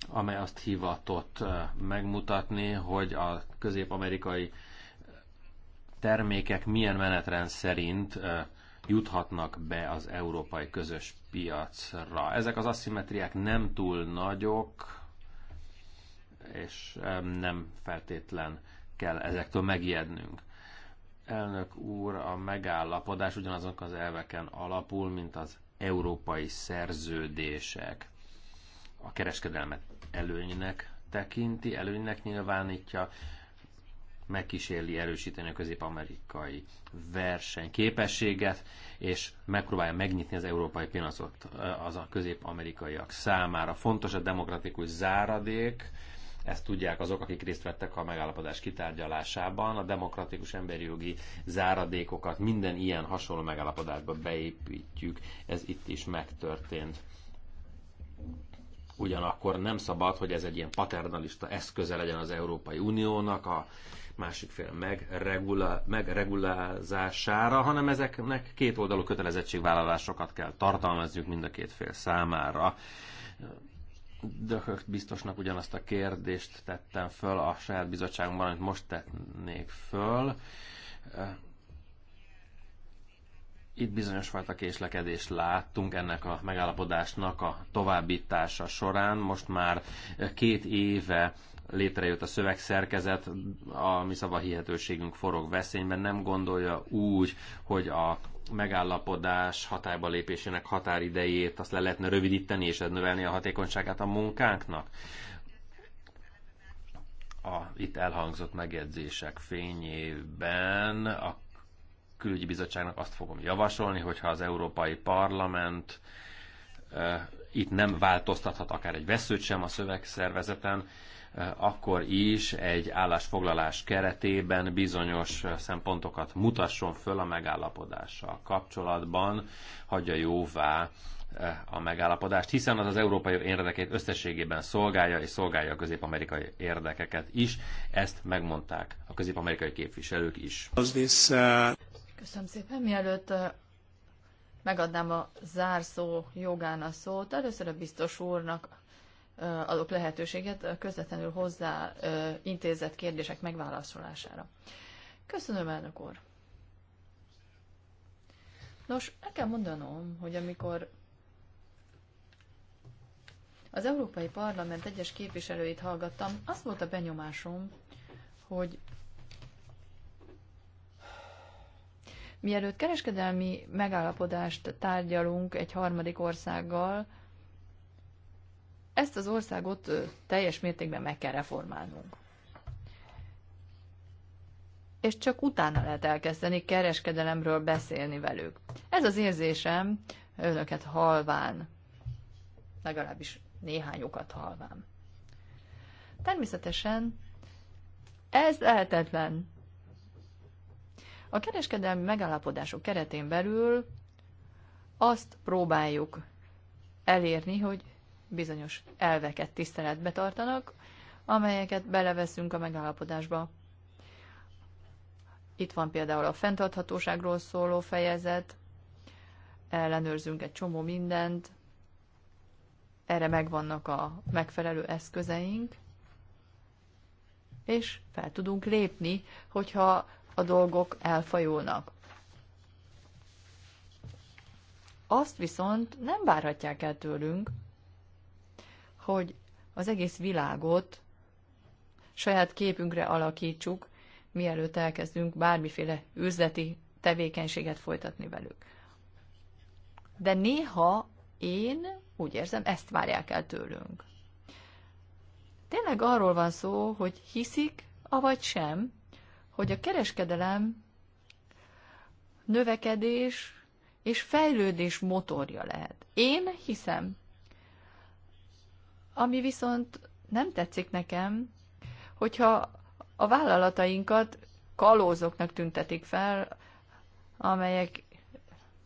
Speaker 4: amely azt hivatott megmutatni, hogy a közép-amerikai termékek milyen menetrend szerint juthatnak be az európai közös piacra. Ezek az aszimetriák nem túl nagyok, és nem feltétlen kell ezektől megijednünk. Elnök úr, a megállapodás ugyanazok az elveken alapul, mint az európai szerződések. A kereskedelmet előnynek tekinti, előnynek nyilvánítja, megkísérli erősíteni a közép-amerikai versenyképességet, és megpróbálja megnyitni az európai piacot eh, az a közép-amerikaiak számára. Fontos a demokratikus záradék, ezt tudják azok, akik részt vettek a megállapodás kitárgyalásában. A demokratikus emberi jogi záradékokat minden ilyen hasonló megállapodásba beépítjük. Ez itt is megtörtént. Ugyanakkor nem szabad, hogy ez egy ilyen paternalista eszköze legyen az Európai Uniónak, a másik fél megregula, megregulázására, hanem ezeknek két oldalú kötelezettségvállalásokat kell tartalmazniuk mind a két fél számára. Döhögt biztosnak ugyanazt a kérdést tettem föl a saját bizottságomban, amit most tennék föl. Itt bizonyos fajta késlekedést láttunk ennek a megállapodásnak a továbbítása során. Most már két éve létrejött a szövegszerkezet, a mi szavahihetőségünk forog veszélyben, nem gondolja úgy, hogy a megállapodás hatályba lépésének határidejét azt le lehetne rövidíteni és növelni a hatékonyságát a munkánknak. A itt elhangzott megjegyzések fényében a külügyi bizottságnak azt fogom javasolni, hogyha az Európai Parlament eh, itt nem változtathat akár egy veszőt sem a szövegszervezeten, akkor is egy állásfoglalás keretében bizonyos szempontokat mutasson föl a megállapodással kapcsolatban, hagyja jóvá eh, a megállapodást, hiszen az az európai érdekét összességében szolgálja, és szolgálja a közép-amerikai érdekeket is. Ezt megmondták a közép-amerikai képviselők is. Köszönöm
Speaker 2: szépen. Mielőtt eh, megadnám a zárszó jogán a szót, először a biztos úrnak adok lehetőséget közvetlenül hozzá intézett kérdések megválaszolására. Köszönöm, elnök úr! Nos, el kell mondanom, hogy amikor az Európai Parlament egyes képviselőit hallgattam, az volt a benyomásom, hogy mielőtt kereskedelmi megállapodást tárgyalunk egy harmadik országgal, ezt az országot teljes mértékben meg kell reformálnunk. És csak utána lehet elkezdeni kereskedelemről beszélni velük. Ez az érzésem önöket halván, legalábbis néhányokat halván. Természetesen ez lehetetlen. A kereskedelmi megállapodások keretén belül azt próbáljuk elérni, hogy bizonyos elveket tiszteletbe tartanak, amelyeket beleveszünk a megállapodásba. Itt van például a fenntarthatóságról szóló fejezet, ellenőrzünk egy csomó mindent, erre megvannak a megfelelő eszközeink, és fel tudunk lépni, hogyha a dolgok elfajulnak. Azt viszont nem várhatják el tőlünk, hogy az egész világot saját képünkre alakítsuk, mielőtt elkezdünk bármiféle üzleti tevékenységet folytatni velük. De néha én úgy érzem, ezt várják el tőlünk. Tényleg arról van szó, hogy hiszik, avagy sem, hogy a kereskedelem növekedés és fejlődés motorja lehet. Én hiszem, ami viszont nem tetszik nekem, hogyha a vállalatainkat kalózoknak tüntetik fel, amelyek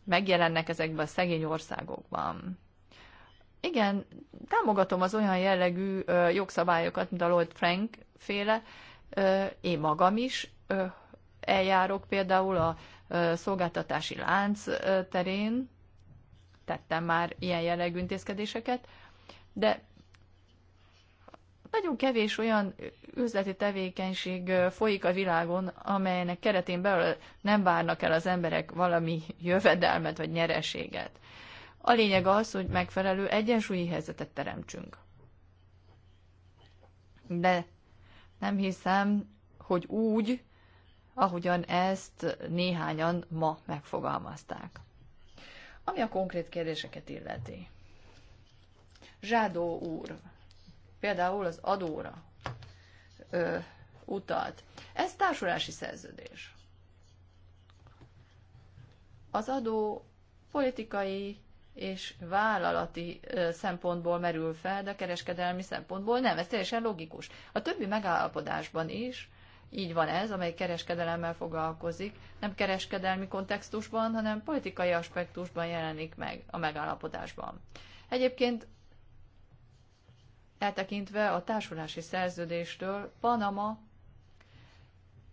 Speaker 2: megjelennek ezekben a szegény országokban. Igen, támogatom az olyan jellegű ö, jogszabályokat, mint a Lloyd Frank féle. Ö, én magam is ö, eljárok például a ö, szolgáltatási lánc ö, terén, tettem már ilyen jellegű intézkedéseket, de nagyon kevés olyan üzleti tevékenység folyik a világon, amelynek keretén belül nem várnak el az emberek valami jövedelmet vagy nyereséget. A lényeg az, hogy megfelelő egyensúlyi helyzetet teremtsünk. De nem hiszem, hogy úgy, ahogyan ezt néhányan ma megfogalmazták. Ami a konkrét kérdéseket illeti. Zsádó úr például az adóra ö, utalt. Ez társulási szerződés. Az adó politikai és vállalati szempontból merül fel, de kereskedelmi szempontból nem, ez teljesen logikus. A többi megállapodásban is így van ez, amely kereskedelemmel foglalkozik, nem kereskedelmi kontextusban, hanem politikai aspektusban jelenik meg a megállapodásban. Egyébként eltekintve a társulási szerződéstől Panama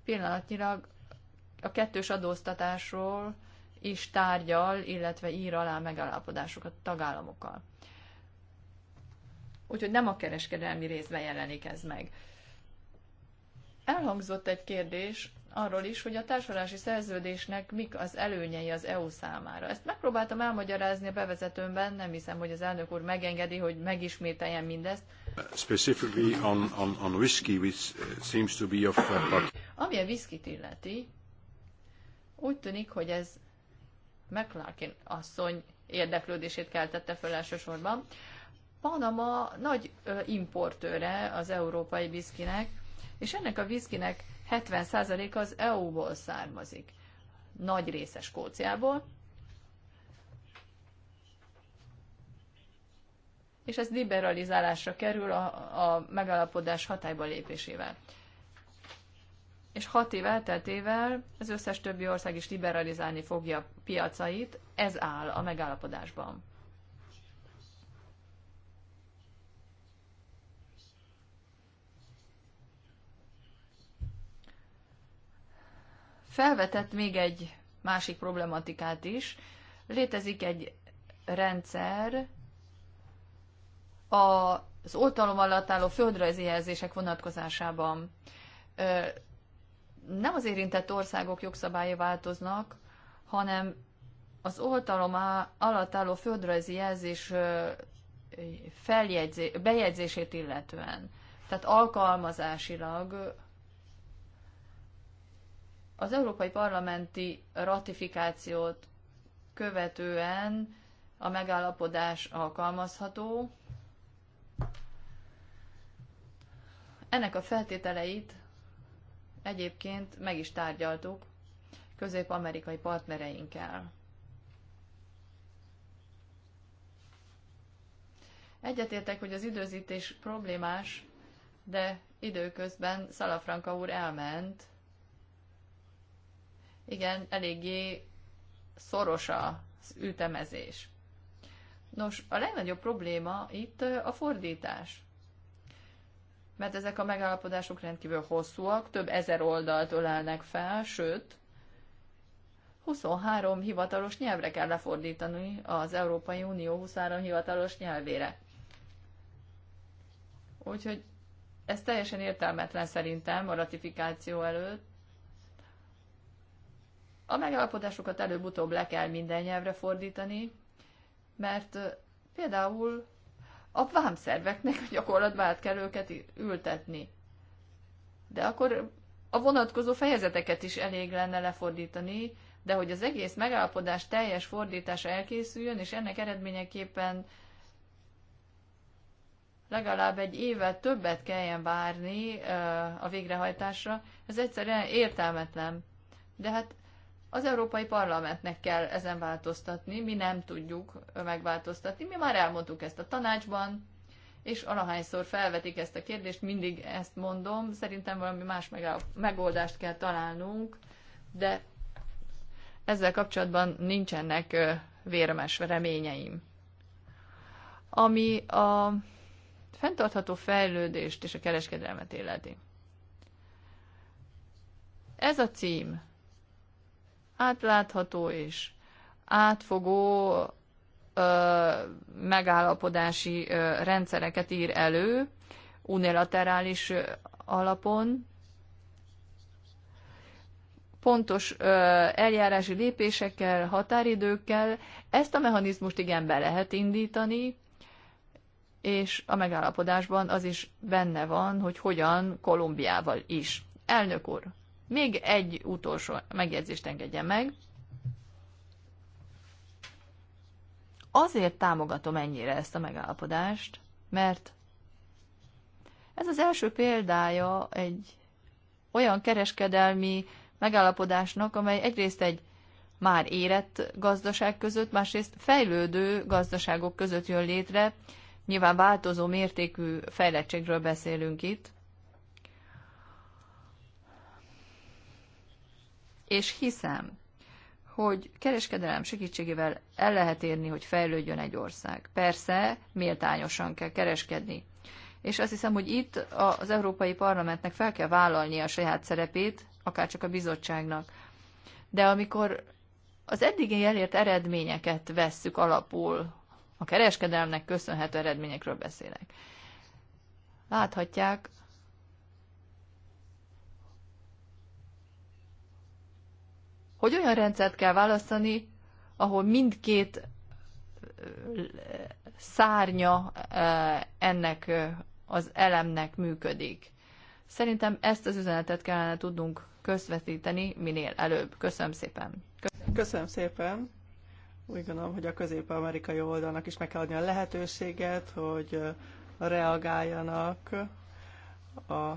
Speaker 2: pillanatnyilag a kettős adóztatásról is tárgyal, illetve ír alá megállapodásokat tagállamokkal. Úgyhogy nem a kereskedelmi részben jelenik ez meg. Elhangzott egy kérdés arról is, hogy a társadalási szerződésnek mik az előnyei az EU számára. Ezt megpróbáltam elmagyarázni a bevezetőmben, nem hiszem, hogy az elnök úr megengedi, hogy megismételjen mindezt.
Speaker 1: Specifically on, on, on whiskey, which uh, seems to be of... Uh,
Speaker 2: Ami a viszkit illeti, úgy tűnik, hogy ez McClarkin asszony érdeklődését keltette föl elsősorban. Panama nagy importőre az európai viszkinek, és ennek a viszkinek 70% az EU-ból származik, nagy része Skóciából, és ez liberalizálásra kerül a, a megalapodás hatályba lépésével. És hat év elteltével az összes többi ország is liberalizálni fogja piacait, ez áll a megállapodásban. felvetett még egy másik problematikát is. Létezik egy rendszer az oltalom alatt álló földrajzi jelzések vonatkozásában. Nem az érintett országok jogszabályai változnak, hanem az oltalom alatt álló földrajzi jelzés feljegyzé, bejegyzését illetően, tehát alkalmazásilag az európai parlamenti ratifikációt követően a megállapodás alkalmazható. Ennek a feltételeit egyébként meg is tárgyaltuk közép-amerikai partnereinkkel. Egyetértek, hogy az időzítés problémás, de időközben Szalafranka úr elment, igen, eléggé szoros az ütemezés. Nos, a legnagyobb probléma itt a fordítás. Mert ezek a megállapodások rendkívül hosszúak, több ezer oldalt ölelnek fel, sőt, 23 hivatalos nyelvre kell lefordítani az Európai Unió 23 hivatalos nyelvére. Úgyhogy ez teljesen értelmetlen szerintem a ratifikáció előtt, a megállapodásokat előbb-utóbb le kell minden nyelvre fordítani, mert például a vámszerveknek gyakorlatban át kell őket ültetni. De akkor a vonatkozó fejezeteket is elég lenne lefordítani, de hogy az egész megállapodás teljes fordítása elkészüljön, és ennek eredményeképpen legalább egy évet többet kelljen várni a végrehajtásra, ez egyszerűen értelmetlen. De hát az Európai Parlamentnek kell ezen változtatni, mi nem tudjuk megváltoztatni, mi már elmondtuk ezt a tanácsban, és alahányszor felvetik ezt a kérdést, mindig ezt mondom, szerintem valami más megoldást kell találnunk, de ezzel kapcsolatban nincsenek véremes reményeim. Ami a fenntartható fejlődést és a kereskedelmet illeti. Ez a cím átlátható és átfogó ö, megállapodási ö, rendszereket ír elő, unilaterális alapon, pontos ö, eljárási lépésekkel, határidőkkel. Ezt a mechanizmust igen be lehet indítani, és a megállapodásban az is benne van, hogy hogyan Kolumbiával is. Elnök úr, még egy utolsó megjegyzést engedje meg. Azért támogatom ennyire ezt a megállapodást, mert ez az első példája egy olyan kereskedelmi megállapodásnak, amely egyrészt egy már érett gazdaság között, másrészt fejlődő gazdaságok között jön létre. Nyilván változó mértékű fejlettségről beszélünk itt. és hiszem, hogy kereskedelem segítségével el lehet érni, hogy fejlődjön egy ország. Persze, méltányosan kell kereskedni. És azt hiszem, hogy itt az Európai Parlamentnek fel kell vállalni a saját szerepét, akárcsak a bizottságnak. De amikor az eddigi elért eredményeket vesszük alapul, a kereskedelemnek köszönhető eredményekről beszélek, láthatják, hogy olyan rendszert kell választani, ahol mindkét szárnya ennek az elemnek működik. Szerintem ezt az üzenetet kellene tudnunk közvetíteni minél előbb. Köszönöm szépen. Köszönöm, Köszönöm szépen.
Speaker 3: Úgy gondolom, hogy a közép-amerikai oldalnak is meg kell adni a lehetőséget, hogy reagáljanak a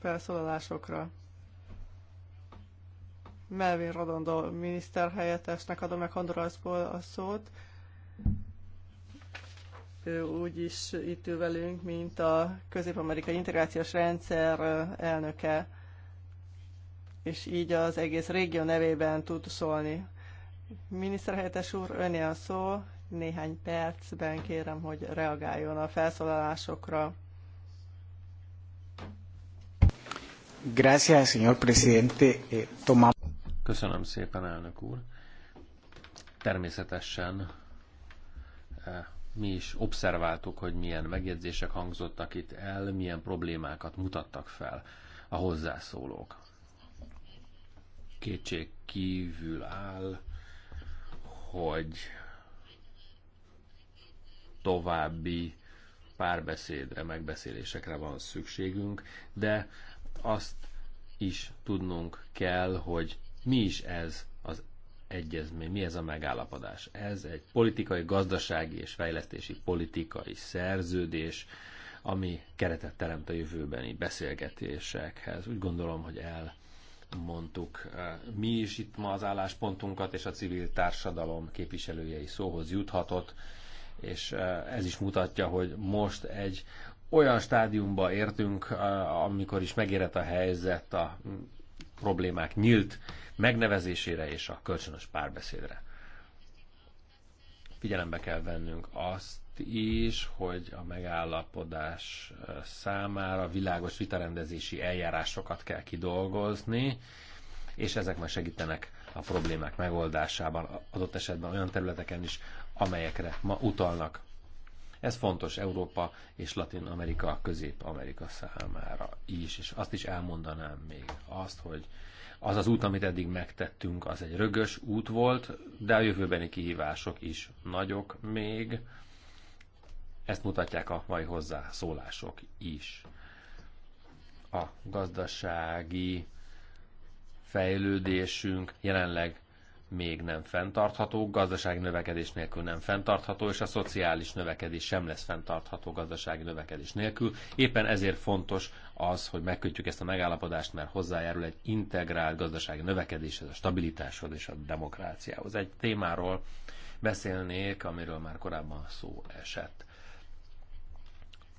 Speaker 3: felszólalásokra. Melvin Rodondó miniszterhelyettesnek adom meg Hondurasból a szót. Ő úgy is itt ül velünk, mint a közép-amerikai integrációs rendszer elnöke, és így az egész régió nevében tud szólni. Miniszterhelyettes úr, öné a szó, néhány percben kérem, hogy reagáljon a felszólalásokra.
Speaker 1: Gracias, señor presidente. Eh, Tomamos
Speaker 4: Köszönöm szépen, elnök úr. Természetesen eh, mi is observáltuk, hogy milyen megjegyzések hangzottak itt el, milyen problémákat mutattak fel a hozzászólók. Kétség kívül áll, hogy további párbeszédre, megbeszélésekre van szükségünk, de azt is tudnunk kell, hogy mi is ez az egyezmény, mi ez a megállapodás? Ez egy politikai, gazdasági és fejlesztési politikai szerződés, ami keretet teremt a jövőbeni beszélgetésekhez. Úgy gondolom, hogy elmondtuk eh, mi is itt ma az álláspontunkat, és a civil társadalom képviselőjei szóhoz juthatott, és eh, ez is mutatja, hogy most egy olyan stádiumba értünk, eh, amikor is megérett a helyzet a problémák nyílt megnevezésére és a kölcsönös párbeszédre. Figyelembe kell vennünk azt is, hogy a megállapodás számára világos vitarendezési eljárásokat kell kidolgozni, és ezek majd segítenek a problémák megoldásában, adott esetben olyan területeken is, amelyekre ma utalnak ez fontos Európa és Latin Amerika, Közép-Amerika számára is, és azt is elmondanám még azt, hogy az az út, amit eddig megtettünk, az egy rögös út volt, de a jövőbeni kihívások is nagyok még. Ezt mutatják a mai hozzászólások is. A gazdasági fejlődésünk jelenleg még nem fenntartható, gazdasági növekedés nélkül nem fenntartható, és a szociális növekedés sem lesz fenntartható gazdasági növekedés nélkül. Éppen ezért fontos az, hogy megkötjük ezt a megállapodást, mert hozzájárul egy integrált gazdasági növekedéshez, a stabilitáshoz és a demokráciához. Egy témáról beszélnék, amiről már korábban szó esett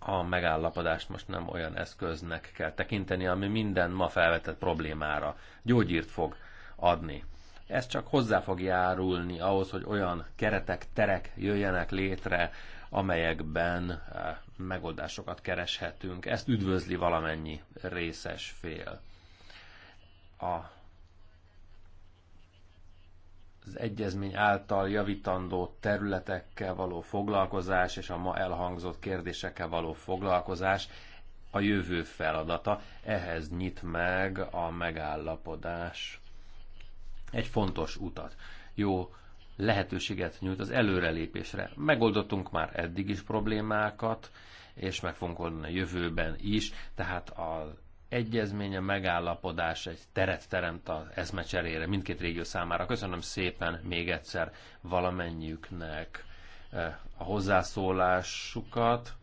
Speaker 4: a megállapodást most nem olyan eszköznek kell tekinteni, ami minden ma felvetett problémára gyógyírt fog adni. Ez csak hozzá fog járulni ahhoz, hogy olyan keretek, terek jöjjenek létre, amelyekben eh, megoldásokat kereshetünk. Ezt üdvözli valamennyi részes fél. A az egyezmény által javítandó területekkel való foglalkozás és a ma elhangzott kérdésekkel való foglalkozás a jövő feladata. Ehhez nyit meg a megállapodás egy fontos utat, jó lehetőséget nyújt az előrelépésre. Megoldottunk már eddig is problémákat, és meg fogunk oldani a jövőben is, tehát az egyezménye, megállapodás egy teret teremt az eszmecserére mindkét régió számára. Köszönöm szépen még egyszer valamennyiüknek eh, a hozzászólásukat,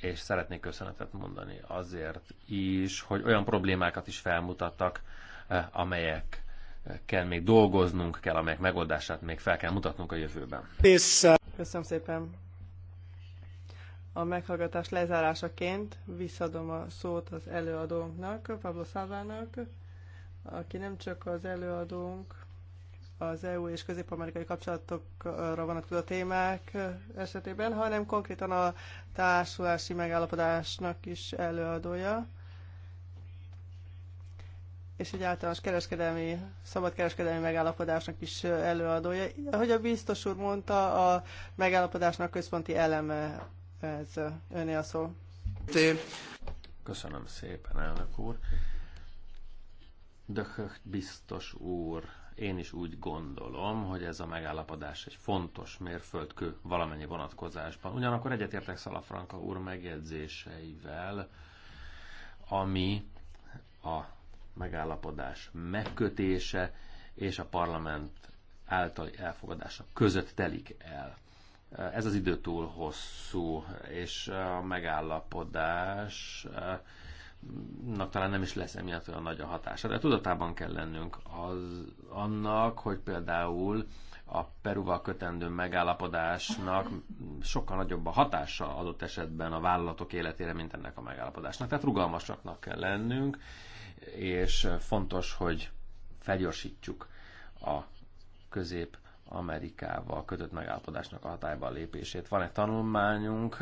Speaker 4: és szeretnék köszönetet mondani azért is, hogy olyan problémákat is felmutattak, Eh, amelyek kell még dolgoznunk kell, amelyek megoldását még fel kell mutatnunk a jövőben.
Speaker 3: Köszönöm szépen. A meghallgatás lezárásaként visszadom a szót az előadónknak, Pablo Szávának, aki nem csak az előadónk, az EU és közép-amerikai kapcsolatokra vonatkozó témák esetében, hanem konkrétan a társulási megállapodásnak is előadója és egy általános kereskedelmi, szabadkereskedelmi megállapodásnak is előadója. Ahogy a biztos úr mondta, a megállapodásnak központi eleme ez öné a szó.
Speaker 4: Köszönöm szépen, elnök úr. Döhögt biztos úr, én is úgy gondolom, hogy ez a megállapodás egy fontos mérföldkő valamennyi vonatkozásban. Ugyanakkor egyetértek Szalafranka úr megjegyzéseivel, ami a megállapodás megkötése és a parlament általi elfogadása között telik el. Ez az idő túl hosszú, és a megállapodás talán nem is lesz emiatt olyan nagy a hatása, de tudatában kell lennünk az, annak, hogy például a Peruval kötendő megállapodásnak sokkal nagyobb a hatása adott esetben a vállalatok életére, mint ennek a megállapodásnak. Tehát rugalmasaknak kell lennünk, és fontos, hogy felgyorsítjuk a közép Amerikával kötött megállapodásnak a hatályba a lépését. Van egy tanulmányunk,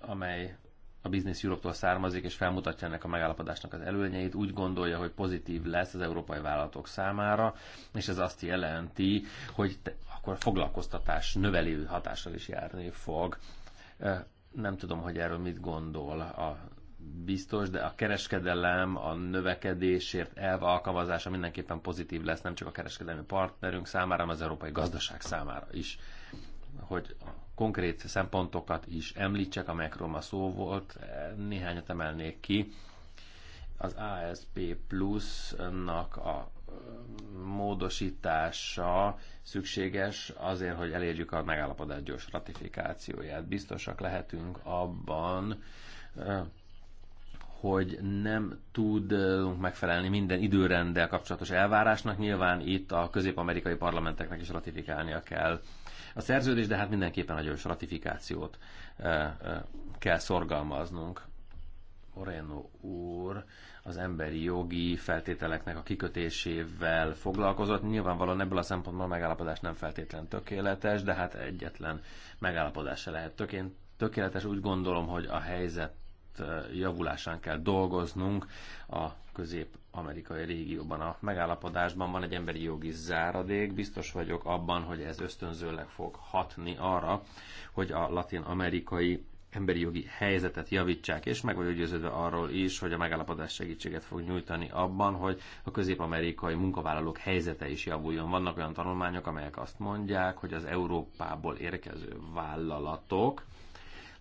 Speaker 4: amely a Business Europe-tól származik, és felmutatja ennek a megállapodásnak az előnyeit. Úgy gondolja, hogy pozitív lesz az európai vállalatok számára, és ez azt jelenti, hogy te, akkor a foglalkoztatás növelő hatással is járni fog. Nem tudom, hogy erről mit gondol a biztos, de a kereskedelem, a növekedésért elv alkalmazása mindenképpen pozitív lesz, nem csak a kereskedelmi partnerünk számára, hanem az európai gazdaság számára is. Hogy a konkrét szempontokat is említsek, amelyekről ma szó volt, néhányat emelnék ki. Az ASP Plus-nak a módosítása szükséges azért, hogy elérjük a megállapodás gyors ratifikációját. Biztosak lehetünk abban, hogy nem tudunk megfelelni minden időrenddel kapcsolatos elvárásnak, nyilván itt a közép-amerikai parlamenteknek is ratifikálnia kell a szerződés, de hát mindenképpen nagyon gyors ratifikációt eh, eh, kell szorgalmaznunk. Moreno úr az emberi jogi feltételeknek a kikötésével foglalkozott. Nyilvánvalóan ebből a szempontból a megállapodás nem feltétlen tökéletes, de hát egyetlen megállapodás se lehet tökéletes. Úgy gondolom, hogy a helyzet javulásán kell dolgoznunk a közép-amerikai régióban. A megállapodásban van egy emberi jogi záradék, biztos vagyok abban, hogy ez ösztönzőleg fog hatni arra, hogy a latin-amerikai emberi jogi helyzetet javítsák, és meg vagyok győződve arról is, hogy a megállapodás segítséget fog nyújtani abban, hogy a közép-amerikai munkavállalók helyzete is javuljon. Vannak olyan tanulmányok, amelyek azt mondják, hogy az Európából érkező vállalatok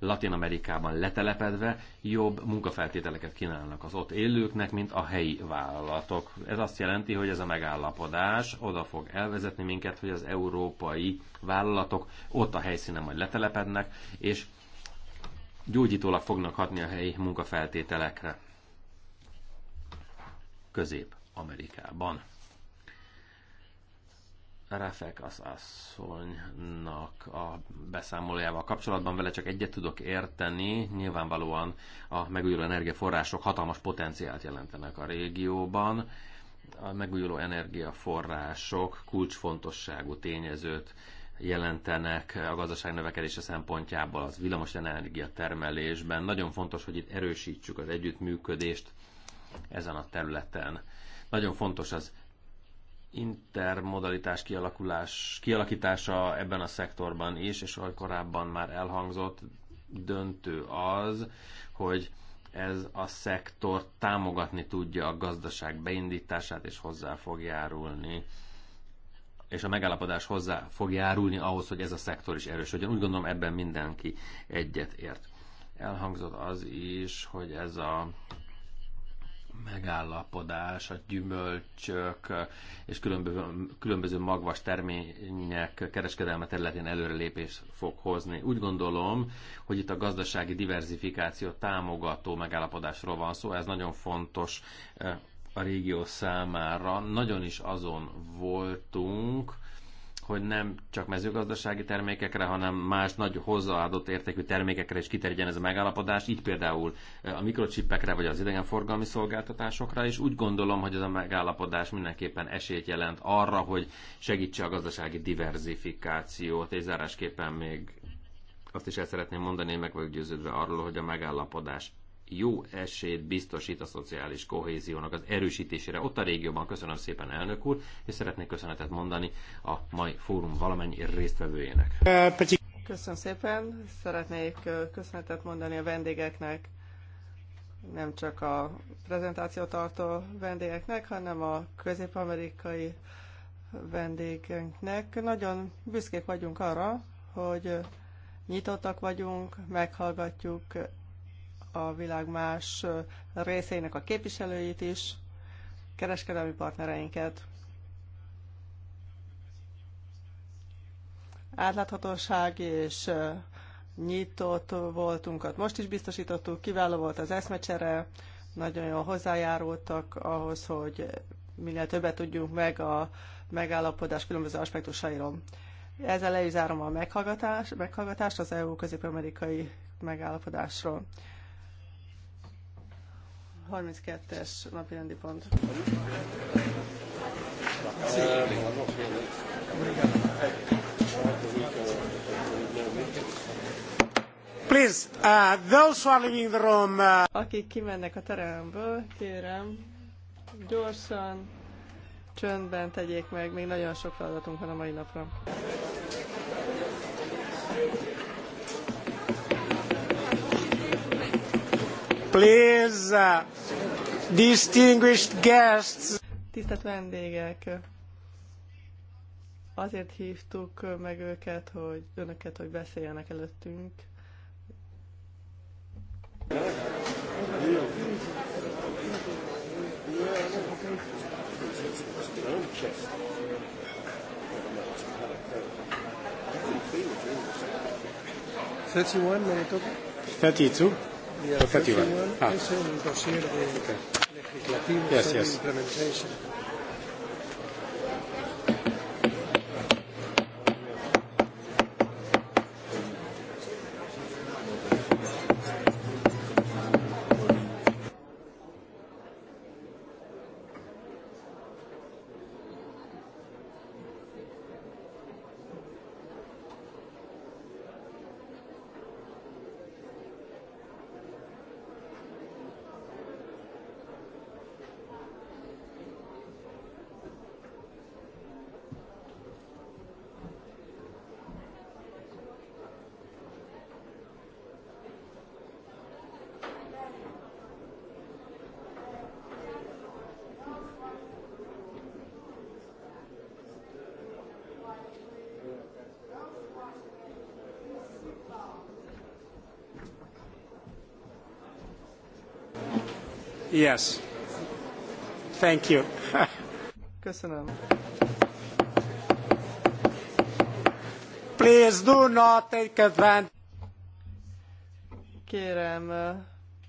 Speaker 4: Latin Amerikában letelepedve jobb munkafeltételeket kínálnak az ott élőknek, mint a helyi vállalatok. Ez azt jelenti, hogy ez a megállapodás oda fog elvezetni minket, hogy az európai vállalatok ott a helyszínen majd letelepednek, és gyógyítólag fognak hatni a helyi munkafeltételekre. Közép-Amerikában. Refek az asszonynak a beszámolójával kapcsolatban vele csak egyet tudok érteni. Nyilvánvalóan a megújuló energiaforrások hatalmas potenciált jelentenek a régióban. A megújuló energiaforrások kulcsfontosságú tényezőt jelentenek a gazdaság növekedése szempontjából az villamos energia termelésben. Nagyon fontos, hogy itt erősítsük az együttműködést ezen a területen. Nagyon fontos az intermodalitás kialakulás, kialakítása ebben a szektorban is, és ahogy korábban már elhangzott, döntő az, hogy ez a szektor támogatni tudja a gazdaság beindítását, és hozzá fog járulni és a megállapodás hozzá fog járulni ahhoz, hogy ez a szektor is erősödjön. Úgy gondolom ebben mindenki egyet ért. Elhangzott az is, hogy ez a megállapodás a gyümölcsök és különböző, különböző magvas termények kereskedelme területén előrelépés fog hozni. Úgy gondolom, hogy itt a gazdasági diversifikáció támogató megállapodásról van szó, ez nagyon fontos eh, a régió számára. Nagyon is azon voltunk, hogy nem csak mezőgazdasági termékekre, hanem más nagy hozzáadott értékű termékekre is kiterjedjen ez a megállapodás, így például a mikrocsippekre vagy az idegenforgalmi szolgáltatásokra, és úgy gondolom, hogy ez a megállapodás mindenképpen esélyt jelent arra, hogy segítse a gazdasági diverzifikációt, és zárásképpen még azt is el szeretném mondani, én meg vagyok győződve arról, hogy a megállapodás jó esélyt biztosít a szociális kohéziónak az erősítésére ott a régióban. Köszönöm szépen, elnök úr, és szeretnék köszönetet mondani a mai fórum valamennyi résztvevőjének.
Speaker 3: Köszönöm szépen, szeretnék köszönetet mondani a vendégeknek, nem csak a prezentációt tartó vendégeknek, hanem a közép-amerikai vendégeknek. Nagyon büszkék vagyunk arra, hogy nyitottak vagyunk, meghallgatjuk a világ más részeinek a képviselőit is, kereskedelmi partnereinket. Átláthatóság és nyitott voltunkat. Most is biztosítottuk, kiváló volt az eszmecsere, nagyon jól hozzájárultak ahhoz, hogy minél többet tudjunk meg a megállapodás különböző aspektusairól. Ezzel le is zárom a meghallgatást, meghallgatást az EU közép-amerikai megállapodásról. 32-es napirendi pont.
Speaker 1: Please, uh,
Speaker 3: those who are leaving the room. Uh... Akik kimennek a teremből, kérem, gyorsan, csöndben tegyék meg, még nagyon sok feladatunk van a mai napra.
Speaker 1: Please, distinguished guests.
Speaker 3: Tisztelt vendégek, azért hívtuk meg őket, hogy önöket, hogy beszéljenek előttünk. Thirty-one, Manitoba.
Speaker 1: Thirty-two. Effectively. Ah. yes, yes. Yes. Thank you. Köszönöm. Please do not take advantage.
Speaker 3: Kérem,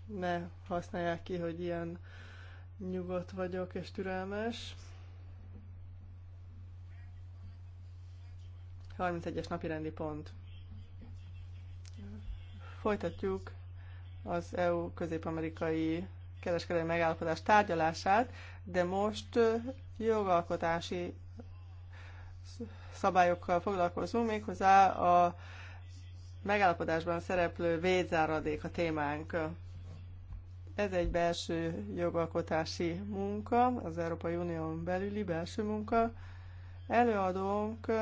Speaker 3: ne használják ki, hogy ilyen nyugodt vagyok és türelmes. 31-es napi rendi pont. Folytatjuk az EU közép-amerikai kereskedelmi megállapodás tárgyalását, de most jogalkotási szabályokkal foglalkozunk, méghozzá a megállapodásban szereplő védzáradék a témánk. Ez egy belső jogalkotási munka, az Európai Unión belüli belső munka. Előadónk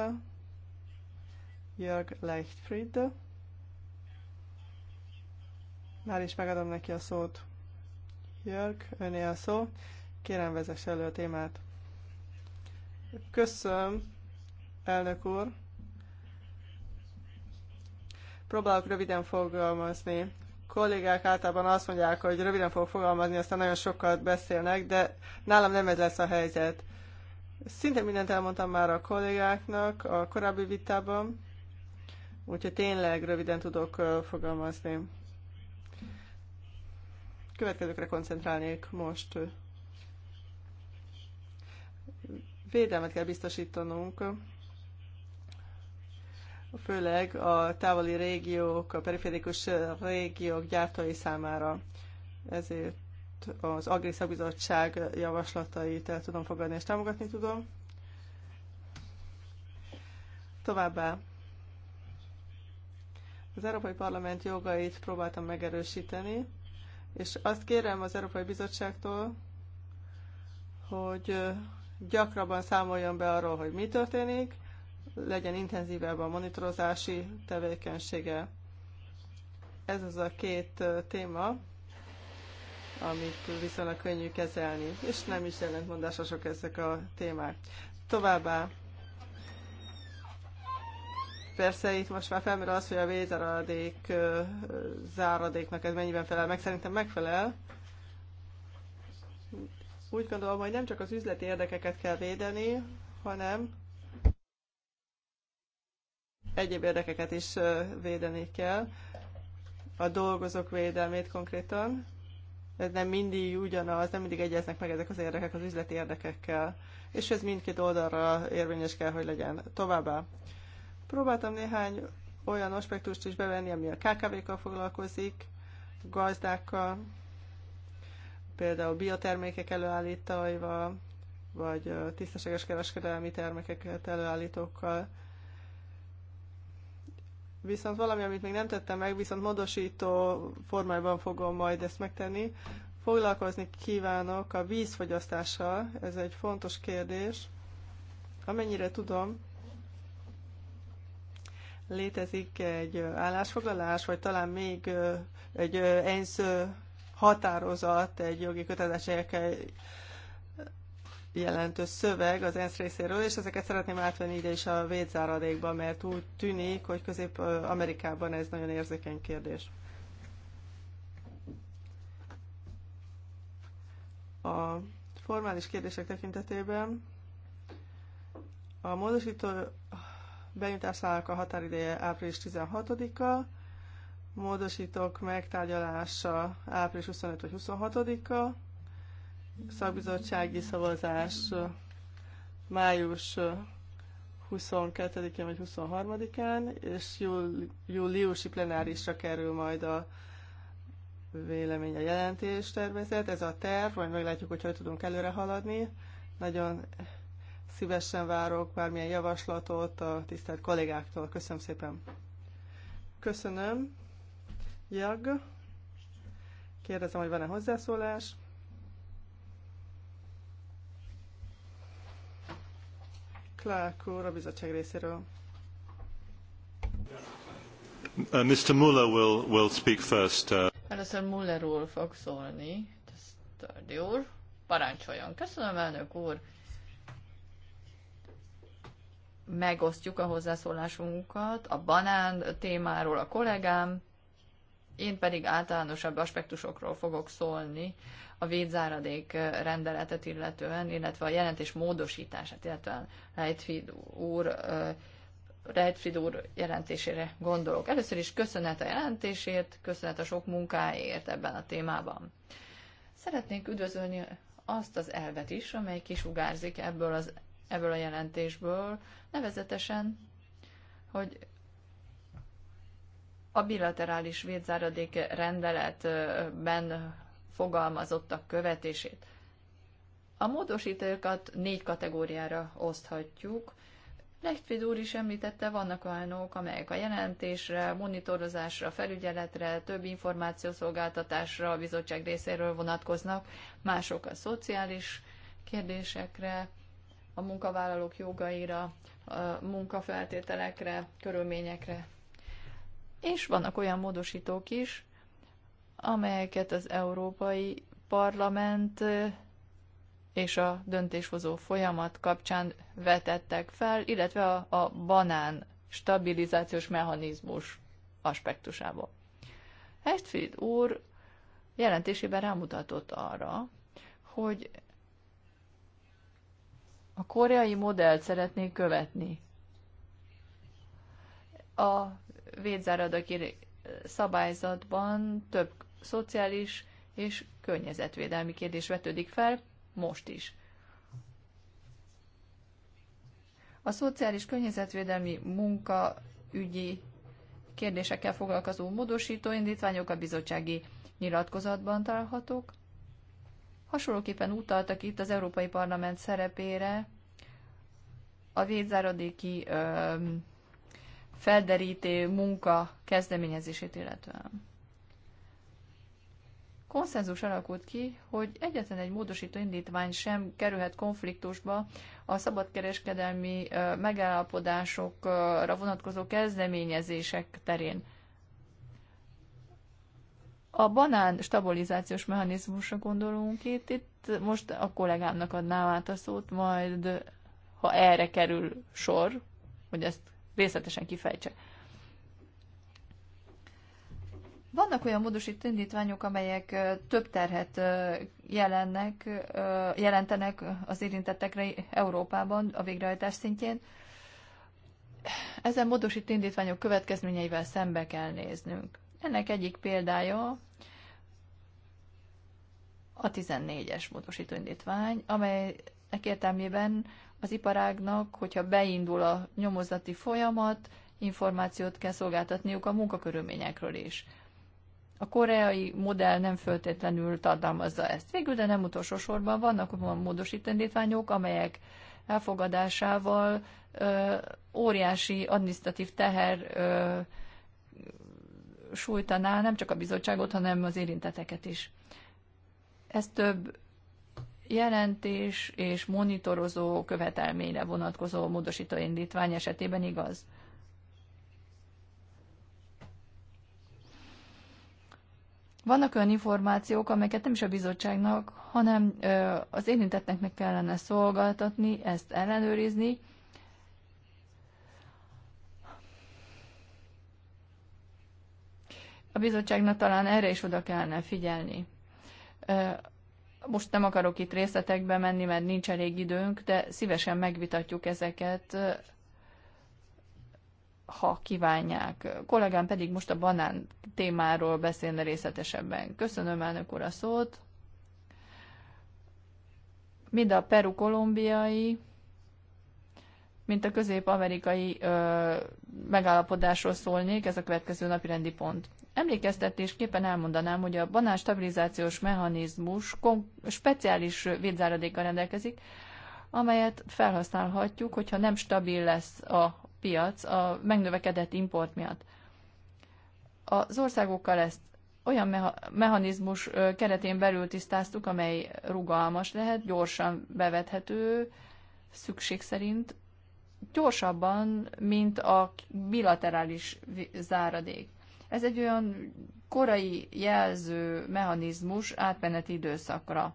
Speaker 3: Jörg Leichtfried. Már is megadom neki a szót. Jörg, öné a szó. Kérem, vezess elő a témát. Köszönöm, elnök úr. Próbálok röviden fogalmazni. Kollégák általában azt mondják, hogy röviden fogok fogalmazni, aztán nagyon sokat beszélnek, de nálam nem ez lesz a helyzet. Szinte mindent elmondtam már a kollégáknak a korábbi vitában, úgyhogy tényleg röviden tudok fogalmazni következőkre koncentrálnék most. Védelmet kell biztosítanunk, főleg a távoli régiók, a periférikus régiók gyártói számára. Ezért az Agri Szabizottság javaslatait el tudom fogadni és támogatni tudom. Továbbá az Európai Parlament jogait próbáltam megerősíteni, és azt kérem az Európai Bizottságtól, hogy gyakrabban számoljon be arról, hogy mi történik, legyen intenzívebb a monitorozási tevékenysége. Ez az a két téma, amit viszonylag könnyű kezelni, és nem is ellentmondásosak ezek a témák. Továbbá Persze itt most már felmerül az, hogy a vézáradék záradéknak ez mennyiben felel meg. Szerintem megfelel. Úgy gondolom, hogy nem csak az üzleti érdekeket kell védeni, hanem egyéb érdekeket is védeni kell. A dolgozók védelmét konkrétan. Ez nem mindig ugyanaz, nem mindig egyeznek meg ezek az érdekek az üzleti érdekekkel. És ez mindkét oldalra érvényes kell, hogy legyen. Továbbá Próbáltam néhány olyan aspektust is bevenni, ami a KKV-kkal foglalkozik, gazdákkal, például biotermékek előállítóival, vagy tisztességes kereskedelmi termékeket előállítókkal. Viszont valami, amit még nem tettem meg, viszont módosító formájban fogom majd ezt megtenni. Foglalkozni kívánok a vízfogyasztással, ez egy fontos kérdés. Amennyire tudom, létezik egy állásfoglalás, vagy talán még egy ENSZ határozat, egy jogi kötelezettségekkel jelentős szöveg az ENSZ részéről, és ezeket szeretném átvenni ide is a védzáradékba, mert úgy tűnik, hogy Közép-Amerikában ez nagyon érzékeny kérdés. A formális kérdések tekintetében a módosító benyújtásának a határideje április 16-a, módosítók megtárgyalása április 25 vagy 26-a, szakbizottsági szavazás május 22-én vagy 23-án, és júli, júliusi plenárisra kerül majd a vélemény a jelentés tervezet. Ez a terv, majd meglátjuk, hogy hogy tudunk előre haladni. Nagyon Szívesen várok bármilyen javaslatot a tisztelt kollégáktól. Köszönöm szépen. Köszönöm. Jag. Kérdezem, hogy van-e hozzászólás. Clark úr a bizottság részéről.
Speaker 1: Uh, Mr. Muller will, will speak first. Uh...
Speaker 2: Először Muller úr fog szólni. Tisztelt úr, parancsoljon. Köszönöm, elnök úr megosztjuk a hozzászólásunkat a banán témáról a kollégám, én pedig általánosabb aspektusokról fogok szólni a védzáradék rendeletet illetően, illetve a jelentés módosítását, illetően Leitfried úr, Leitfried úr jelentésére gondolok. Először is köszönet a jelentésért, köszönet a sok munkáért ebben a témában. Szeretnék üdvözölni azt az elvet is, amely kisugárzik ebből az ebből a jelentésből, nevezetesen, hogy a bilaterális védzáradék rendeletben fogalmazottak követését. A módosítókat négy kategóriára oszthatjuk. Lechtfried úr is említette, vannak olyanok, amelyek a jelentésre, monitorozásra, felügyeletre, több információszolgáltatásra a bizottság részéről vonatkoznak, mások a szociális kérdésekre, a munkavállalók jogaira, a munkafeltételekre, körülményekre. És vannak olyan módosítók is, amelyeket az Európai Parlament és a döntéshozó folyamat kapcsán vetettek fel, illetve a, a banán stabilizációs mechanizmus aspektusába. Hestfield úr jelentésében rámutatott arra, hogy a koreai modellt szeretnék követni. A védzáradaki szabályzatban több szociális és környezetvédelmi kérdés vetődik fel, most is. A szociális környezetvédelmi munkaügyi kérdésekkel foglalkozó módosító indítványok a bizottsági nyilatkozatban találhatók, Hasonlóképpen utaltak itt az Európai Parlament szerepére a védzáradéki ö, felderítő munka kezdeményezését illetően. Konszenzus alakult ki, hogy egyetlen egy módosító indítvány sem kerülhet konfliktusba a szabadkereskedelmi megállapodásokra vonatkozó kezdeményezések terén. A banán stabilizációs mechanizmusra gondolunk itt, itt most a kollégámnak adnám át a szót, majd ha erre kerül sor, hogy ezt részletesen kifejtse. Vannak olyan módosító indítványok, amelyek több terhet jelennek, jelentenek az érintettekre Európában a végrehajtás szintjén. Ezen módosító indítványok következményeivel szembe kell néznünk. Ennek egyik példája a 14-es módosítóindítvány, amelynek értelmében az iparágnak, hogyha beindul a nyomozati folyamat, információt kell szolgáltatniuk a munkakörülményekről is. A koreai modell nem föltétlenül tartalmazza ezt. Végül, de nem utolsó sorban vannak olyan módosítendítványok, amelyek elfogadásával ö, óriási administratív teher ö, sújtaná nem csak a bizottságot, hanem az érinteteket is. Ez több jelentés és monitorozó követelményre vonatkozó módosító indítvány esetében igaz. Vannak olyan információk, amelyeket nem is a bizottságnak, hanem az érintetteknek kellene szolgáltatni, ezt ellenőrizni, A bizottságnak talán erre is oda kellene figyelni. Most nem akarok itt részletekbe menni, mert nincs elég időnk, de szívesen megvitatjuk ezeket, ha kívánják. A kollégám pedig most a banán témáról beszélne részletesebben. Köszönöm elnök úr a szót. Mind a peru-kolumbiai, mint a közép-amerikai megállapodásról szólnék, ez a következő napi rendi pont. Emlékeztetésképpen elmondanám, hogy a banán stabilizációs mechanizmus speciális védzáradékkal rendelkezik, amelyet felhasználhatjuk, hogyha nem stabil lesz a piac a megnövekedett import miatt. Az országokkal ezt olyan meha- mechanizmus keretén belül tisztáztuk, amely rugalmas lehet, gyorsan bevethető, szükség szerint, gyorsabban, mint a bilaterális záradék. Ez egy olyan korai jelző mechanizmus átmeneti időszakra.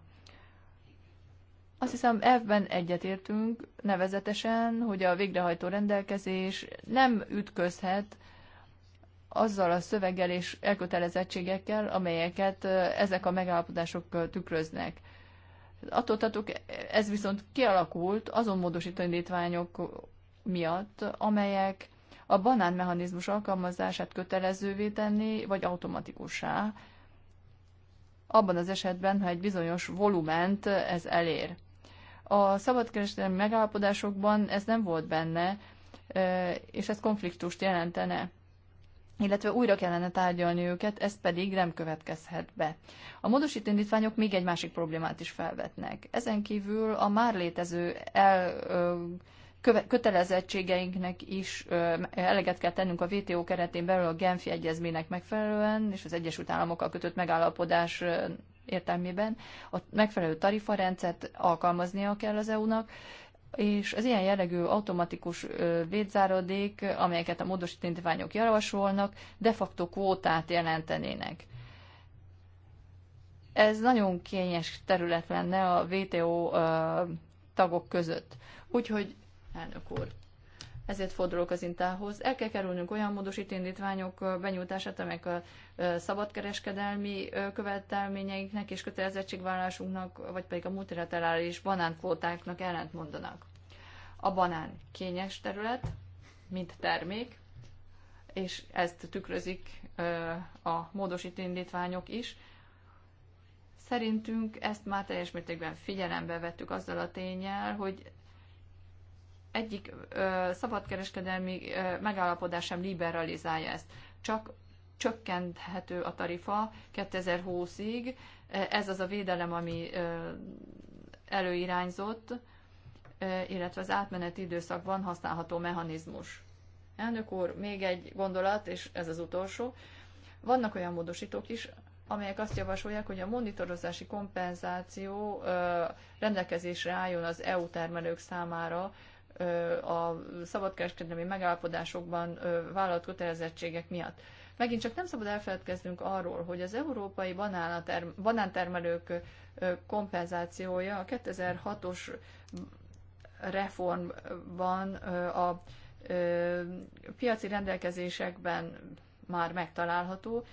Speaker 2: Azt hiszem, ebben egyetértünk, nevezetesen, hogy a végrehajtó rendelkezés nem ütközhet azzal a szöveggel és elkötelezettségekkel, amelyeket ezek a megállapodások tükröznek. Attól tartok, ez viszont kialakult azon módosító indítványok miatt, amelyek a banánmechanizmus alkalmazását kötelezővé tenni, vagy automatikussá, abban az esetben, ha egy bizonyos volument ez elér. A szabadkereskedelmi megállapodásokban ez nem volt benne, és ez konfliktust jelentene illetve újra kellene tárgyalni őket, ez pedig nem következhet be. A módosító indítványok még egy másik problémát is felvetnek. Ezen kívül a már létező el, kötelezettségeinknek is eleget kell tennünk a VTO keretén belül a Genfi Egyezménynek megfelelően, és az Egyesült Államokkal kötött megállapodás értelmében a megfelelő tarifarendszert alkalmaznia kell az EU-nak, és az ilyen jellegű automatikus védzáradék, amelyeket a módosítványok javasolnak, de facto kvótát jelentenének. Ez nagyon kényes terület lenne a VTO tagok között. Úgyhogy elnök úr. Ezért fordulok az intához. El kell kerülnünk olyan módosít indítványok benyújtását, amelyek a szabadkereskedelmi követelményeinknek és kötelezettségvállalásunknak, vagy pedig a multilaterális banánkvótáknak ellent mondanak. A banán kényes terület, mint termék, és ezt tükrözik a módosító indítványok is. Szerintünk ezt már teljes mértékben figyelembe vettük azzal a tényel, hogy egyik ö, szabadkereskedelmi ö, megállapodás sem liberalizálja ezt. Csak csökkenthető a tarifa 2020-ig. Ez az a védelem, ami ö, előirányzott, ö, illetve az átmeneti időszakban használható mechanizmus. Elnök úr, még egy gondolat, és ez az utolsó. Vannak olyan módosítók is, amelyek azt javasolják, hogy a monitorozási kompenzáció rendelkezésre álljon az EU termelők számára a szabadkereskedelmi megállapodásokban vállalt kötelezettségek miatt. Megint csak nem szabad elfeledkeznünk arról, hogy az európai banántermelők kompenzációja a 2006-os reformban a piaci rendelkezésekben már megtalálható,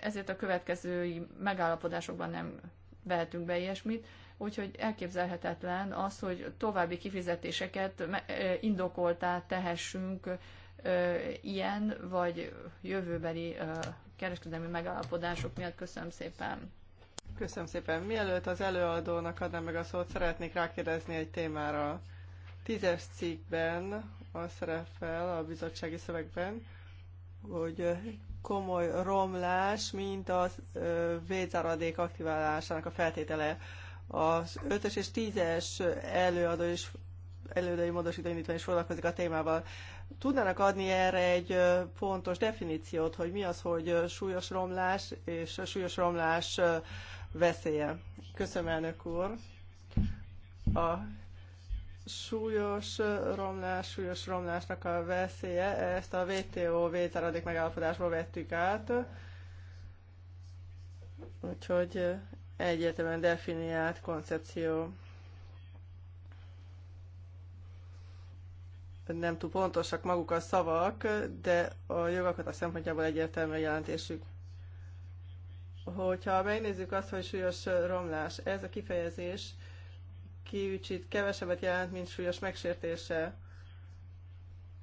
Speaker 2: ezért a következői megállapodásokban nem vehetünk be ilyesmit úgyhogy elképzelhetetlen az, hogy további kifizetéseket indokoltá tehessünk ilyen vagy jövőbeli kereskedelmi megállapodások miatt. Köszönöm szépen!
Speaker 3: Köszönöm szépen! Mielőtt az előadónak adnám meg a szót, szeretnék rákérdezni egy témára. Tízes cikkben az szerepel a bizottsági szövegben, hogy komoly romlás, mint a védzáradék aktiválásának a feltétele. Az 5 és 10-es előadó és előadói módosító indítvány is foglalkozik a témával. Tudnának adni erre egy pontos definíciót, hogy mi az, hogy súlyos romlás és súlyos romlás veszélye? Köszönöm, elnök úr. A súlyos romlás, súlyos romlásnak a veszélye, ezt a WTO vétáradék megállapodásból vettük át, úgyhogy egyértelműen definiált koncepció. Nem túl pontosak maguk a szavak, de a a szempontjából egyértelmű a jelentésük. Hogyha megnézzük azt, hogy súlyos romlás, ez a kifejezés kicsit kevesebbet jelent, mint súlyos megsértése,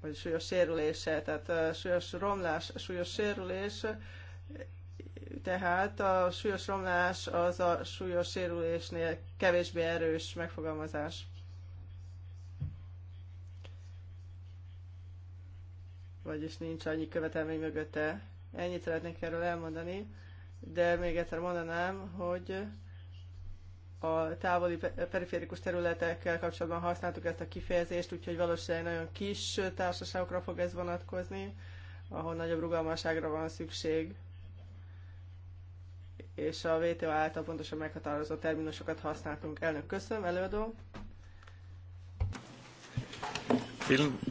Speaker 3: vagy súlyos sérülése. Tehát eh, súlyos romlás, súlyos sérülés tehát a súlyos romlás az a súlyos sérülésnél kevésbé erős megfogalmazás. Vagyis nincs annyi követelmény mögötte. Ennyit szeretnék erről elmondani, de még egyszer mondanám, hogy a távoli periférikus területekkel kapcsolatban használtuk ezt a kifejezést, úgyhogy valószínűleg nagyon kis társaságokra fog ez vonatkozni, ahol nagyobb rugalmasságra van szükség és a WTO által pontosan meghatározott terminusokat használtunk. Elnök, köszönöm, előadó.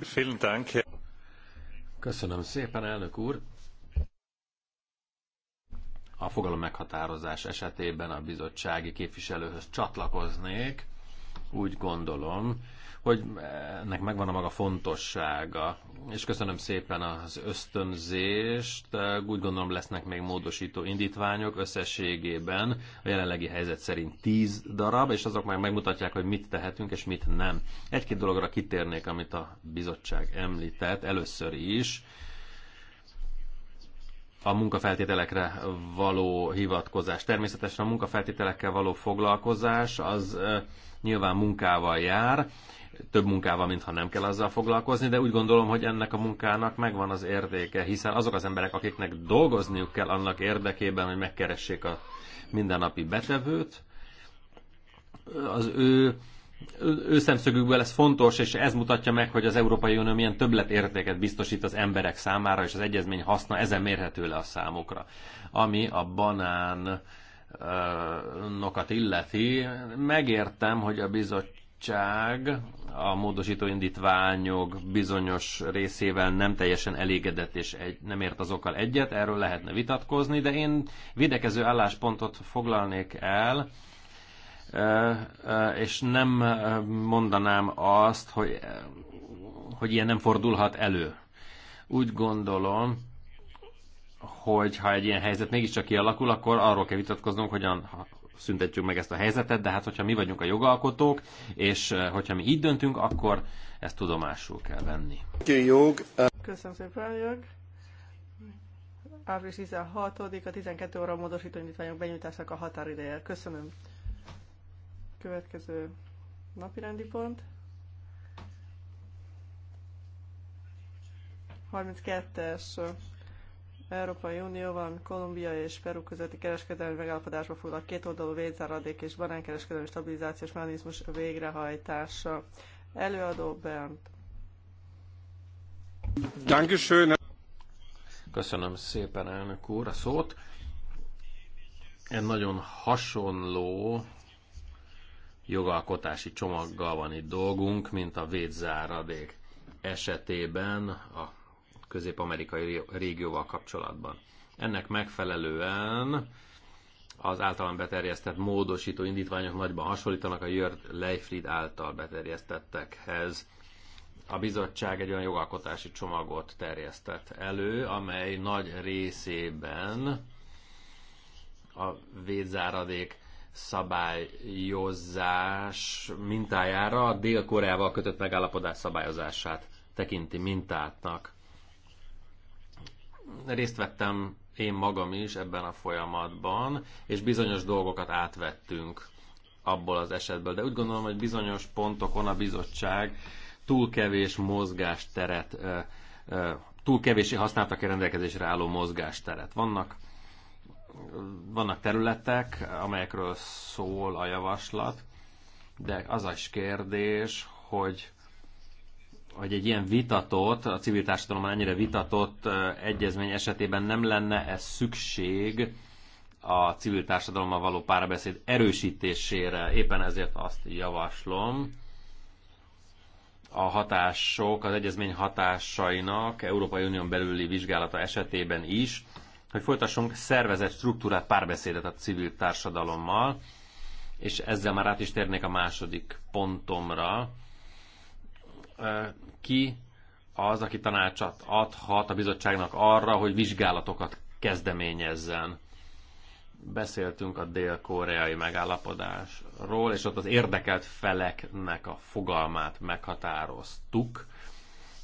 Speaker 4: film Dank. Köszönöm szépen, elnök úr. A fogalom meghatározás esetében a bizottsági képviselőhöz csatlakoznék. Úgy gondolom, hogy ennek megvan a maga fontossága. És köszönöm szépen az ösztönzést. Úgy gondolom lesznek még módosító indítványok összességében. A jelenlegi helyzet szerint tíz darab, és azok már megmutatják, hogy mit tehetünk és mit nem. Egy-két dologra kitérnék, amit a bizottság említett először is a munkafeltételekre való hivatkozás. Természetesen a munkafeltételekkel való foglalkozás az nyilván munkával jár, több munkával, mintha nem kell azzal foglalkozni, de úgy gondolom, hogy ennek a munkának megvan az értéke, hiszen azok az emberek, akiknek dolgozniuk kell annak érdekében, hogy megkeressék a mindennapi betevőt, az ő ő szemszögükből ez fontos, és ez mutatja meg, hogy az Európai Unió milyen többletértéket biztosít az emberek számára, és az egyezmény haszna ezen mérhető le a számukra. Ami a banán nokat illeti, megértem, hogy a bizottság bizottság a módosító indítványok bizonyos részével nem teljesen elégedett és egy, nem ért azokkal egyet, erről lehetne vitatkozni, de én videkező álláspontot foglalnék el, és nem mondanám azt, hogy, hogy ilyen nem fordulhat elő. Úgy gondolom, hogy ha egy ilyen helyzet mégiscsak kialakul, akkor arról kell vitatkoznunk, hogyan szüntetjük meg ezt a helyzetet, de hát hogyha mi vagyunk a jogalkotók, és eh, hogyha mi így döntünk, akkor ezt tudomásul kell venni.
Speaker 1: Eh.
Speaker 3: Köszönöm szépen, Jog. Április 16-a 12 óra módosító indítványok benyújtásnak a határideje. Köszönöm. Következő napirendi pont. 32-es Európai Unió, valamint Kolumbia és Peru közötti kereskedelmi megállapodásba foglalt kétoldalú védzáradék és banánkereskedelmi stabilizációs mechanizmus végrehajtása. Előadó Bernd.
Speaker 4: Köszönöm szépen, elnök úr, a szót. Egy nagyon hasonló jogalkotási csomaggal van itt dolgunk, mint a védzáradék esetében a közép-amerikai régióval kapcsolatban. Ennek megfelelően az általán beterjesztett módosító indítványok nagyban hasonlítanak a Jörg Leifried által beterjesztettekhez. A bizottság egy olyan jogalkotási csomagot terjesztett elő, amely nagy részében a védzáradék szabályozás mintájára a Dél-Koreával kötött megállapodás szabályozását tekinti mintátnak részt vettem én magam is ebben a folyamatban, és bizonyos dolgokat átvettünk abból az esetből. De úgy gondolom, hogy bizonyos pontokon a bizottság túl kevés mozgásteret, túl kevés használtak a rendelkezésre álló mozgásteret. Vannak, vannak területek, amelyekről szól a javaslat, de az a kérdés, hogy hogy egy ilyen vitatott, a civil társadalom ennyire vitatott egyezmény esetében nem lenne ez szükség a civil társadalommal való párbeszéd erősítésére. Éppen ezért azt javaslom, a hatások, az egyezmény hatásainak Európai Unión belüli vizsgálata esetében is, hogy folytassunk szervezett struktúrát, párbeszédet a civil társadalommal, és ezzel már át is térnék a második pontomra, ki az, aki tanácsat adhat a bizottságnak arra, hogy vizsgálatokat kezdeményezzen. Beszéltünk a dél-koreai megállapodásról, és ott az érdekelt feleknek a fogalmát meghatároztuk,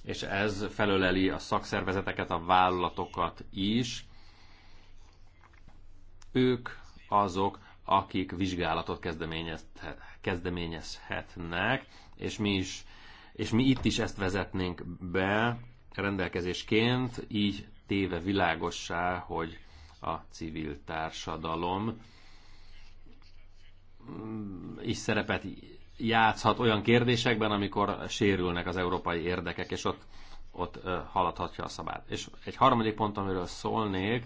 Speaker 4: és ez felöleli a szakszervezeteket, a vállalatokat is. Ők azok, akik vizsgálatot kezdeményezhetnek, és mi is és mi itt is ezt vezetnénk be rendelkezésként, így téve világossá, hogy a civil társadalom is szerepet játszhat olyan kérdésekben, amikor sérülnek az európai érdekek, és ott, ott haladhatja a szabát. És egy harmadik pont, amiről szólnék,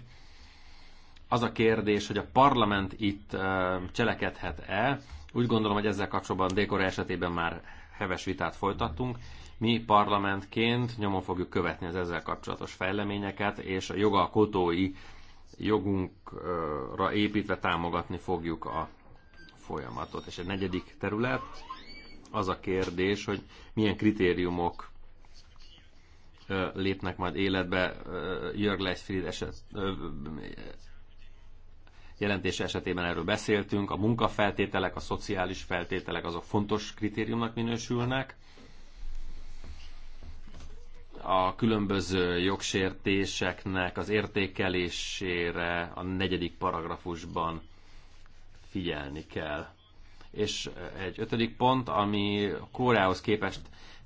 Speaker 4: az a kérdés, hogy a parlament itt cselekedhet-e. Úgy gondolom, hogy ezzel kapcsolatban Dékora esetében már heves vitát folytattunk. Mi parlamentként nyomon fogjuk követni az ezzel kapcsolatos fejleményeket, és a jogalkotói jogunkra építve támogatni fogjuk a folyamatot. És egy negyedik terület az a kérdés, hogy milyen kritériumok lépnek majd életbe Jörg Leisfried eset, jelentése esetében erről beszéltünk, a munkafeltételek, a szociális feltételek azok fontos kritériumnak minősülnek. A különböző jogsértéseknek az értékelésére a negyedik paragrafusban figyelni kell. És egy ötödik pont, ami Kórához képest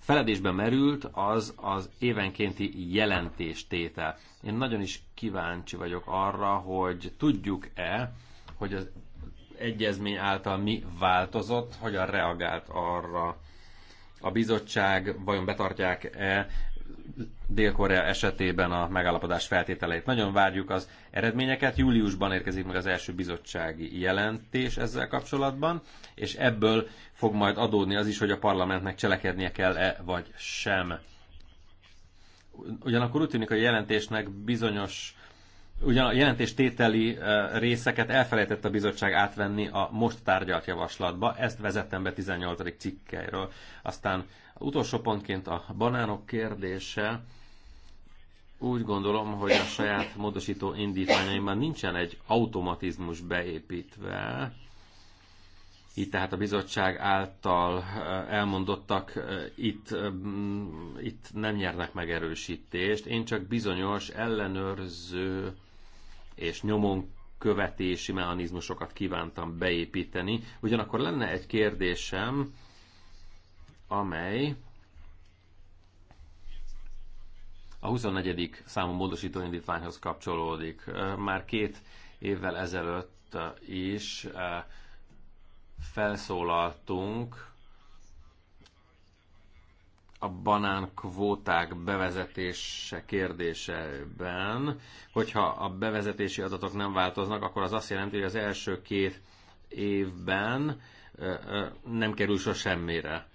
Speaker 4: feledésbe merült, az az évenkénti jelentéstétel. Én nagyon is kíváncsi vagyok arra, hogy tudjuk-e, hogy az egyezmény által mi változott, hogyan reagált arra a bizottság, vajon betartják-e Dél-Korea esetében a megállapodás feltételeit. Nagyon várjuk az eredményeket. Júliusban érkezik meg az első bizottsági jelentés ezzel kapcsolatban, és ebből fog majd adódni az is, hogy a parlamentnek cselekednie kell-e vagy sem. Ugyanakkor úgy tűnik, hogy a jelentésnek bizonyos ugyan a jelentéstételi részeket elfelejtett a bizottság átvenni a most tárgyalt javaslatba, ezt vezettem be 18. cikkeiről. Aztán utolsó pontként a banánok kérdése. Úgy gondolom, hogy a saját módosító indítványaimban nincsen egy automatizmus beépítve, itt tehát a bizottság által eh, elmondottak eh, itt, eh, mm, itt nem nyernek megerősítést. Én csak bizonyos ellenőrző és nyomon követési mechanizmusokat kívántam beépíteni. Ugyanakkor lenne egy kérdésem, amely a 24. számú módosító indítványhoz kapcsolódik. Már két évvel ezelőtt is felszólaltunk a banán kvóták bevezetése kérdéseben, hogyha a bevezetési adatok nem változnak, akkor az azt jelenti, hogy az első két évben nem kerül so semmire.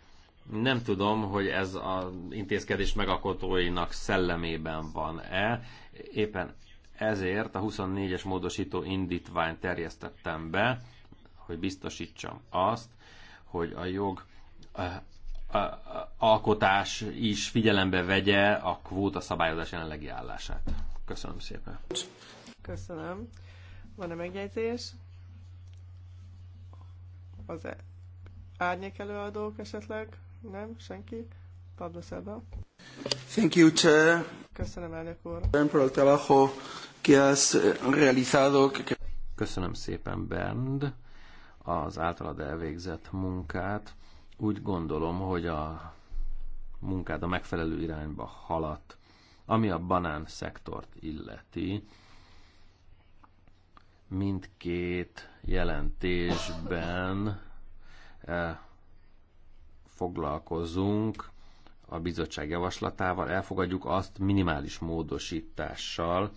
Speaker 4: Nem tudom, hogy ez az intézkedés megakotóinak szellemében van-e. Éppen ezért a 24-es módosító indítványt terjesztettem be, hogy biztosítsam azt, hogy a jog alkotás is figyelembe vegye a kvóta szabályozás jelenlegi állását. Köszönöm szépen.
Speaker 3: Köszönöm. Van-e megjegyzés? Az e- árnyék előadók esetleg? Nem? Senki? Pablo Szeba. Thank you, Chair. Köszönöm, elnök úr. trabajo que has eh, realizado. Köszönöm
Speaker 4: szépen, Bernd, az általad elvégzett munkát. Úgy gondolom, hogy a munkád a megfelelő irányba haladt. Ami a banán szektort illeti, mindkét jelentésben eh, foglalkozunk a bizottság javaslatával, elfogadjuk azt minimális módosítással,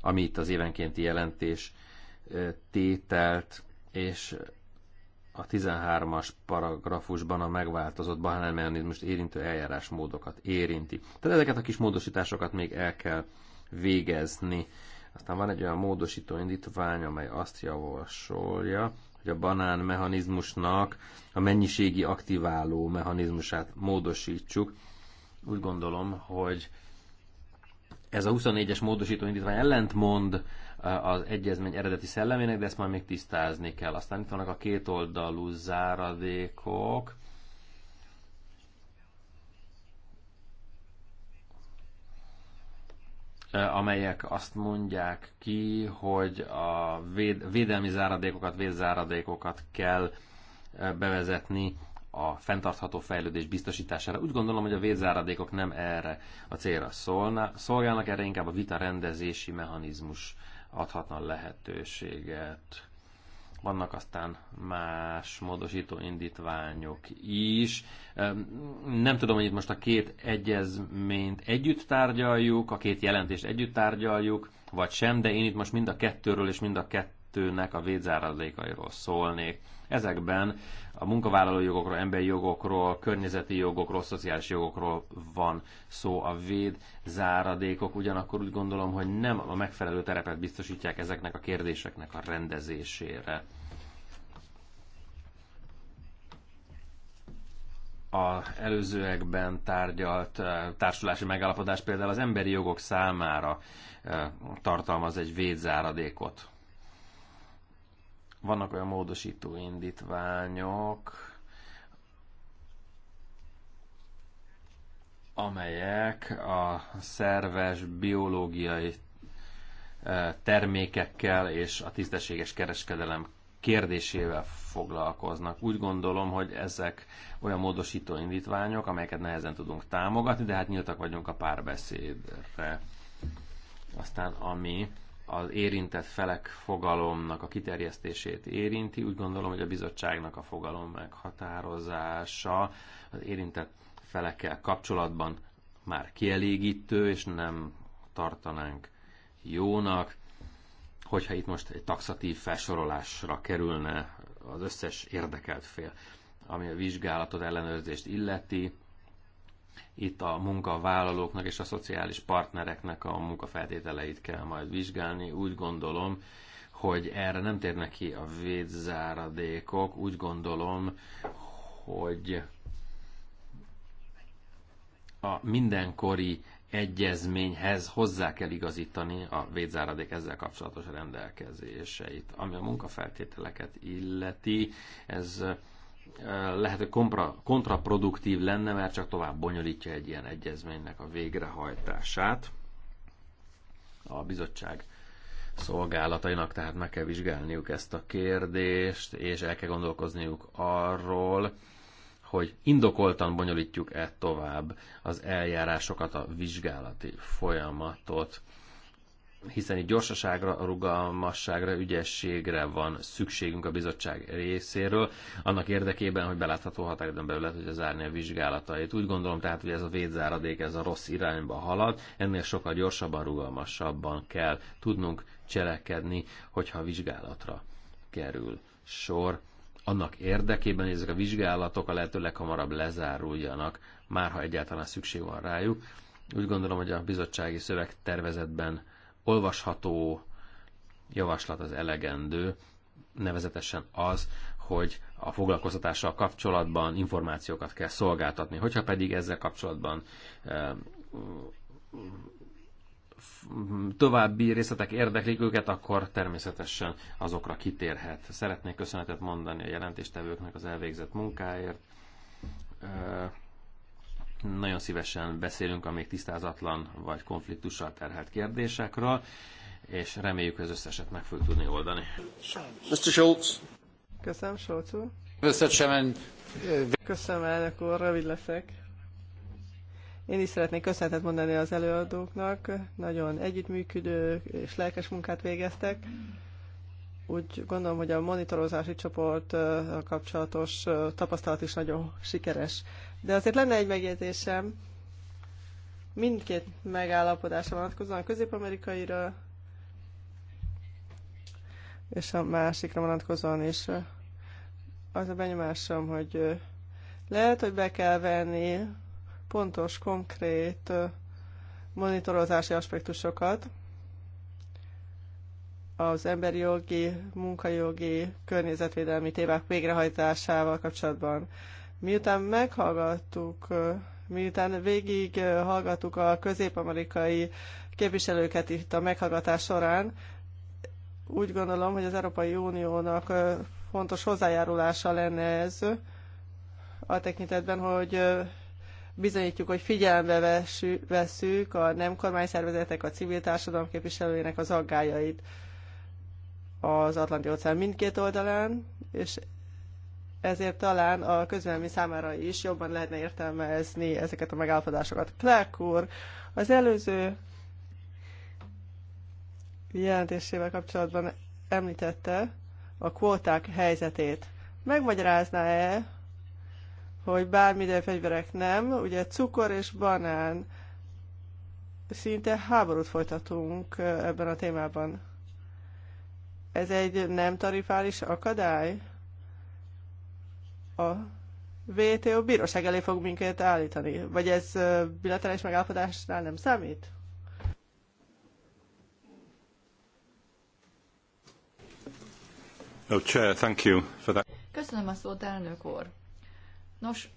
Speaker 4: ami itt az évenkénti jelentés tételt és a 13-as paragrafusban a megváltozott bahánemechanizmust érintő eljárásmódokat érinti. Tehát ezeket a kis módosításokat még el kell végezni. Aztán van egy olyan módosító indítvány, amely azt javasolja, hogy a banán mechanizmusnak a mennyiségi aktiváló mechanizmusát módosítsuk. Úgy gondolom, hogy ez a 24-es módosító indítvány ellentmond az egyezmény eredeti szellemének, de ezt majd még tisztázni kell. Aztán itt vannak a kétoldalú záradékok, Eh, amelyek azt mondják ki, hogy a véd, védelmi záradékokat, védzáradékokat kell eh, bevezetni a fenntartható fejlődés biztosítására. Úgy gondolom, hogy a védzáradékok nem erre a célra szolgálnak, erre inkább a vita rendezési mechanizmus adhatna lehetőséget. Vannak aztán más módosító indítványok is. Nem tudom, hogy itt most a két egyezményt együtt tárgyaljuk, a két jelentést együtt tárgyaljuk, vagy sem, de én itt most mind a kettőről és mind a kettő kettőnek a védzáradékairól szólnék. Ezekben a munkavállalói jogokról, emberi jogokról, környezeti jogokról, szociális jogokról van szó a véd záradékok, ugyanakkor úgy gondolom, hogy nem a megfelelő terepet biztosítják ezeknek a kérdéseknek a rendezésére. a előzőekben tárgyalt eh, társulási megállapodás például az emberi jogok számára eh, tartalmaz egy védzáradékot. Vannak olyan módosító indítványok, amelyek a szerves biológiai termékekkel és a tisztességes kereskedelem kérdésével foglalkoznak. Úgy gondolom, hogy ezek olyan módosító indítványok, amelyeket nehezen tudunk támogatni, de hát nyíltak vagyunk a párbeszédre. Aztán ami az érintett felek fogalomnak a kiterjesztését érinti. Úgy gondolom, hogy a bizottságnak a fogalom meghatározása az érintett felekkel kapcsolatban már kielégítő, és nem tartanánk jónak, hogyha itt most egy taxatív felsorolásra kerülne az összes érdekelt fél, ami a vizsgálatot, ellenőrzést illeti, itt a munkavállalóknak és a szociális partnereknek a munkafeltételeit kell majd vizsgálni. Úgy gondolom, hogy erre nem térnek ki a védzáradékok. Úgy gondolom, hogy a mindenkori egyezményhez hozzá kell igazítani a védzáradék ezzel kapcsolatos rendelkezéseit. Ami a munkafeltételeket illeti, ez lehet, hogy kompra, kontraproduktív lenne, mert csak tovább bonyolítja egy ilyen egyezménynek a végrehajtását. A bizottság szolgálatainak, tehát meg kell vizsgálniuk ezt a kérdést, és el kell gondolkozniuk arról, hogy indokoltan bonyolítjuk-e tovább az eljárásokat, a vizsgálati folyamatot hiszen itt gyorsaságra, rugalmasságra, ügyességre van szükségünk a bizottság részéről, annak érdekében, hogy belátható határidőn belül lehet, hogy az árnyal vizsgálatait. Úgy gondolom tehát, hogy ez a védzáradék, ez a rossz irányba halad, ennél sokkal gyorsabban, rugalmasabban kell tudnunk cselekedni, hogyha a vizsgálatra kerül sor. Annak érdekében, hogy ezek a vizsgálatok a lehető leghamarabb lezáruljanak, már ha egyáltalán szükség van rájuk. Úgy gondolom, hogy a bizottsági szöveg tervezetben olvasható javaslat az elegendő, nevezetesen az, hogy a foglalkoztatással kapcsolatban információkat kell szolgáltatni. Hogyha pedig ezzel kapcsolatban e, további részletek érdeklik őket, akkor természetesen azokra kitérhet. Szeretnék köszönetet mondani a jelentéstevőknek az elvégzett munkáért e, nagyon szívesen beszélünk a még tisztázatlan vagy konfliktussal terhelt kérdésekről, és reméljük, hogy az összeset meg fogjuk tudni oldani. Mr. Schultz.
Speaker 3: Köszönöm, Schultz úr. Köszönöm, elnök úr, rövid leszek. Én is szeretnék köszönetet mondani az előadóknak, nagyon együttműködő és lelkes munkát végeztek. Úgy gondolom, hogy a monitorozási csoport kapcsolatos tapasztalat is nagyon sikeres. De azért lenne egy megjegyzésem, mindkét megállapodásra vonatkozóan, a közép-amerikaira és a másikra vonatkozóan is. Az a benyomásom, hogy lehet, hogy be kell venni pontos, konkrét monitorozási aspektusokat az emberi jogi, munkajogi, környezetvédelmi témák végrehajtásával kapcsolatban Miután meghallgattuk, miután végig hallgattuk a közép-amerikai képviselőket itt a meghallgatás során, úgy gondolom, hogy az Európai Uniónak fontos hozzájárulása lenne ez a tekintetben, hogy bizonyítjuk, hogy figyelembe veszük a nem kormányszervezetek, a civil társadalom képviselőjének az aggájait az Atlanti óceán mindkét oldalán, és ezért talán a közvélemény számára is jobban lehetne értelmezni ezeket a megállapodásokat. Clark úr, az előző jelentésével kapcsolatban említette a kvóták helyzetét. Megmagyarázná-e, hogy bármilyen fegyverek nem, ugye cukor és banán, szinte háborút folytatunk ebben a témában. Ez egy nem tarifális akadály? a VTO bíróság elé fog minket állítani. Vagy ez bilaterális megállapodásnál nem számít? Oh, chair, thank you for that.
Speaker 2: Köszönöm a szót, elnök úr. Nos,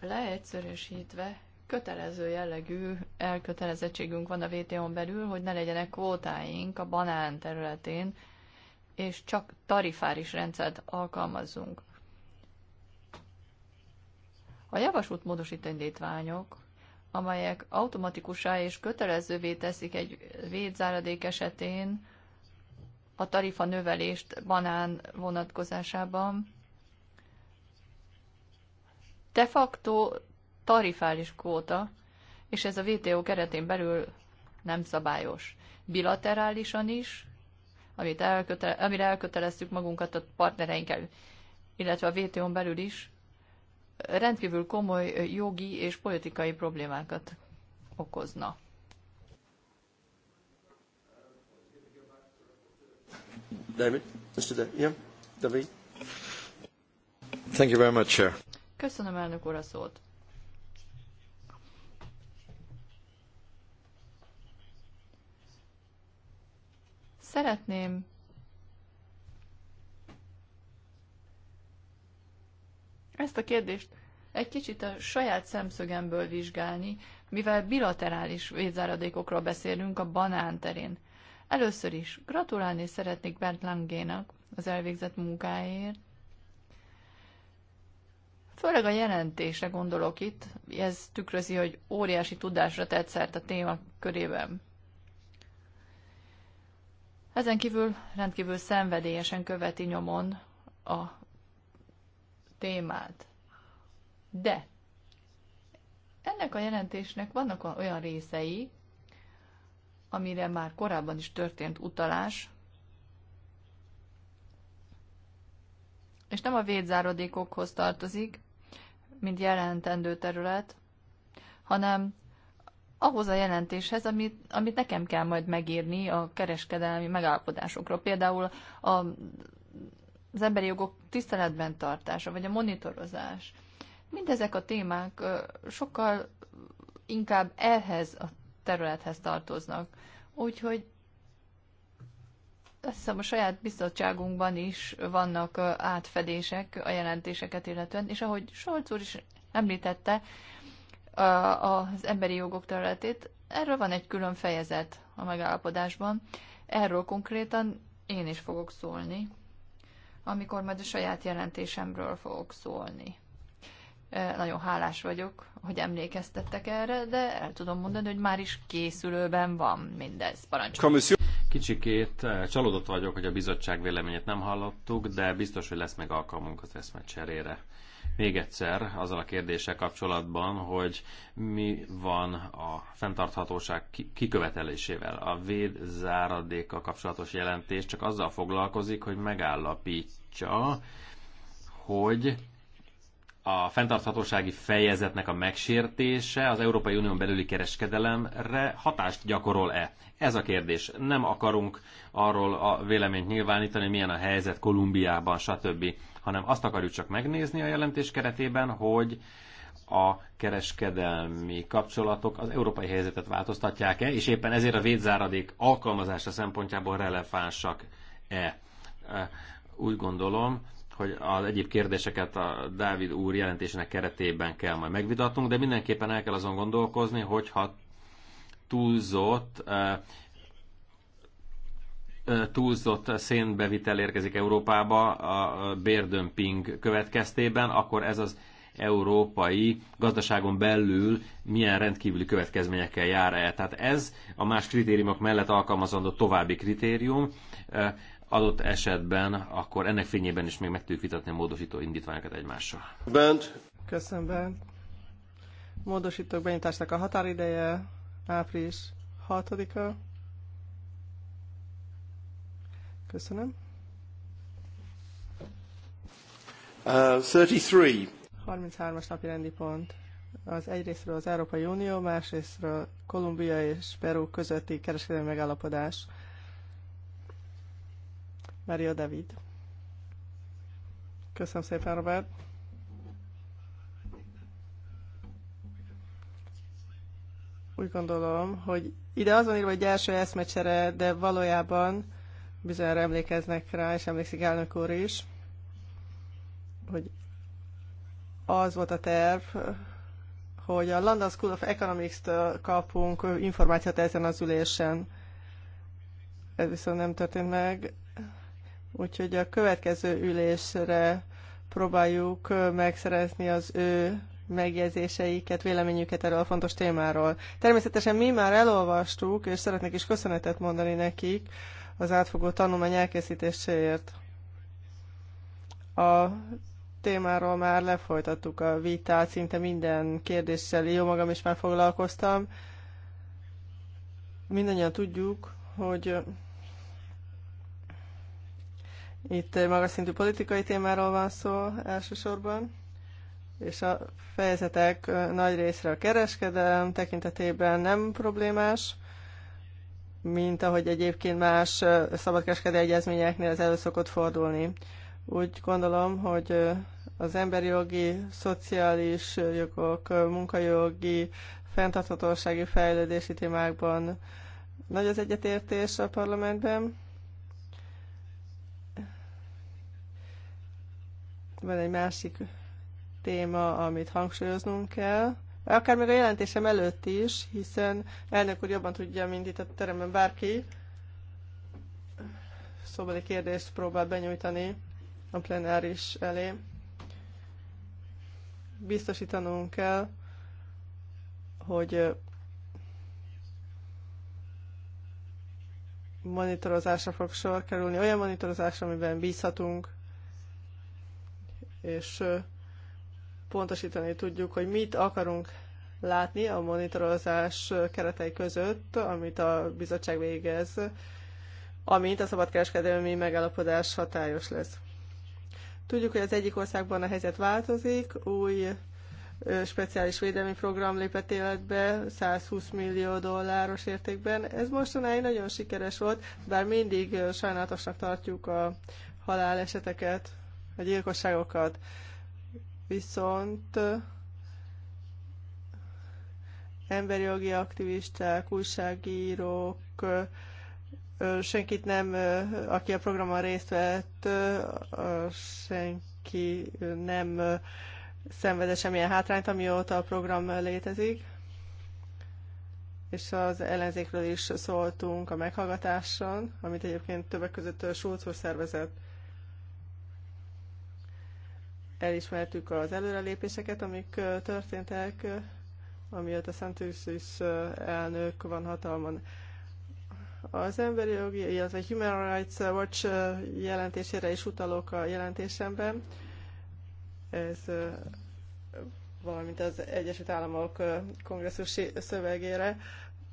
Speaker 2: leegyszerűsítve, kötelező jellegű elkötelezettségünk van a VTO-n belül, hogy ne legyenek kvótáink a banán területén, és csak tarifáris rendszert alkalmazzunk. A javasolt módosítendítványok, amelyek automatikusá és kötelezővé teszik egy védzáradék esetén a tarifa növelést banán vonatkozásában, de facto tarifális kvóta, és ez a VTO keretén belül nem szabályos. Bilaterálisan is, amit elkötele, amire elköteleztük magunkat a partnereinkkel, illetve a vto n belül is, rendkívül komoly jogi és politikai problémákat okozna.
Speaker 1: David, Mr. David, yeah, David.
Speaker 2: Thank you very much, Chair. Köszönöm, elnök úr, a szót. Szeretném ezt a kérdést egy kicsit a saját szemszögemből vizsgálni, mivel bilaterális védzáradékokról beszélünk a banán terén. Először is gratulálni szeretnék Bert Langénak az elvégzett munkáért. Főleg a jelentése gondolok itt, ez tükrözi, hogy óriási tudásra tett szert a téma körében. Ezen kívül rendkívül szenvedélyesen követi nyomon a témát. De ennek a jelentésnek vannak olyan részei, amire már korábban is történt utalás, és nem a védzáradékokhoz tartozik, mint jelentendő terület, hanem ahhoz a jelentéshez, amit, amit nekem kell majd megírni a kereskedelmi megállapodásokról. Például a az emberi jogok tiszteletben tartása, vagy a monitorozás. Mindezek a témák sokkal inkább ehhez a területhez tartoznak. Úgyhogy azt hiszem a saját biztonságunkban is vannak átfedések a jelentéseket illetően, és ahogy Solc úr is említette az emberi jogok területét, erről van egy külön fejezet a megállapodásban. Erről konkrétan én is fogok szólni amikor majd a saját jelentésemről fogok szólni. Nagyon hálás vagyok, hogy emlékeztettek erre, de el tudom mondani, hogy már is készülőben van mindez. Parancsolj!
Speaker 4: Kicsikét csalódott vagyok, hogy a bizottság véleményét nem hallottuk, de biztos, hogy lesz még alkalmunk az eszmecserére még egyszer azzal a kérdéssel kapcsolatban, hogy mi van a fenntarthatóság kikövetelésével. A véd záradékkal kapcsolatos jelentés csak azzal foglalkozik, hogy megállapítsa, hogy a fenntarthatósági fejezetnek a megsértése az Európai Unión belüli kereskedelemre hatást gyakorol-e? Ez a kérdés. Nem akarunk arról a véleményt nyilvánítani, milyen a helyzet Kolumbiában, stb hanem azt akarjuk csak megnézni a jelentés keretében, hogy a kereskedelmi kapcsolatok az európai helyzetet változtatják-e, és éppen ezért a védzáradék alkalmazása szempontjából relevánsak-e. Úgy gondolom, hogy az egyéb kérdéseket a Dávid úr jelentésének keretében kell majd megvitatnunk, de mindenképpen el kell azon gondolkozni, hogyha túlzott túlzott szénbevitel érkezik Európába a bérdömping következtében, akkor ez az európai gazdaságon belül milyen rendkívüli következményekkel jár el. Tehát ez a más kritériumok mellett alkalmazandó további kritérium, adott esetben akkor ennek fényében is még meg tudjuk vitatni a módosító indítványokat egymással.
Speaker 1: Bent. Köszönöm, Bent.
Speaker 3: Módosítók benyitásnak a határideje április 6-a.
Speaker 1: Köszönöm. Uh, 33.
Speaker 3: 33-as napi rendi pont. Az egyrésztről az Európai Unió, másrésztről Kolumbia és Peru közötti kereskedelmi megállapodás. Mario David. Köszönöm szépen, Robert. Úgy gondolom, hogy ide azon írva, hogy első eszmecsere, de valójában bizonyára emlékeznek rá, és emlékszik elnök úr is, hogy az volt a terv, hogy a London School of economics kapunk információt ezen az ülésen. Ez viszont nem történt meg. Úgyhogy a következő ülésre próbáljuk megszerezni az ő megjegyzéseiket, véleményüket erről a fontos témáról. Természetesen mi már elolvastuk, és szeretnék is köszönetet mondani nekik az átfogó tanulmány elkészítéséért. A témáról már lefolytattuk a vitát, szinte minden kérdéssel jó magam is már foglalkoztam. Mindannyian tudjuk, hogy itt magas szintű politikai témáról van szó elsősorban, és a fejezetek nagy részre a kereskedelem tekintetében nem problémás, mint ahogy egyébként más szabadkereskedelmi egyezményeknél ez elő szokott fordulni. Úgy gondolom, hogy az emberi jogi, szociális jogok, munkajogi, fenntarthatósági fejlődési témákban nagy az egyetértés a parlamentben. Van egy másik téma, amit hangsúlyoznunk kell. Akár még a jelentésem előtt is, hiszen elnök úr jobban tudja, mint itt a teremben bárki. Szóbeli kérdést próbál benyújtani a plenáris elé. Biztosítanunk kell, hogy monitorozásra fog sor kerülni, olyan monitorozásra, amiben bízhatunk, és pontosítani tudjuk, hogy mit akarunk látni a monitorozás keretei között, amit a bizottság végez, amint a szabadkereskedelmi megállapodás hatályos lesz. Tudjuk, hogy az egyik országban a helyzet változik, új speciális védelmi program lépett életbe 120 millió dolláros értékben. Ez mostanáig nagyon sikeres volt, bár mindig sajnálatosnak tartjuk a haláleseteket, a gyilkosságokat viszont emberi jogi aktivisták, újságírók, senkit nem, aki a programon részt vett, senki nem szenvede semmilyen hátrányt, amióta a program létezik. És az ellenzékről is szóltunk a meghallgatáson, amit egyébként többek között Schulz szervezett elismertük az előrelépéseket, amik történtek, a Santos is elnök van hatalman. Az emberi jogi, illetve Human Rights Watch jelentésére is utalok a jelentésemben. Ez valamint az Egyesült Államok kongresszusi szövegére.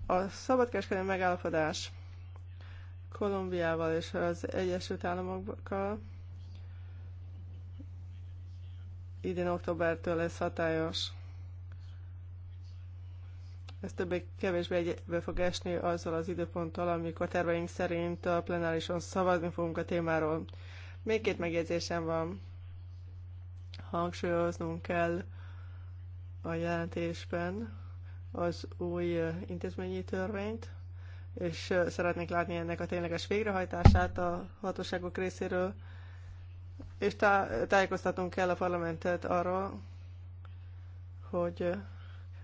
Speaker 3: A szabadkereskedelmi megállapodás Kolumbiával és az Egyesült Államokkal idén októbertől lesz hatályos. Ez többé-kevésbé egybe fog esni azzal az időponttal, amikor terveink szerint a plenárison szavazni fogunk a témáról. Még két megjegyzésem van. Hangsúlyoznunk kell a jelentésben az új intézményi törvényt, és szeretnék látni ennek a tényleges végrehajtását a hatóságok részéről és tá- tájékoztatnunk kell a parlamentet arról, hogy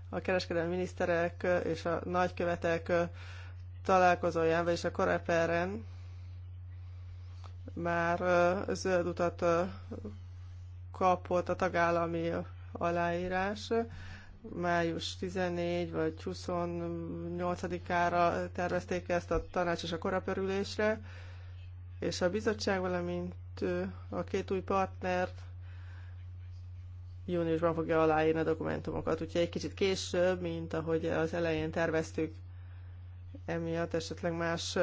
Speaker 3: a kereskedelmi miniszterek és a nagykövetek találkozóján, vagyis a koreperen már zöld utat kapott a tagállami aláírás. Május 14 vagy 28-ára tervezték ezt a tanács és a korapörülésre, és a bizottság, valamint a két új partner júniusban fogja aláírni a dokumentumokat, úgyhogy egy kicsit később, mint ahogy az elején terveztük. Emiatt esetleg más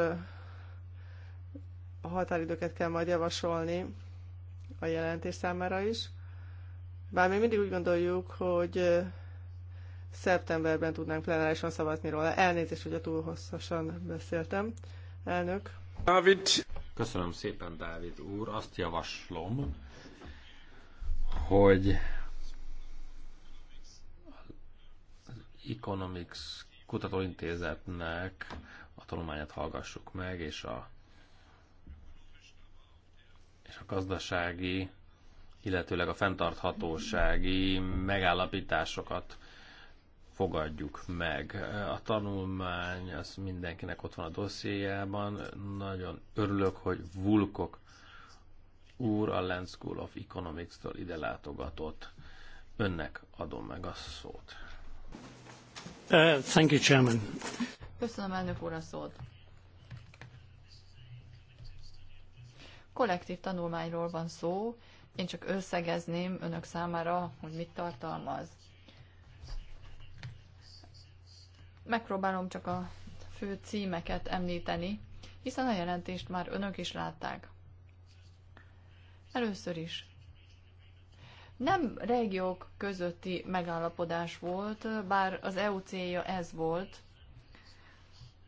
Speaker 3: határidőket kell majd javasolni a jelentés számára is. Bár mi mindig úgy gondoljuk, hogy szeptemberben tudnánk plenárisan szavazni róla. Elnézést, hogy a túl hosszasan beszéltem. Elnök. David.
Speaker 4: Köszönöm szépen, Dávid úr. Azt javaslom, hogy az Economics Kutatóintézetnek a tanulmányát hallgassuk meg, és a, és a gazdasági, illetőleg a fenntarthatósági megállapításokat fogadjuk meg. A tanulmány az mindenkinek ott van a dossziéjában. Nagyon örülök, hogy Vulkok úr a Land School of Economics-től ide látogatott. Önnek adom meg a szót.
Speaker 1: Uh, thank you, Chairman.
Speaker 2: Köszönöm, elnök úr, a szót. Kollektív tanulmányról van szó, én csak összegezném önök számára, hogy mit tartalmaz. Megpróbálom csak a fő címeket említeni, hiszen a jelentést már önök is látták. Először is. Nem régiók közötti megállapodás volt, bár az EU célja ez volt.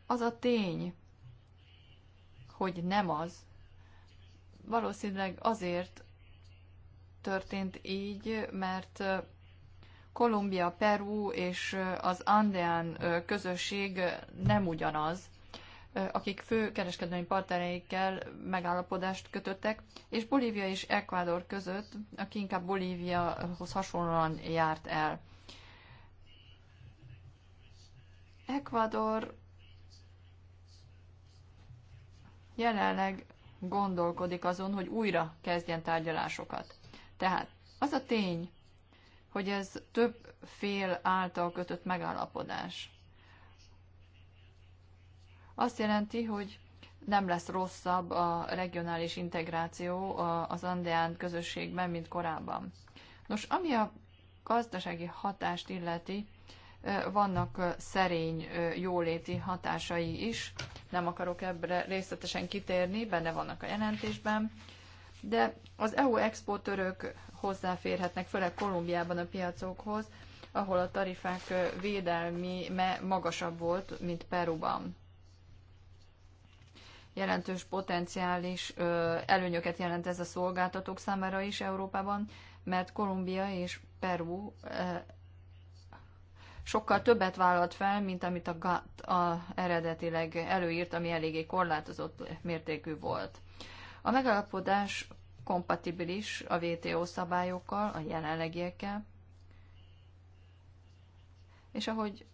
Speaker 2: Az a tény, hogy nem az, valószínűleg azért történt így, mert Kolumbia, Peru és az Andean közösség nem ugyanaz, akik fő kereskedelmi partnereikkel megállapodást kötöttek, és Bolívia és Ecuador között, aki inkább Bolíviahoz hasonlóan járt el. Ekvador jelenleg gondolkodik azon, hogy újra kezdjen tárgyalásokat. Tehát az a tény, hogy ez több fél által kötött megállapodás. Azt jelenti, hogy nem lesz rosszabb a regionális integráció az andeán közösségben, mint korábban. Nos, ami a gazdasági hatást illeti, vannak szerény jóléti hatásai is, nem akarok ebbre részletesen kitérni, benne vannak a jelentésben, de az EU exportőrök hozzáférhetnek, főleg Kolumbiában a piacokhoz, ahol a tarifák védelmi magasabb volt, mint Peruban. Jelentős potenciális előnyöket jelent ez a szolgáltatók számára is Európában, mert Kolumbia és Peru sokkal többet vállalt fel, mint amit a GATT eredetileg előírt, ami eléggé korlátozott mértékű volt. A megállapodás kompatibilis a WTO szabályokkal, a jelenlegiekkel, és ahogy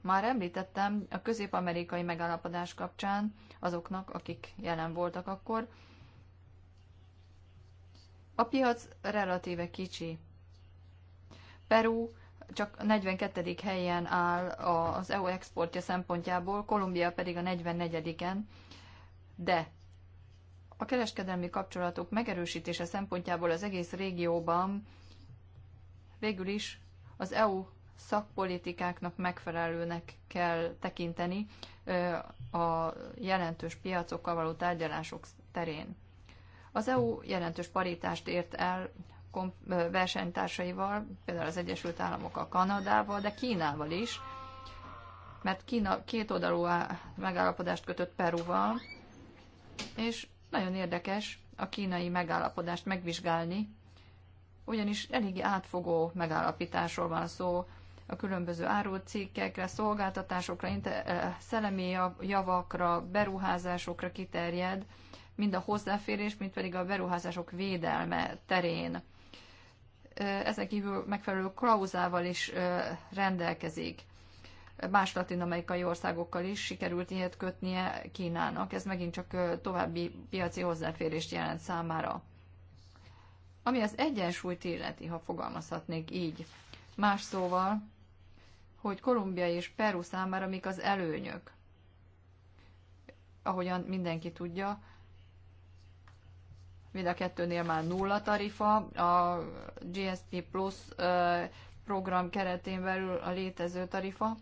Speaker 2: már említettem, a közép-amerikai megállapodás kapcsán azoknak, akik jelen voltak akkor, a piac relatíve kicsi. Peru csak 42. helyen áll az EU exportja szempontjából, Kolumbia pedig a 44-en, de a kereskedelmi kapcsolatok megerősítése szempontjából az egész régióban végül is az EU szakpolitikáknak megfelelőnek kell tekinteni a jelentős piacokkal való tárgyalások terén. Az EU jelentős paritást ért el versenytársaival, például az Egyesült Államokkal, Kanadával, de Kínával is, mert Kína két oldalú megállapodást kötött Peruval, és nagyon érdekes a kínai megállapodást megvizsgálni, ugyanis eléggé átfogó megállapításról van szó a különböző árucikkekre, szolgáltatásokra, eh, szellemi javakra, beruházásokra kiterjed, mind a hozzáférés, mind pedig a beruházások védelme terén. Eh, ezen kívül megfelelő klauzával is eh, rendelkezik más latin-amerikai országokkal is sikerült ilyet kötnie Kínának. Ez megint csak további piaci hozzáférést jelent számára. Ami az egyensúlyt illeti, ha fogalmazhatnék így. Más szóval, hogy Kolumbia és Peru számára mik az előnyök. Ahogyan mindenki tudja, mind a kettőnél már nulla tarifa, a GSP Plus program keretén belül a létező tarifa,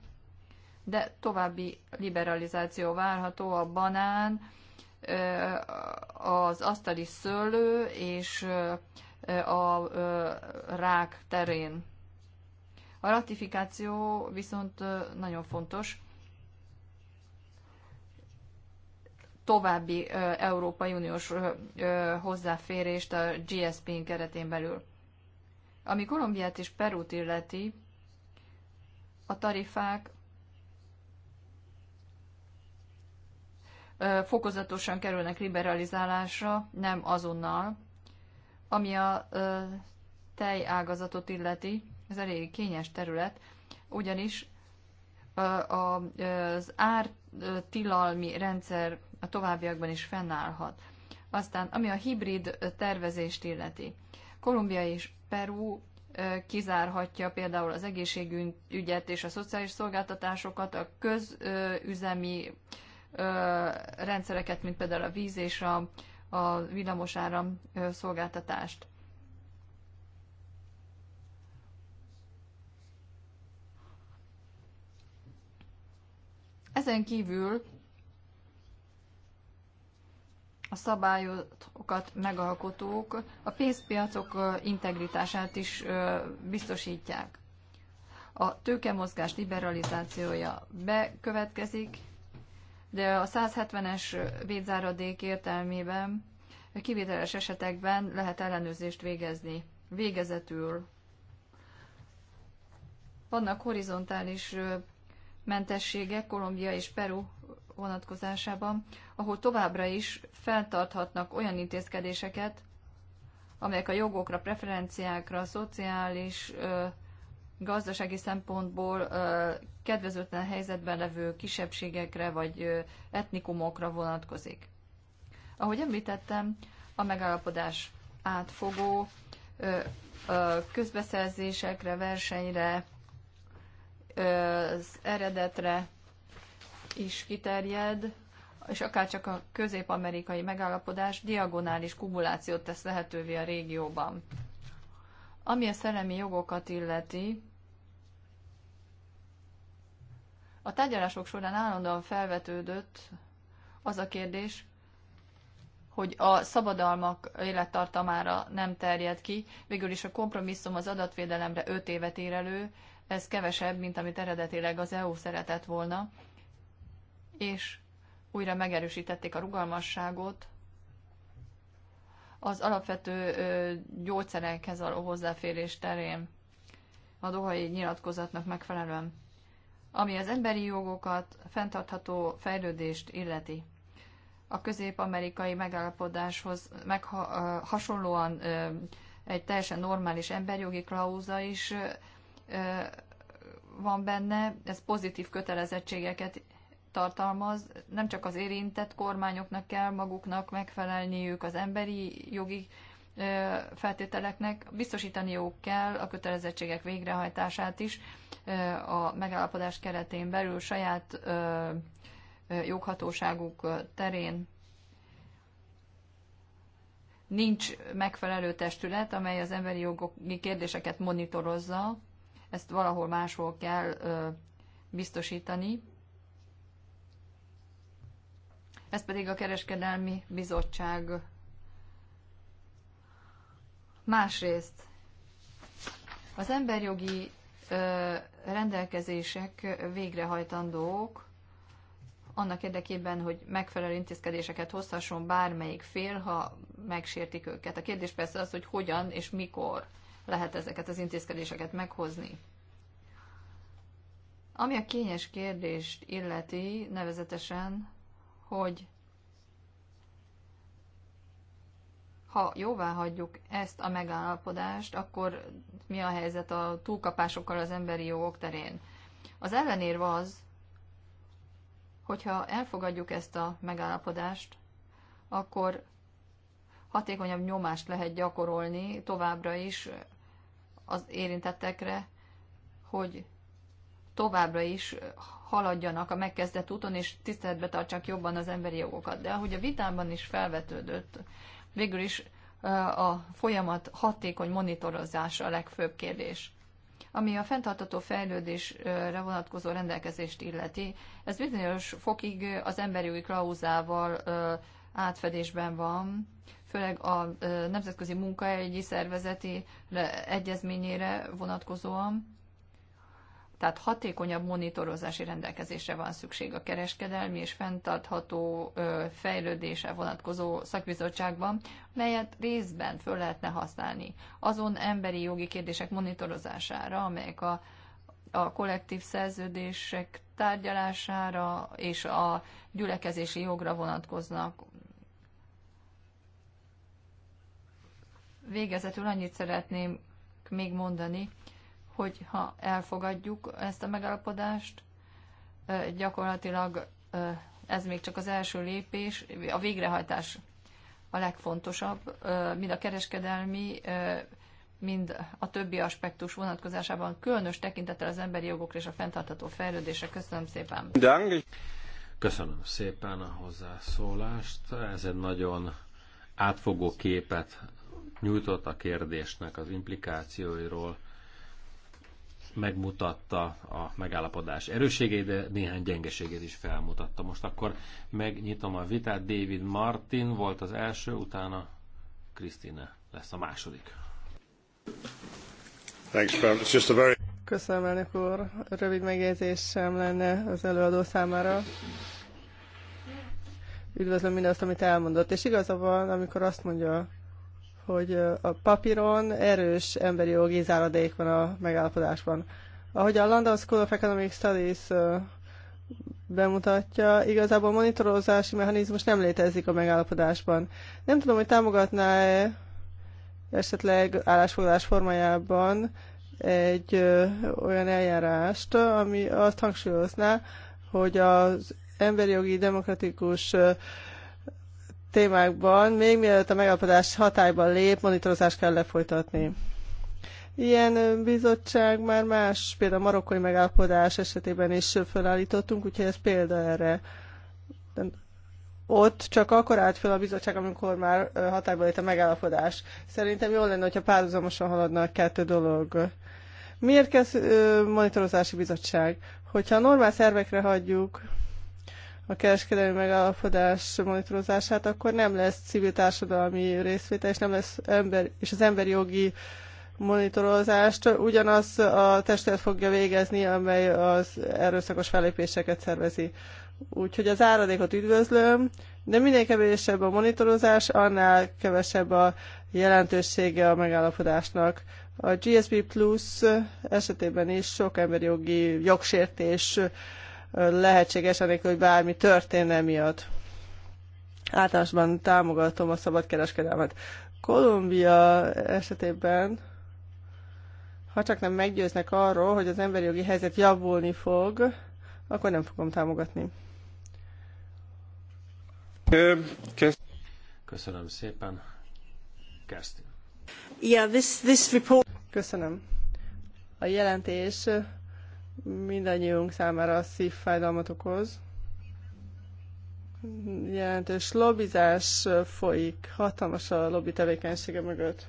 Speaker 2: de további liberalizáció várható a banán, az asztali szőlő és a rák terén. A ratifikáció viszont nagyon fontos. További Európai Uniós hozzáférést a gsp keretén belül. Ami Kolumbiát és Perút illeti, a tarifák fokozatosan kerülnek liberalizálásra, nem azonnal. Ami a tejágazatot illeti, ez elég kényes terület, ugyanis az ártilalmi rendszer a továbbiakban is fennállhat. Aztán, ami a hibrid tervezést illeti. Kolumbia és Peru kizárhatja például az egészségügyet és a szociális szolgáltatásokat a közüzemi rendszereket, mint például a víz és a, a villamosáram szolgáltatást. Ezen kívül a szabályokat megalkotók a pénzpiacok integritását is biztosítják. A tőkemozgás liberalizációja bekövetkezik, de a 170-es védzáradék értelmében kivételes esetekben lehet ellenőrzést végezni. Végezetül vannak horizontális mentességek Kolumbia és Peru vonatkozásában, ahol továbbra is feltarthatnak olyan intézkedéseket, amelyek a jogokra, preferenciákra, szociális gazdasági szempontból kedvezőtlen helyzetben levő kisebbségekre vagy etnikumokra vonatkozik. Ahogy említettem, a megállapodás átfogó közbeszerzésekre, versenyre, az eredetre is kiterjed, és akárcsak a közép-amerikai megállapodás diagonális kumulációt tesz lehetővé a régióban. Ami a szellemi jogokat illeti, a tárgyalások során állandóan felvetődött az a kérdés, hogy a szabadalmak élettartamára nem terjed ki, végül is a kompromisszum az adatvédelemre 5 évet ér elő, ez kevesebb, mint amit eredetileg az EU szeretett volna, és újra megerősítették a rugalmasságot, az alapvető gyógyszerekhez való hozzáférés terén a dohai nyilatkozatnak megfelelően, ami az emberi jogokat, fenntartható fejlődést illeti. A közép-amerikai megállapodáshoz meg hasonlóan egy teljesen normális emberjogi klauza is van benne, ez pozitív kötelezettségeket tartalmaz, nem csak az érintett kormányoknak kell maguknak megfelelniük az emberi jogi feltételeknek, biztosítaniuk kell a kötelezettségek végrehajtását is a megállapodás keretén belül saját joghatóságuk terén. Nincs megfelelő testület, amely az emberi jogi kérdéseket monitorozza, ezt valahol máshol kell biztosítani ez pedig a Kereskedelmi Bizottság. Másrészt az emberjogi ö, rendelkezések végrehajtandók annak érdekében, hogy megfelelő intézkedéseket hozhasson bármelyik fél, ha megsértik őket. A kérdés persze az, hogy hogyan és mikor lehet ezeket az intézkedéseket meghozni. Ami a kényes kérdést illeti, nevezetesen hogy ha jóvá hagyjuk ezt a megállapodást, akkor mi a helyzet a túlkapásokkal az emberi jogok terén? Az ellenérv az, hogyha elfogadjuk ezt a megállapodást, akkor hatékonyabb nyomást lehet gyakorolni továbbra is az érintettekre, hogy továbbra is haladjanak a megkezdett úton, és tiszteletbe tartsák jobban az emberi jogokat. De ahogy a vitában is felvetődött, végül is a folyamat hatékony monitorozása a legfőbb kérdés. Ami a fenntartató fejlődésre vonatkozó rendelkezést illeti, ez bizonyos fokig az emberi jogi klauzával átfedésben van, főleg a Nemzetközi Munkaegyi Szervezeti Egyezményére vonatkozóan, tehát hatékonyabb monitorozási rendelkezésre van szükség a kereskedelmi és fenntartható fejlődése vonatkozó szakbizottságban, melyet részben föl lehetne használni azon emberi jogi kérdések monitorozására, amelyek a, a kollektív szerződések tárgyalására és a gyülekezési jogra vonatkoznak. Végezetül annyit szeretném még mondani, hogy ha elfogadjuk ezt a megállapodást, gyakorlatilag ez még csak az első lépés, a végrehajtás a legfontosabb, mind a kereskedelmi, mind a többi aspektus vonatkozásában, különös tekintettel az emberi jogokra és a fenntartható fejlődésre. Köszönöm szépen!
Speaker 4: Köszönöm szépen a hozzászólást. Ez egy nagyon átfogó képet nyújtott a kérdésnek az implikációiról, megmutatta a megállapodás erősségét, de néhány gyengeségét is felmutatta. Most akkor megnyitom a vitát. David Martin volt az első, utána Krisztina lesz a második.
Speaker 3: Köszönöm, elnök úr. Rövid sem lenne az előadó számára. Üdvözlöm mindazt, amit elmondott. És igaza van, amikor azt mondja, hogy a papíron erős emberi jogi záradék van a megállapodásban. Ahogy a London School of Economic Studies bemutatja, igazából monitorozási mechanizmus nem létezik a megállapodásban. Nem tudom, hogy támogatná-e esetleg állásfoglalás formájában egy ö, olyan eljárást, ami azt hangsúlyozná, hogy az emberi jogi demokratikus témákban, még mielőtt a megállapodás hatályban lép, monitorozást kell lefolytatni. Ilyen bizottság már más, például a marokkai megállapodás esetében is felállítottunk, úgyhogy ez példa erre. De ott csak akkor állt fel a bizottság, amikor már hatályba lett a megállapodás. Szerintem jól lenne, hogyha párhuzamosan haladna a kettő dolog. Miért kezd monitorozási bizottság? Hogyha a normál szervekre hagyjuk, a kereskedelmi megállapodás monitorozását, akkor nem lesz civil társadalmi részvétel, és nem lesz ember, és az emberi jogi monitorozást ugyanaz a testület fogja végezni, amely az erőszakos felépéseket szervezi. Úgyhogy az áradékot üdvözlöm, de minél kevésebb a monitorozás, annál kevesebb a jelentősége a megállapodásnak. A GSP Plus esetében is sok emberi jogi jogsértés lehetséges, anélkül, hogy bármi történne miatt. Általánosban támogatom a szabadkereskedelmet. Kolumbia esetében, ha csak nem meggyőznek arról, hogy az emberi jogi helyzet javulni fog, akkor nem fogom támogatni.
Speaker 4: Köszönöm szépen. Kerstin.
Speaker 3: Yeah, this, this report... Köszönöm. A jelentés mindannyiunk számára a szívfájdalmat okoz. Jelentős lobbizás folyik, hatalmas a lobby tevékenysége mögött,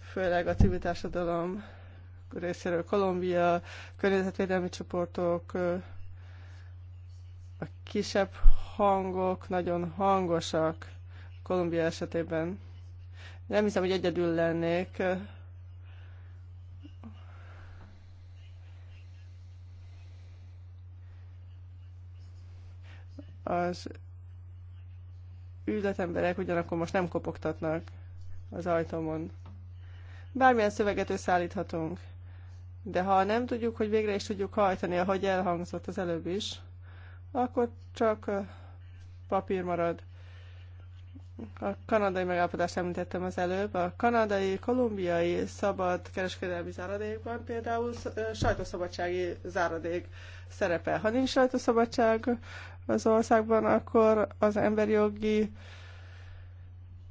Speaker 3: főleg a civil társadalom részéről Kolumbia, környezetvédelmi csoportok, a kisebb hangok nagyon hangosak Kolumbia esetében. Nem hiszem, hogy egyedül lennék Az üzletemberek ugyanakkor most nem kopogtatnak az ajtómon. Bármilyen szöveget összeállíthatunk, de ha nem tudjuk, hogy végre is tudjuk hajtani, ahogy elhangzott az előbb is, akkor csak papír marad. A kanadai megállapodást említettem az előbb. A kanadai, kolumbiai szabad kereskedelmi záradékban például sajtószabadsági záradék szerepel. Ha nincs sajtószabadság, az országban, akkor az emberi jogi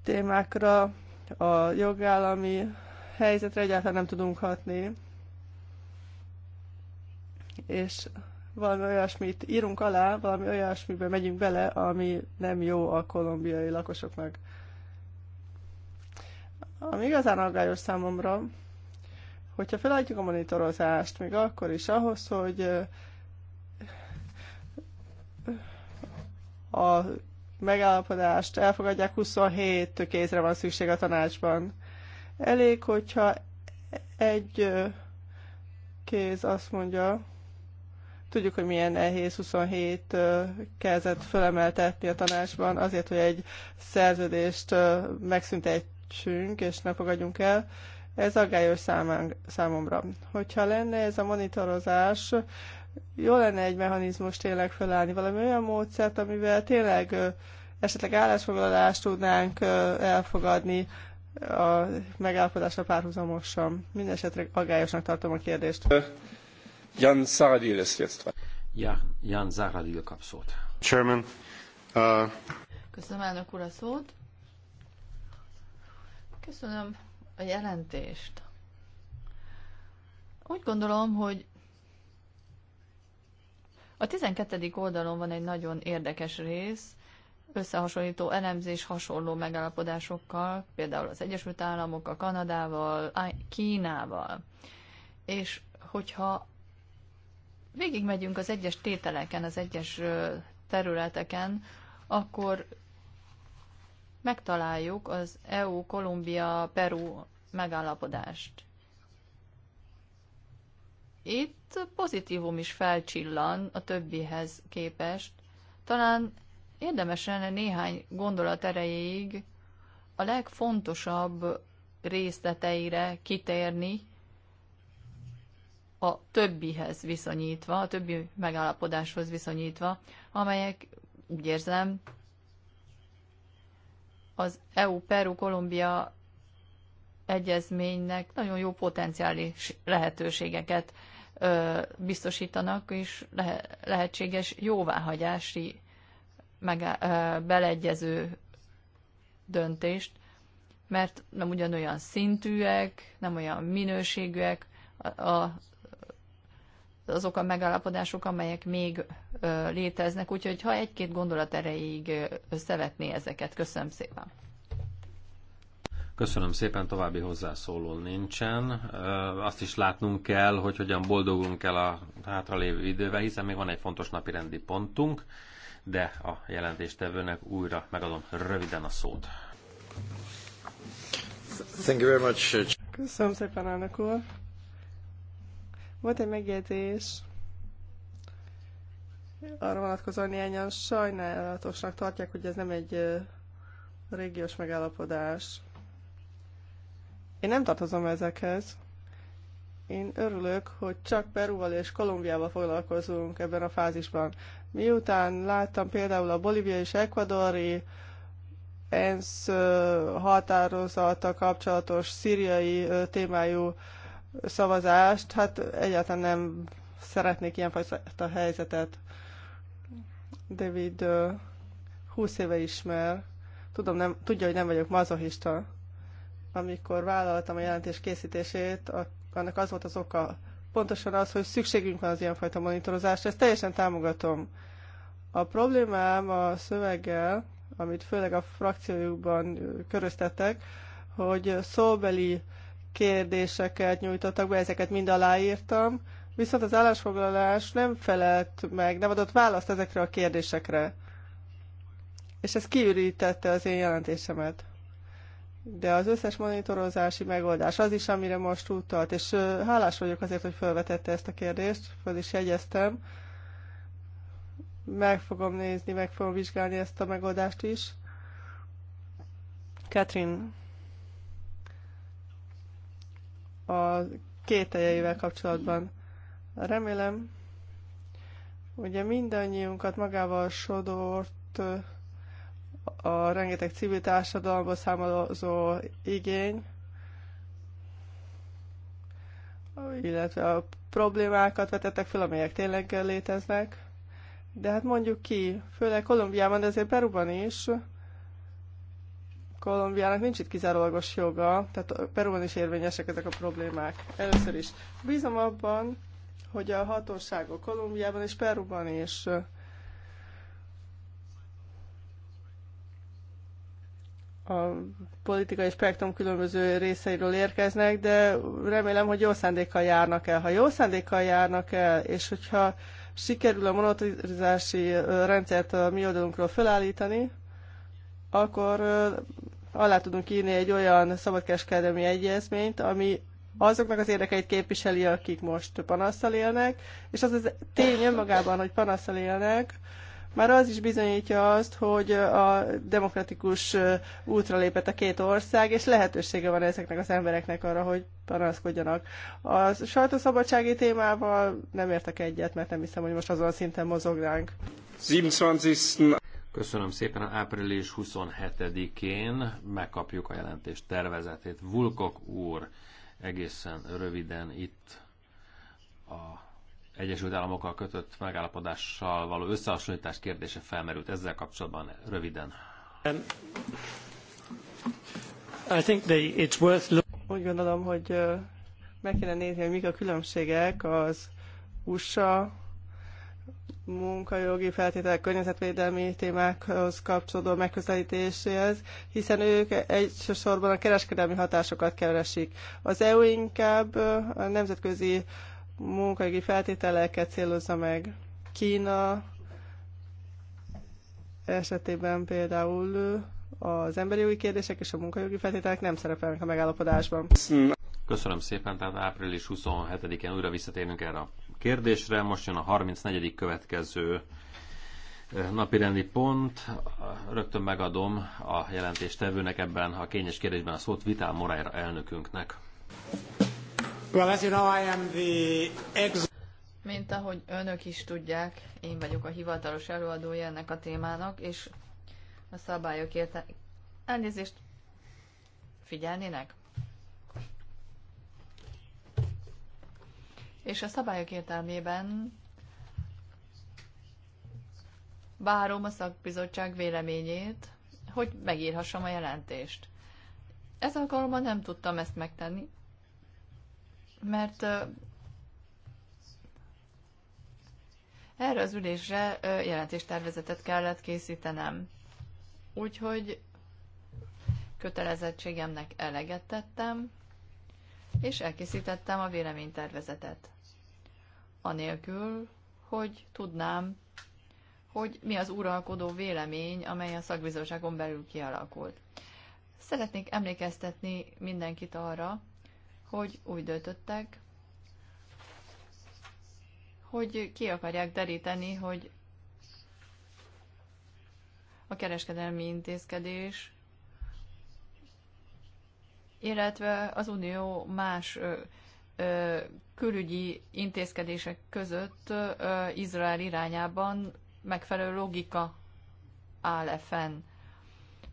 Speaker 3: témákra, a jogállami helyzetre egyáltalán nem tudunk hatni. És valami olyasmit írunk alá, valami olyasmiben megyünk bele, ami nem jó a kolumbiai lakosoknak. Ami igazán aggályos számomra, hogyha feladjuk a monitorozást, még akkor is ahhoz, hogy a megállapodást elfogadják, 27 kézre van szükség a tanácsban. Elég, hogyha egy kéz azt mondja, tudjuk, hogy milyen nehéz 27 kezet fölemeltetni a tanácsban azért, hogy egy szerződést megszüntetsünk és ne fogadjunk el. Ez aggályos számomra. Hogyha lenne ez a monitorozás, jó lenne egy mechanizmus tényleg felállni, valami olyan módszert, amivel tényleg esetleg állásfoglalást tudnánk elfogadni a megállapodásra párhuzamosan. Mindenesetre agályosnak tartom a kérdést.
Speaker 4: Jan Zaradil lesz jetzt Ja, Jan Zaradil kap szót. Chairman.
Speaker 3: Uh...
Speaker 2: Köszönöm elnök úr a szót. Köszönöm a jelentést. Úgy gondolom, hogy a 12. oldalon van egy nagyon érdekes rész, összehasonlító elemzés hasonló megállapodásokkal, például az Egyesült a Kanadával, Kínával. És hogyha végigmegyünk az egyes tételeken, az egyes területeken, akkor megtaláljuk az EU-Kolumbia-Peru megállapodást. Itt pozitívum is felcsillan a többihez képest. Talán érdemes lenne néhány gondolat erejéig a legfontosabb részleteire kitérni, a többihez viszonyítva, a többi megállapodáshoz viszonyítva, amelyek úgy érzem az EU-Peru-Kolumbia egyezménynek nagyon jó potenciális lehetőségeket biztosítanak, és lehetséges jóváhagyási meg, beleegyező döntést, mert nem ugyanolyan szintűek, nem olyan minőségűek a, azok a megállapodások, amelyek még léteznek, úgyhogy ha egy-két gondolat erejéig összevetné ezeket. Köszönöm szépen!
Speaker 4: Köszönöm szépen, további hozzászóló nincsen. Azt is látnunk kell, hogy hogyan boldogulunk el a hátralévő idővel, hiszen még van egy fontos napi rendi pontunk, de a jelentéstevőnek újra megadom röviden a szót.
Speaker 3: Thank
Speaker 2: you very much. Uh,
Speaker 3: Köszönöm szépen, elnök úr. Volt egy megjegyzés, arra vonatkozóan néhányan sajnálatosnak tartják, hogy ez nem egy régiós megállapodás. Én nem tartozom ezekhez. Én örülök, hogy csak Peruval és Kolumbiával foglalkozunk ebben a fázisban. Miután láttam például a Bolívia és Ecuadori ENSZ határozata kapcsolatos szíriai témájú szavazást, hát egyáltalán nem szeretnék ilyenfajta helyzetet. David 20 éve ismer. Tudom, nem, tudja, hogy nem vagyok mazohista amikor vállaltam a jelentés készítését, annak az volt az oka, pontosan az, hogy szükségünk van az ilyenfajta monitorozásra, ezt teljesen támogatom. A problémám a szöveggel, amit főleg a frakciójukban köröztettek, hogy szóbeli kérdéseket nyújtottak be, ezeket mind aláírtam, viszont az állásfoglalás nem felelt meg, nem adott választ ezekre a kérdésekre. És ez kiürítette az én jelentésemet de az összes monitorozási megoldás az is, amire most utalt, és hálás vagyok azért, hogy felvetette ezt a kérdést, föl is jegyeztem. Meg fogom nézni, meg fogom vizsgálni ezt a megoldást is. Katrin, a kételjeivel kapcsolatban. Remélem, ugye mindannyiunkat magával sodort a rengeteg civil társadalomból származó igény, illetve a problémákat vetettek fel, amelyek tényleg léteznek. De hát mondjuk ki, főleg Kolumbiában, de azért Peruban is, Kolumbiának nincs itt kizárólagos joga, tehát Peruban is érvényesek ezek a problémák. Először is bízom abban, hogy a hatóságok Kolumbiában és Peruban is a politikai spektrum különböző részeiről érkeznek, de remélem, hogy jó szándékkal járnak el. Ha jó szándékkal járnak el, és hogyha sikerül a monetizási rendszert a mi oldalunkról felállítani, akkor alá tudunk írni egy olyan szabadkereskedelmi egyezményt, ami azoknak az érdekeit képviseli, akik most panasszal élnek, és az az tény önmagában, hogy panasszal élnek, már az is bizonyítja azt, hogy a demokratikus útra lépett a két ország, és lehetősége van ezeknek az embereknek arra, hogy panaszkodjanak. A sajtószabadsági témával nem értek egyet, mert nem hiszem, hogy most azon a szinten mozognánk.
Speaker 1: 27. Köszönöm
Speaker 4: szépen. Április 27-én megkapjuk a jelentés tervezetét. Vulkok úr egészen röviden itt a Egyesült Államokkal kötött megállapodással való összehasonlítás kérdése felmerült ezzel kapcsolatban röviden. Um,
Speaker 1: I think they, it's worth
Speaker 3: Úgy gondolom, hogy meg kéne nézni, hogy mik a különbségek az USA munkajogi feltételek, környezetvédelmi témákhoz kapcsolódó megközelítéséhez, hiszen ők elsősorban a kereskedelmi hatásokat keresik. Az EU inkább a nemzetközi munkajogi feltételeket célozza meg. Kína esetében például az emberi jogi kérdések és a munkajogi feltételek nem szerepelnek a megállapodásban.
Speaker 4: Köszönöm szépen, tehát április 27-én újra visszatérünk erre a kérdésre. Most jön a 34. következő eh, napirendi pont. Rögtön megadom a jelentéstevőnek ebben a kényes kérdésben a szót Vitál Morájra elnökünknek.
Speaker 1: Well, as you know, I am the ex-
Speaker 2: Mint ahogy önök is tudják, én vagyok a hivatalos előadója ennek a témának, és a szabályok érte... Elnézést figyelnének? És a szabályok értelmében várom a szakbizottság véleményét, hogy megírhassam a jelentést. Ez alkalommal nem tudtam ezt megtenni, mert erre az ülésre jelentéstervezetet kellett készítenem. Úgyhogy kötelezettségemnek eleget tettem, és elkészítettem a véleménytervezetet. Anélkül, hogy tudnám, hogy mi az uralkodó vélemény, amely a szakbizottságon belül kialakult. Szeretnék emlékeztetni mindenkit arra, hogy úgy döntöttek, hogy ki akarják deríteni, hogy a kereskedelmi intézkedés, illetve az Unió más ö, ö, külügyi intézkedések között ö, Izrael irányában megfelelő logika áll -e fenn,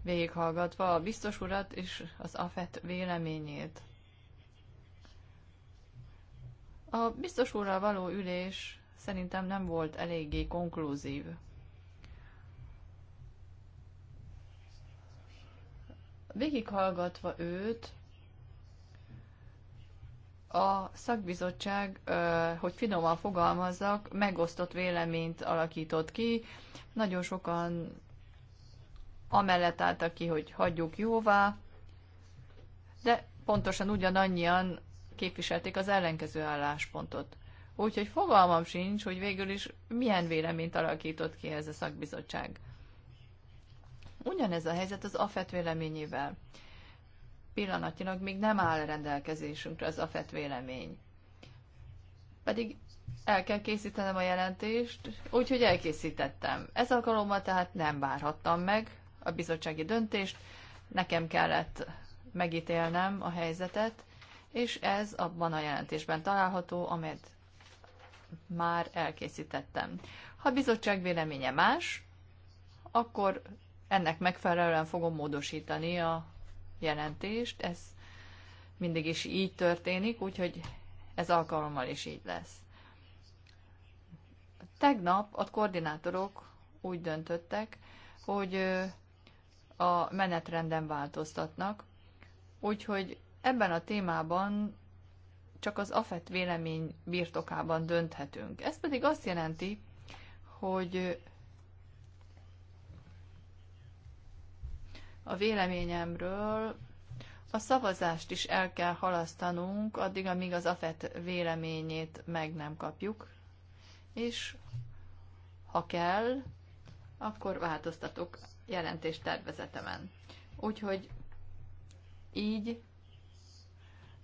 Speaker 2: végighallgatva a biztos urat és az AFET véleményét. A biztos úrral való ülés szerintem nem volt eléggé konklúzív. Végighallgatva őt, a szakbizottság, hogy finoman fogalmazzak, megosztott véleményt alakított ki. Nagyon sokan amellett álltak ki, hogy hagyjuk jóvá, de pontosan ugyanannyian képviselték az ellenkező álláspontot. Úgyhogy fogalmam sincs, hogy végül is milyen véleményt alakított ki ez a szakbizottság. Ugyanez a helyzet az AFET véleményével. Pillanatilag még nem áll rendelkezésünkre az AFET vélemény. Pedig el kell készítenem a jelentést, úgyhogy elkészítettem. Ez alkalommal tehát nem várhattam meg a bizottsági döntést, nekem kellett megítélnem a helyzetet, és ez abban a jelentésben található, amelyet már elkészítettem. Ha a bizottság véleménye más, akkor ennek megfelelően fogom módosítani a jelentést. Ez mindig is így történik, úgyhogy ez alkalommal is így lesz. Tegnap a koordinátorok úgy döntöttek, hogy a menetrenden változtatnak, úgyhogy ebben a témában csak az AFET vélemény birtokában dönthetünk. Ez pedig azt jelenti, hogy a véleményemről a szavazást is el kell halasztanunk, addig, amíg az AFET véleményét meg nem kapjuk, és ha kell, akkor változtatok jelentéstervezetemen. tervezetemen. Úgyhogy így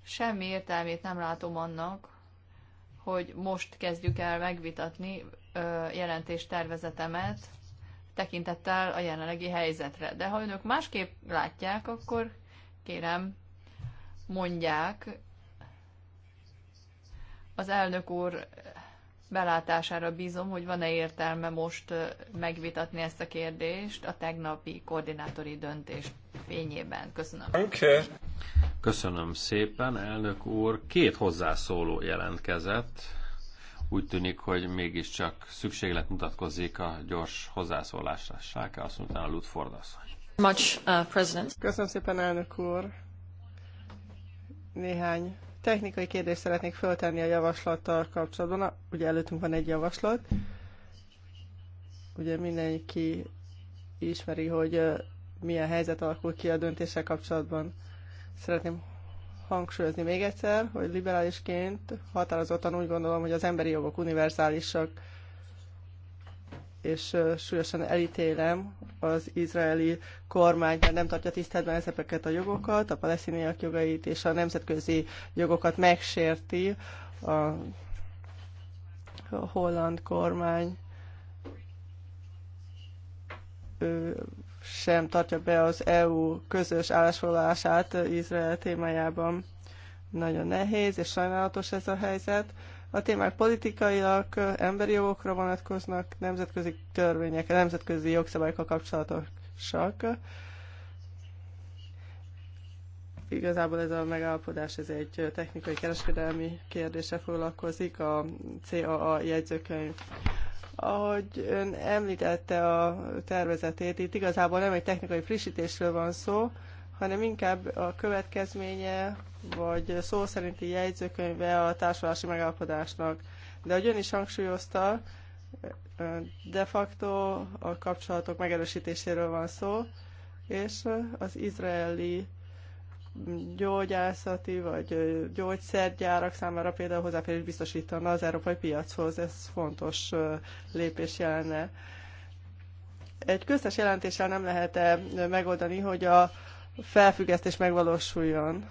Speaker 2: semmi értelmét nem látom annak, hogy most kezdjük el megvitatni jelentés tervezetemet tekintettel a jelenlegi helyzetre. De ha önök másképp látják, akkor kérem, mondják. Az elnök úr belátására bízom, hogy van-e értelme most megvitatni ezt a kérdést a tegnapi koordinátori döntés fényében. Köszönöm.
Speaker 4: Okay. Köszönöm szépen, elnök úr. Két hozzászóló jelentkezett. Úgy tűnik, hogy mégiscsak szükséglet mutatkozik a gyors hozzászólásra. Sáke, azt mondta a Ludford asszony.
Speaker 3: Much, uh, President. Köszönöm szépen, elnök úr. Néhány technikai kérdést szeretnék föltenni a javaslattal kapcsolatban. Na, ugye előttünk van egy javaslat. Ugye mindenki ismeri, hogy milyen helyzet alakul ki a döntéssel kapcsolatban. Szeretném hangsúlyozni még egyszer, hogy liberálisként határozottan úgy gondolom, hogy az emberi jogok univerzálisak, és súlyosan elítélem az izraeli kormány mert nem tartja tiszteletben ezeket a jogokat, a palesztiniak jogait és a nemzetközi jogokat megsérti a holland kormány ő sem tartja be az EU közös állásfoglalását Izrael témájában. Nagyon nehéz és sajnálatos ez a helyzet. A témák politikailag emberi jogokra vonatkoznak, nemzetközi törvényekre, nemzetközi jogszabályokkal kapcsolatosak. Igazából ez a megállapodás ez egy technikai kereskedelmi kérdése foglalkozik, a CAA jegyzőkönyv ahogy ön említette a tervezetét, itt igazából nem egy technikai frissítésről van szó, hanem inkább a következménye vagy szó szerinti jegyzőkönyve a társulási megállapodásnak. De a ön is hangsúlyozta, de facto a kapcsolatok megerősítéséről van szó, és az izraeli gyógyászati vagy gyógyszergyárak számára például hozzáférés biztosítana az európai piachoz. Ez fontos lépés jelenne. Egy köztes jelentéssel nem lehet -e megoldani, hogy a felfüggesztés megvalósuljon.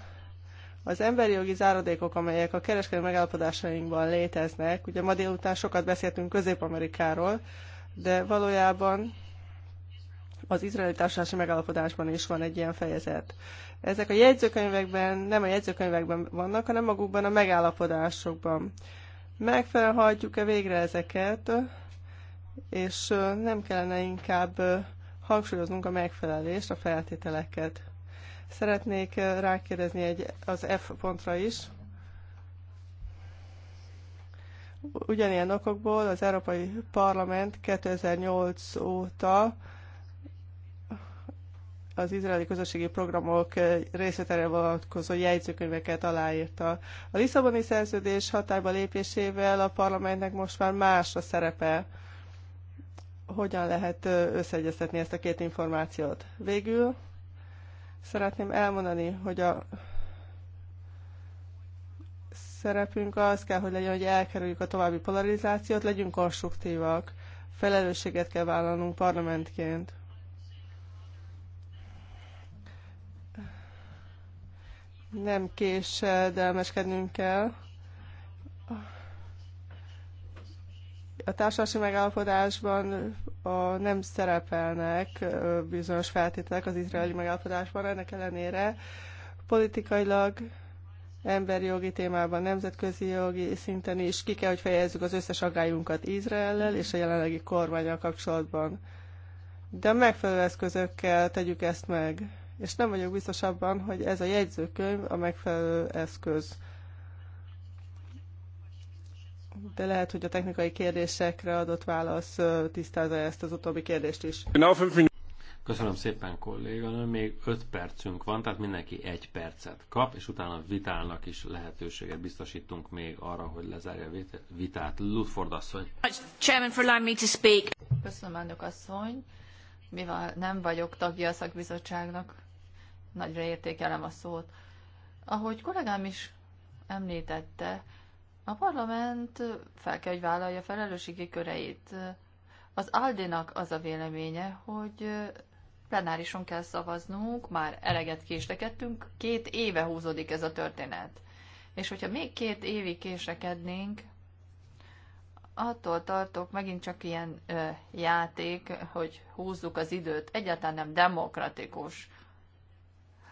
Speaker 3: Az emberi jogi záradékok, amelyek a kereskedelmi megállapodásainkban léteznek, ugye ma délután sokat beszéltünk Közép-Amerikáról, de valójában az izraeli társadalmi megállapodásban is van egy ilyen fejezet. Ezek a jegyzőkönyvekben, nem a jegyzőkönyvekben vannak, hanem magukban a megállapodásokban. megfelhagyjuk e végre ezeket, és nem kellene inkább hangsúlyoznunk a megfelelést, a feltételeket. Szeretnék rákérdezni egy, az F pontra is. Ugyanilyen okokból az Európai Parlament 2008 óta az izraeli közösségi programok részletére vonatkozó jegyzőkönyveket aláírta. A Lisszaboni szerződés hatályba lépésével a parlamentnek most már más a szerepe. Hogyan lehet összeegyeztetni ezt a két információt? Végül Szeretném elmondani, hogy a szerepünk az kell, hogy legyen, hogy elkerüljük a további polarizációt, legyünk konstruktívak, felelősséget kell vállalnunk parlamentként. Nem késedelmeskednünk kell. a társadalmi megállapodásban a, nem szerepelnek bizonyos feltételek az izraeli megállapodásban, ennek ellenére politikailag, emberi jogi témában, nemzetközi jogi szinten is ki kell, hogy fejezzük az összes aggályunkat Izraellel és a jelenlegi kormányjal kapcsolatban. De megfelelő eszközökkel tegyük ezt meg. És nem vagyok biztos abban, hogy ez a jegyzőkönyv a megfelelő
Speaker 1: eszköz
Speaker 3: de lehet, hogy a technikai kérdésekre adott válasz tisztázza ezt az utóbbi kérdést is.
Speaker 4: Köszönöm szépen, kolléganő. Még 5 percünk van, tehát mindenki egy percet kap, és utána vitának is lehetőséget biztosítunk még arra, hogy lezárja a vitát. Ludford asszony.
Speaker 2: Chairman Köszönöm, elnök asszony. Mivel nem vagyok tagja a szakbizottságnak, nagyra értékelem a szót. Ahogy kollégám is említette, a parlament fel kell, hogy vállalja felelősségi köreit. Az Aldinak az a véleménye, hogy plenárison kell szavaznunk, már eleget késlekedtünk, két éve húzódik ez a történet. És hogyha még két évi késlekednénk, attól tartok, megint csak ilyen ö, játék, hogy húzzuk az időt, egyáltalán nem demokratikus.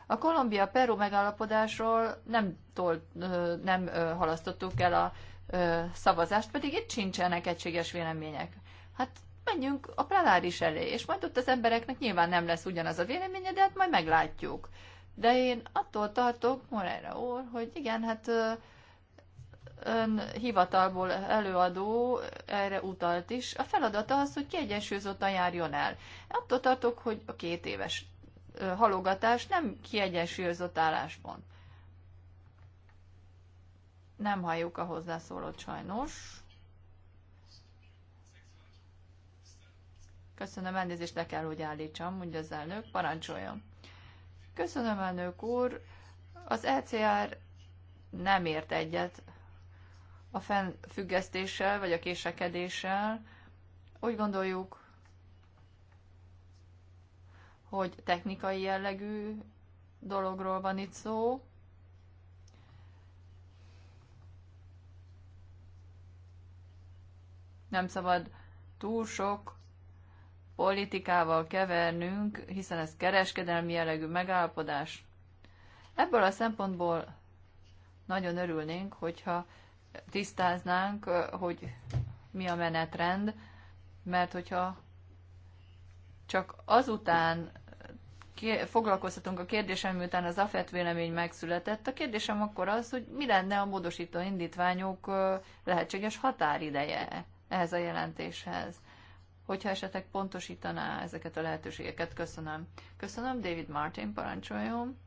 Speaker 2: A Kolumbia-Peru megállapodásról nem, tol, nem halasztottuk el a szavazást, pedig itt sincsenek egységes vélemények. Hát menjünk a plenáris elé, és majd ott az embereknek nyilván nem lesz ugyanaz a véleménye, de hát majd meglátjuk. De én attól tartok, Morera úr, hogy igen, hát ön hivatalból előadó erre utalt is. A feladata az, hogy kiegyensúlyozottan járjon el. Attól tartok, hogy a két éves halogatás nem kiegyensúlyozott álláspont. Nem halljuk a hozzászólót sajnos. Köszönöm, elnézést le kell, hogy állítsam, mondja az elnök. Parancsoljon. Köszönöm, elnök úr. Az ECR nem ért egyet a fennfüggesztéssel, vagy a késekedéssel. Úgy gondoljuk, hogy technikai jellegű dologról van itt szó. Nem szabad túl sok politikával kevernünk, hiszen ez kereskedelmi jellegű megállapodás. Ebből a szempontból nagyon örülnénk, hogyha tisztáznánk, hogy mi a menetrend, mert hogyha csak azután foglalkoztatunk a kérdésem, miután az AFET vélemény megszületett. A kérdésem akkor az, hogy mi lenne a módosító indítványok lehetséges határideje ehhez a jelentéshez. Hogyha esetleg pontosítaná ezeket a lehetőségeket. Köszönöm. Köszönöm, David Martin, parancsoljon.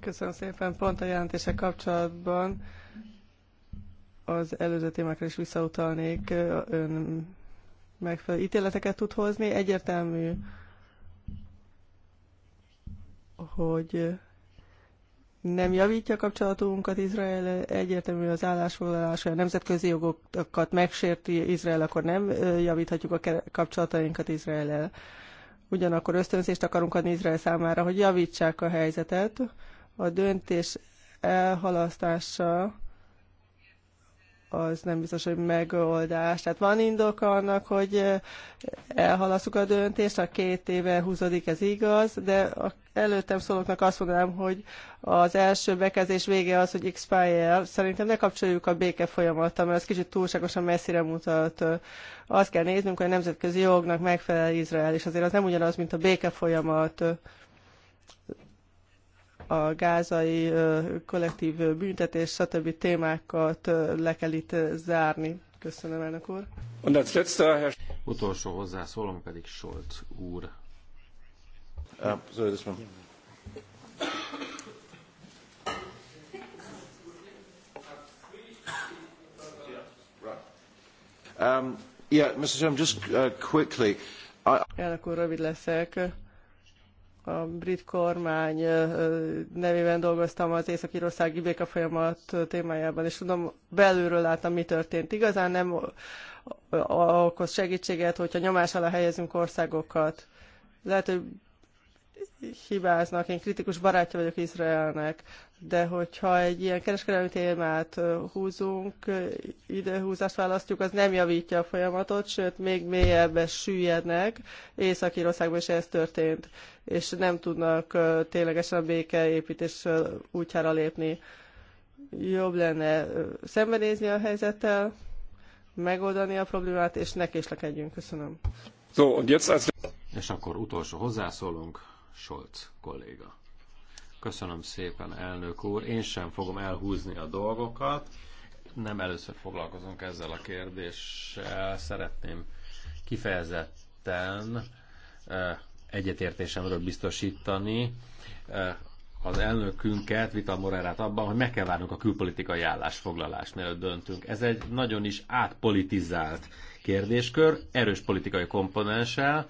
Speaker 3: Köszönöm szépen. Pont a jelentése kapcsolatban az előző témákra is visszautalnék. Ön megfelelő ítéleteket tud hozni. Egyértelmű hogy nem javítja a kapcsolatunkat Izrael, egyértelmű az állásfoglalása, a nemzetközi jogokat megsérti Izrael, akkor nem javíthatjuk a kapcsolatainkat Izrael-el. Ugyanakkor ösztönzést akarunk adni Izrael számára, hogy javítsák a helyzetet. A döntés elhalasztása az nem biztos, hogy megoldás. Tehát van indok annak, hogy eh, elhalasszuk a döntést, a két éve húzódik, ez igaz, de a előttem szólóknak azt mondanám, hogy az első bekezdés vége az, hogy expire. Szerintem ne kapcsoljuk a béke folyamattal, mert ez kicsit túlságosan messzire mutat. Azt kell néznünk, hogy a nemzetközi jognak megfelel Izrael, és azért az nem ugyanaz, mint a béke folyamat a gázai kollektív büntetés, stb. témákat le kell itt zárni. Köszönöm, elnök úr.
Speaker 4: Utolsó hozzászólom pedig Solt úr.
Speaker 3: Um, yeah, Mr. Chairman, just uh, quickly. I... Elnök úr, rövid leszek a brit kormány nevében dolgoztam az Észak-Írországi folyamat témájában, és tudom, belülről láttam, mi történt. Igazán nem okoz segítséget, hogyha nyomás alá helyezünk országokat. Lehet, hogy hibáznak. Én kritikus barátja vagyok Izraelnek, de hogyha egy ilyen kereskedelmi témát húzunk, időhúzást választjuk, az nem javítja a folyamatot, sőt, még mélyebben süllyednek. Észak-Írországban is ez történt, és nem tudnak ténylegesen a békeépítés útjára lépni. Jobb lenne szembenézni a helyzettel, megoldani a problémát, és ne késlekedjünk. Köszönöm.
Speaker 1: So, und jetzt als... És akkor
Speaker 4: utolsó hozzászólunk, Scholz kolléga. Köszönöm szépen, elnök úr. Én sem fogom elhúzni a dolgokat. Nem először foglalkozunk ezzel a kérdéssel. Szeretném kifejezetten egyetértésemről biztosítani az elnökünket, Vital Morerát abban, hogy meg kell várnunk a külpolitikai állásfoglalást, mielőtt döntünk. Ez egy nagyon is átpolitizált kérdéskör, erős politikai komponenssel,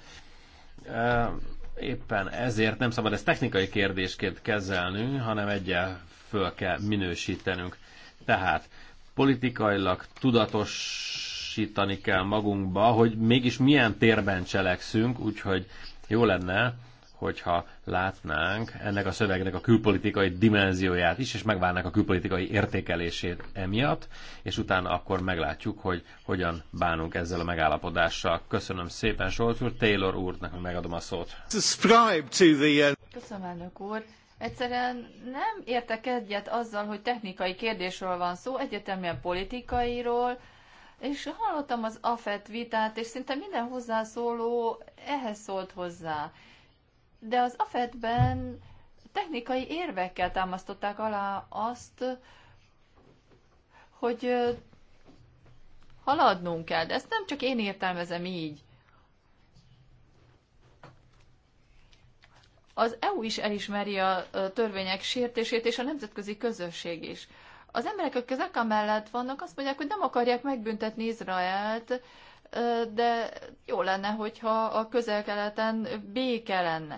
Speaker 4: Éppen ezért nem szabad ezt technikai kérdésként kezelnünk, hanem egyel föl kell minősítenünk. Tehát politikailag tudatosítani kell magunkba, hogy mégis milyen térben cselekszünk, úgyhogy jó lenne, hogyha látnánk ennek a szövegnek a külpolitikai dimenzióját is, és megvárnánk a külpolitikai értékelését emiatt, és utána akkor meglátjuk, hogy hogyan bánunk ezzel a megállapodással. Köszönöm szépen, Solt úr, Taylor úrnak megadom a
Speaker 1: szót. Uh,
Speaker 2: Köszönöm, elnök úr. Egyszerűen nem értek egyet azzal, hogy technikai kérdésről van szó, egyetemben politikairól, és hallottam az AFET vitát, és szinte minden hozzászóló ehhez szólt hozzá de az AFET-ben technikai érvekkel támasztották alá azt, hogy haladnunk kell. De ezt nem csak én értelmezem így. Az EU is elismeri a törvények sértését, és a nemzetközi közösség is. Az emberek, akik az mellett vannak, azt mondják, hogy nem akarják megbüntetni Izraelt, de jó lenne, hogyha a közel-keleten béke lenne.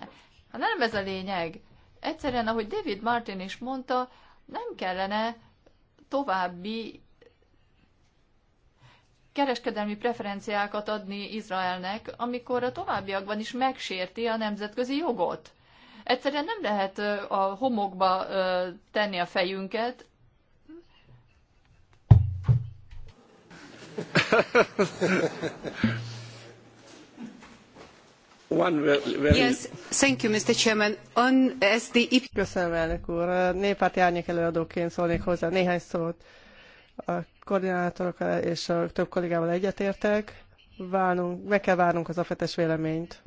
Speaker 2: Hát nem ez a lényeg. Egyszerűen, ahogy David Martin is mondta, nem kellene további kereskedelmi preferenciákat adni Izraelnek, amikor a továbbiakban is megsérti a nemzetközi jogot. Egyszerűen nem lehet a homokba tenni a fejünket,
Speaker 3: Mr. Chairman. E Köszönöm, elnök úr. Néppárti árnyék előadóként szólnék hozzá néhány szót. A koordinátorokkal és a több kollégával egyetértek. Várnunk, meg kell várnunk az afetes véleményt.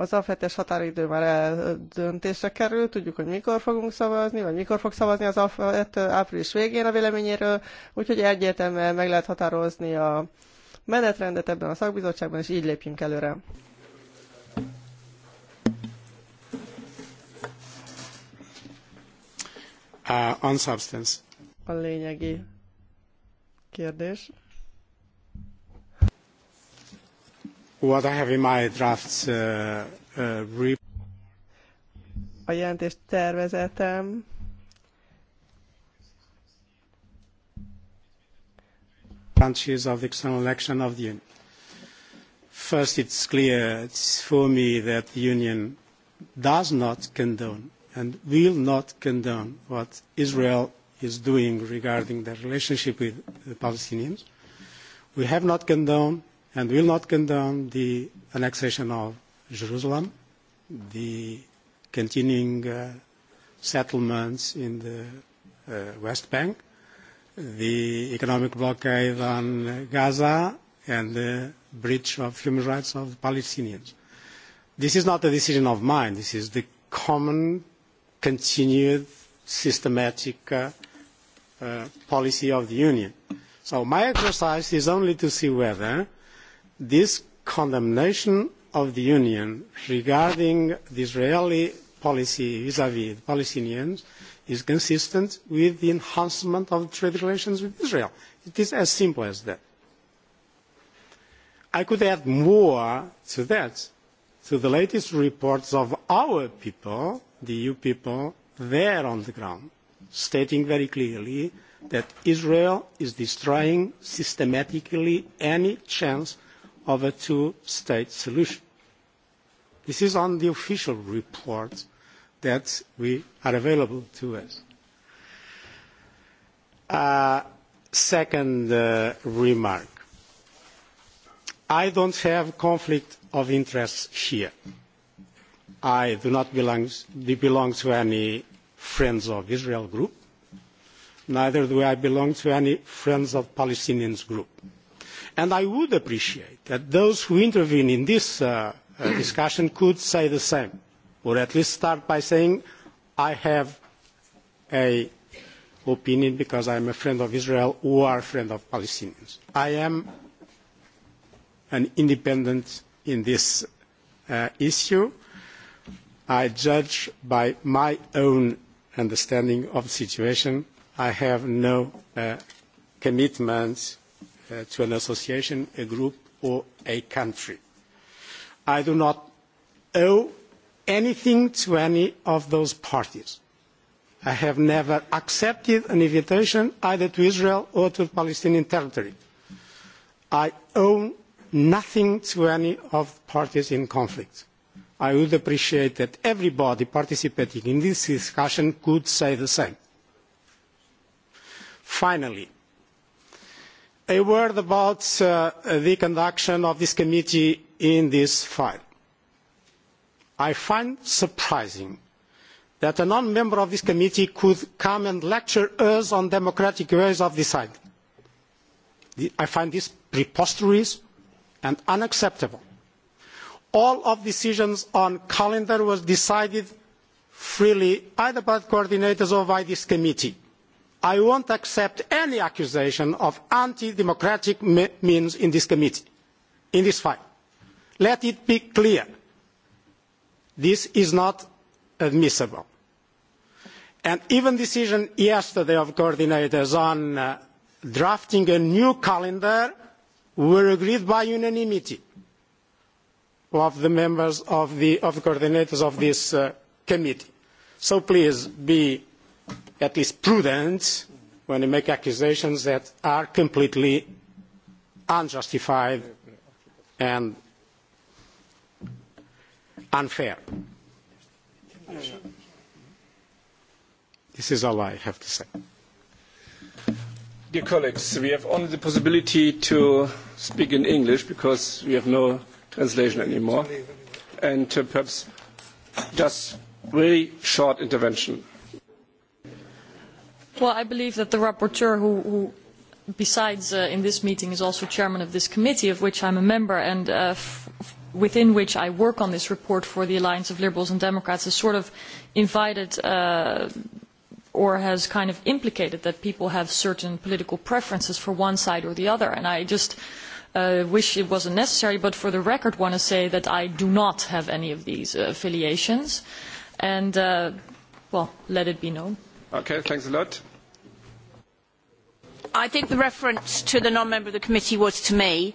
Speaker 3: Az afetes határidő már eldöntése kerül, tudjuk, hogy mikor fogunk szavazni, vagy mikor fog szavazni az afet április végén a véleményéről, úgyhogy egyértelműen meg lehet határozni a menetrendet ebben a szakbizottságban, és így lépjünk előre.
Speaker 1: Uh, on substance.
Speaker 3: A lényegi kérdés.
Speaker 1: What I have in my uh, uh, a jelentést
Speaker 3: tervezetem
Speaker 1: branches of the external action of the Union. First, it's clear it's for me that the Union does not condone and will not condone what Israel is doing regarding their relationship with the Palestinians. We have not condoned and will not condone the annexation of Jerusalem, the continuing uh, settlements in the uh, West Bank, the economic blockade on Gaza, and the breach of human rights of the Palestinians. This is not a decision of mine. This is the common, continued, systematic uh, uh, policy of the Union. So my exercise is only to see whether uh, this condemnation of the Union regarding the Israeli policy vis-à-vis -vis the Palestinians is consistent with the enhancement of trade relations with Israel. It is as simple as that. I could add more to that, to the latest reports of our people, the EU people, there on the ground, stating very clearly that Israel is destroying systematically any chance of a two-state solution. This is on the official report that we are available to us. Uh, second uh, remark. I don't have conflict of interest here. I do not belong, belong to any Friends of Israel group. Neither do I belong to any Friends of Palestinians group And I would appreciate that those who intervene in this uh, uh, discussion could say the same, or at least start by saying, I have a opinion because I am a friend of Israel or a friend of Palestinians. I am an independent in this uh, issue. I judge by my own understanding of the situation. I have no uh, commitments Uh, to an association, a group or a country. I do not owe anything to any of those parties. I have never accepted an invitation either to Israel or to the Palestinian territory. I owe nothing to any of the parties in conflict. I would appreciate that everybody participating in this discussion could say the same. Finally, a word about uh, the conduction of this committee in this file. I find surprising that a non-member of this committee could come and lecture us on democratic ways of deciding. I find this preposterous and unacceptable. All of decisions on calendar was decided freely either by the coordinators or by this committee I won't accept any accusation of anti-democratic means in this committee, in this file. Let it be clear. This is not admissible. And even decision yesterday of coordinators on uh, drafting a new calendar were agreed by unanimity of the members of the, of the coordinators of this uh, committee. So please be at least prudent when they make accusations that are completely unjustified and unfair. This is all I have to say. Dear colleagues, we have only the possibility to speak in English because we have no translation anymore. And uh, perhaps just very short intervention.
Speaker 2: Well, I believe that the rapporteur who, who besides uh, in this meeting is also chairman of this committee of which I'm a member and uh, within which I work on this report for the Alliance of Liberals and Democrats has sort of invited uh, or has kind of implicated that people have certain political preferences for one side or the other and I just uh, wish it wasn't necessary but for the record want to say that I do not have any of these uh, affiliations and uh, well let it be known.
Speaker 1: Okay, thanks a lot.
Speaker 5: I think the reference to the non-member of the committee was to me.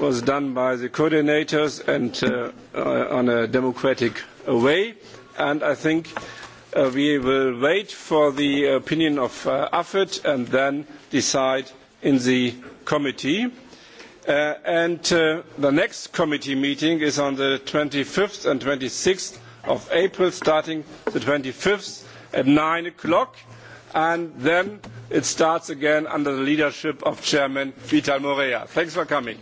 Speaker 1: was done by the coordinators and uh, uh, on a democratic way. And I think uh, we will wait for the opinion of uh, AFET and then decide in the committee. Uh, and uh, the next committee meeting is on the 25th and 26th of April, starting the 25th at 9 o'clock. And then it starts again under the leadership of Chairman Vital Morea. Thanks for coming.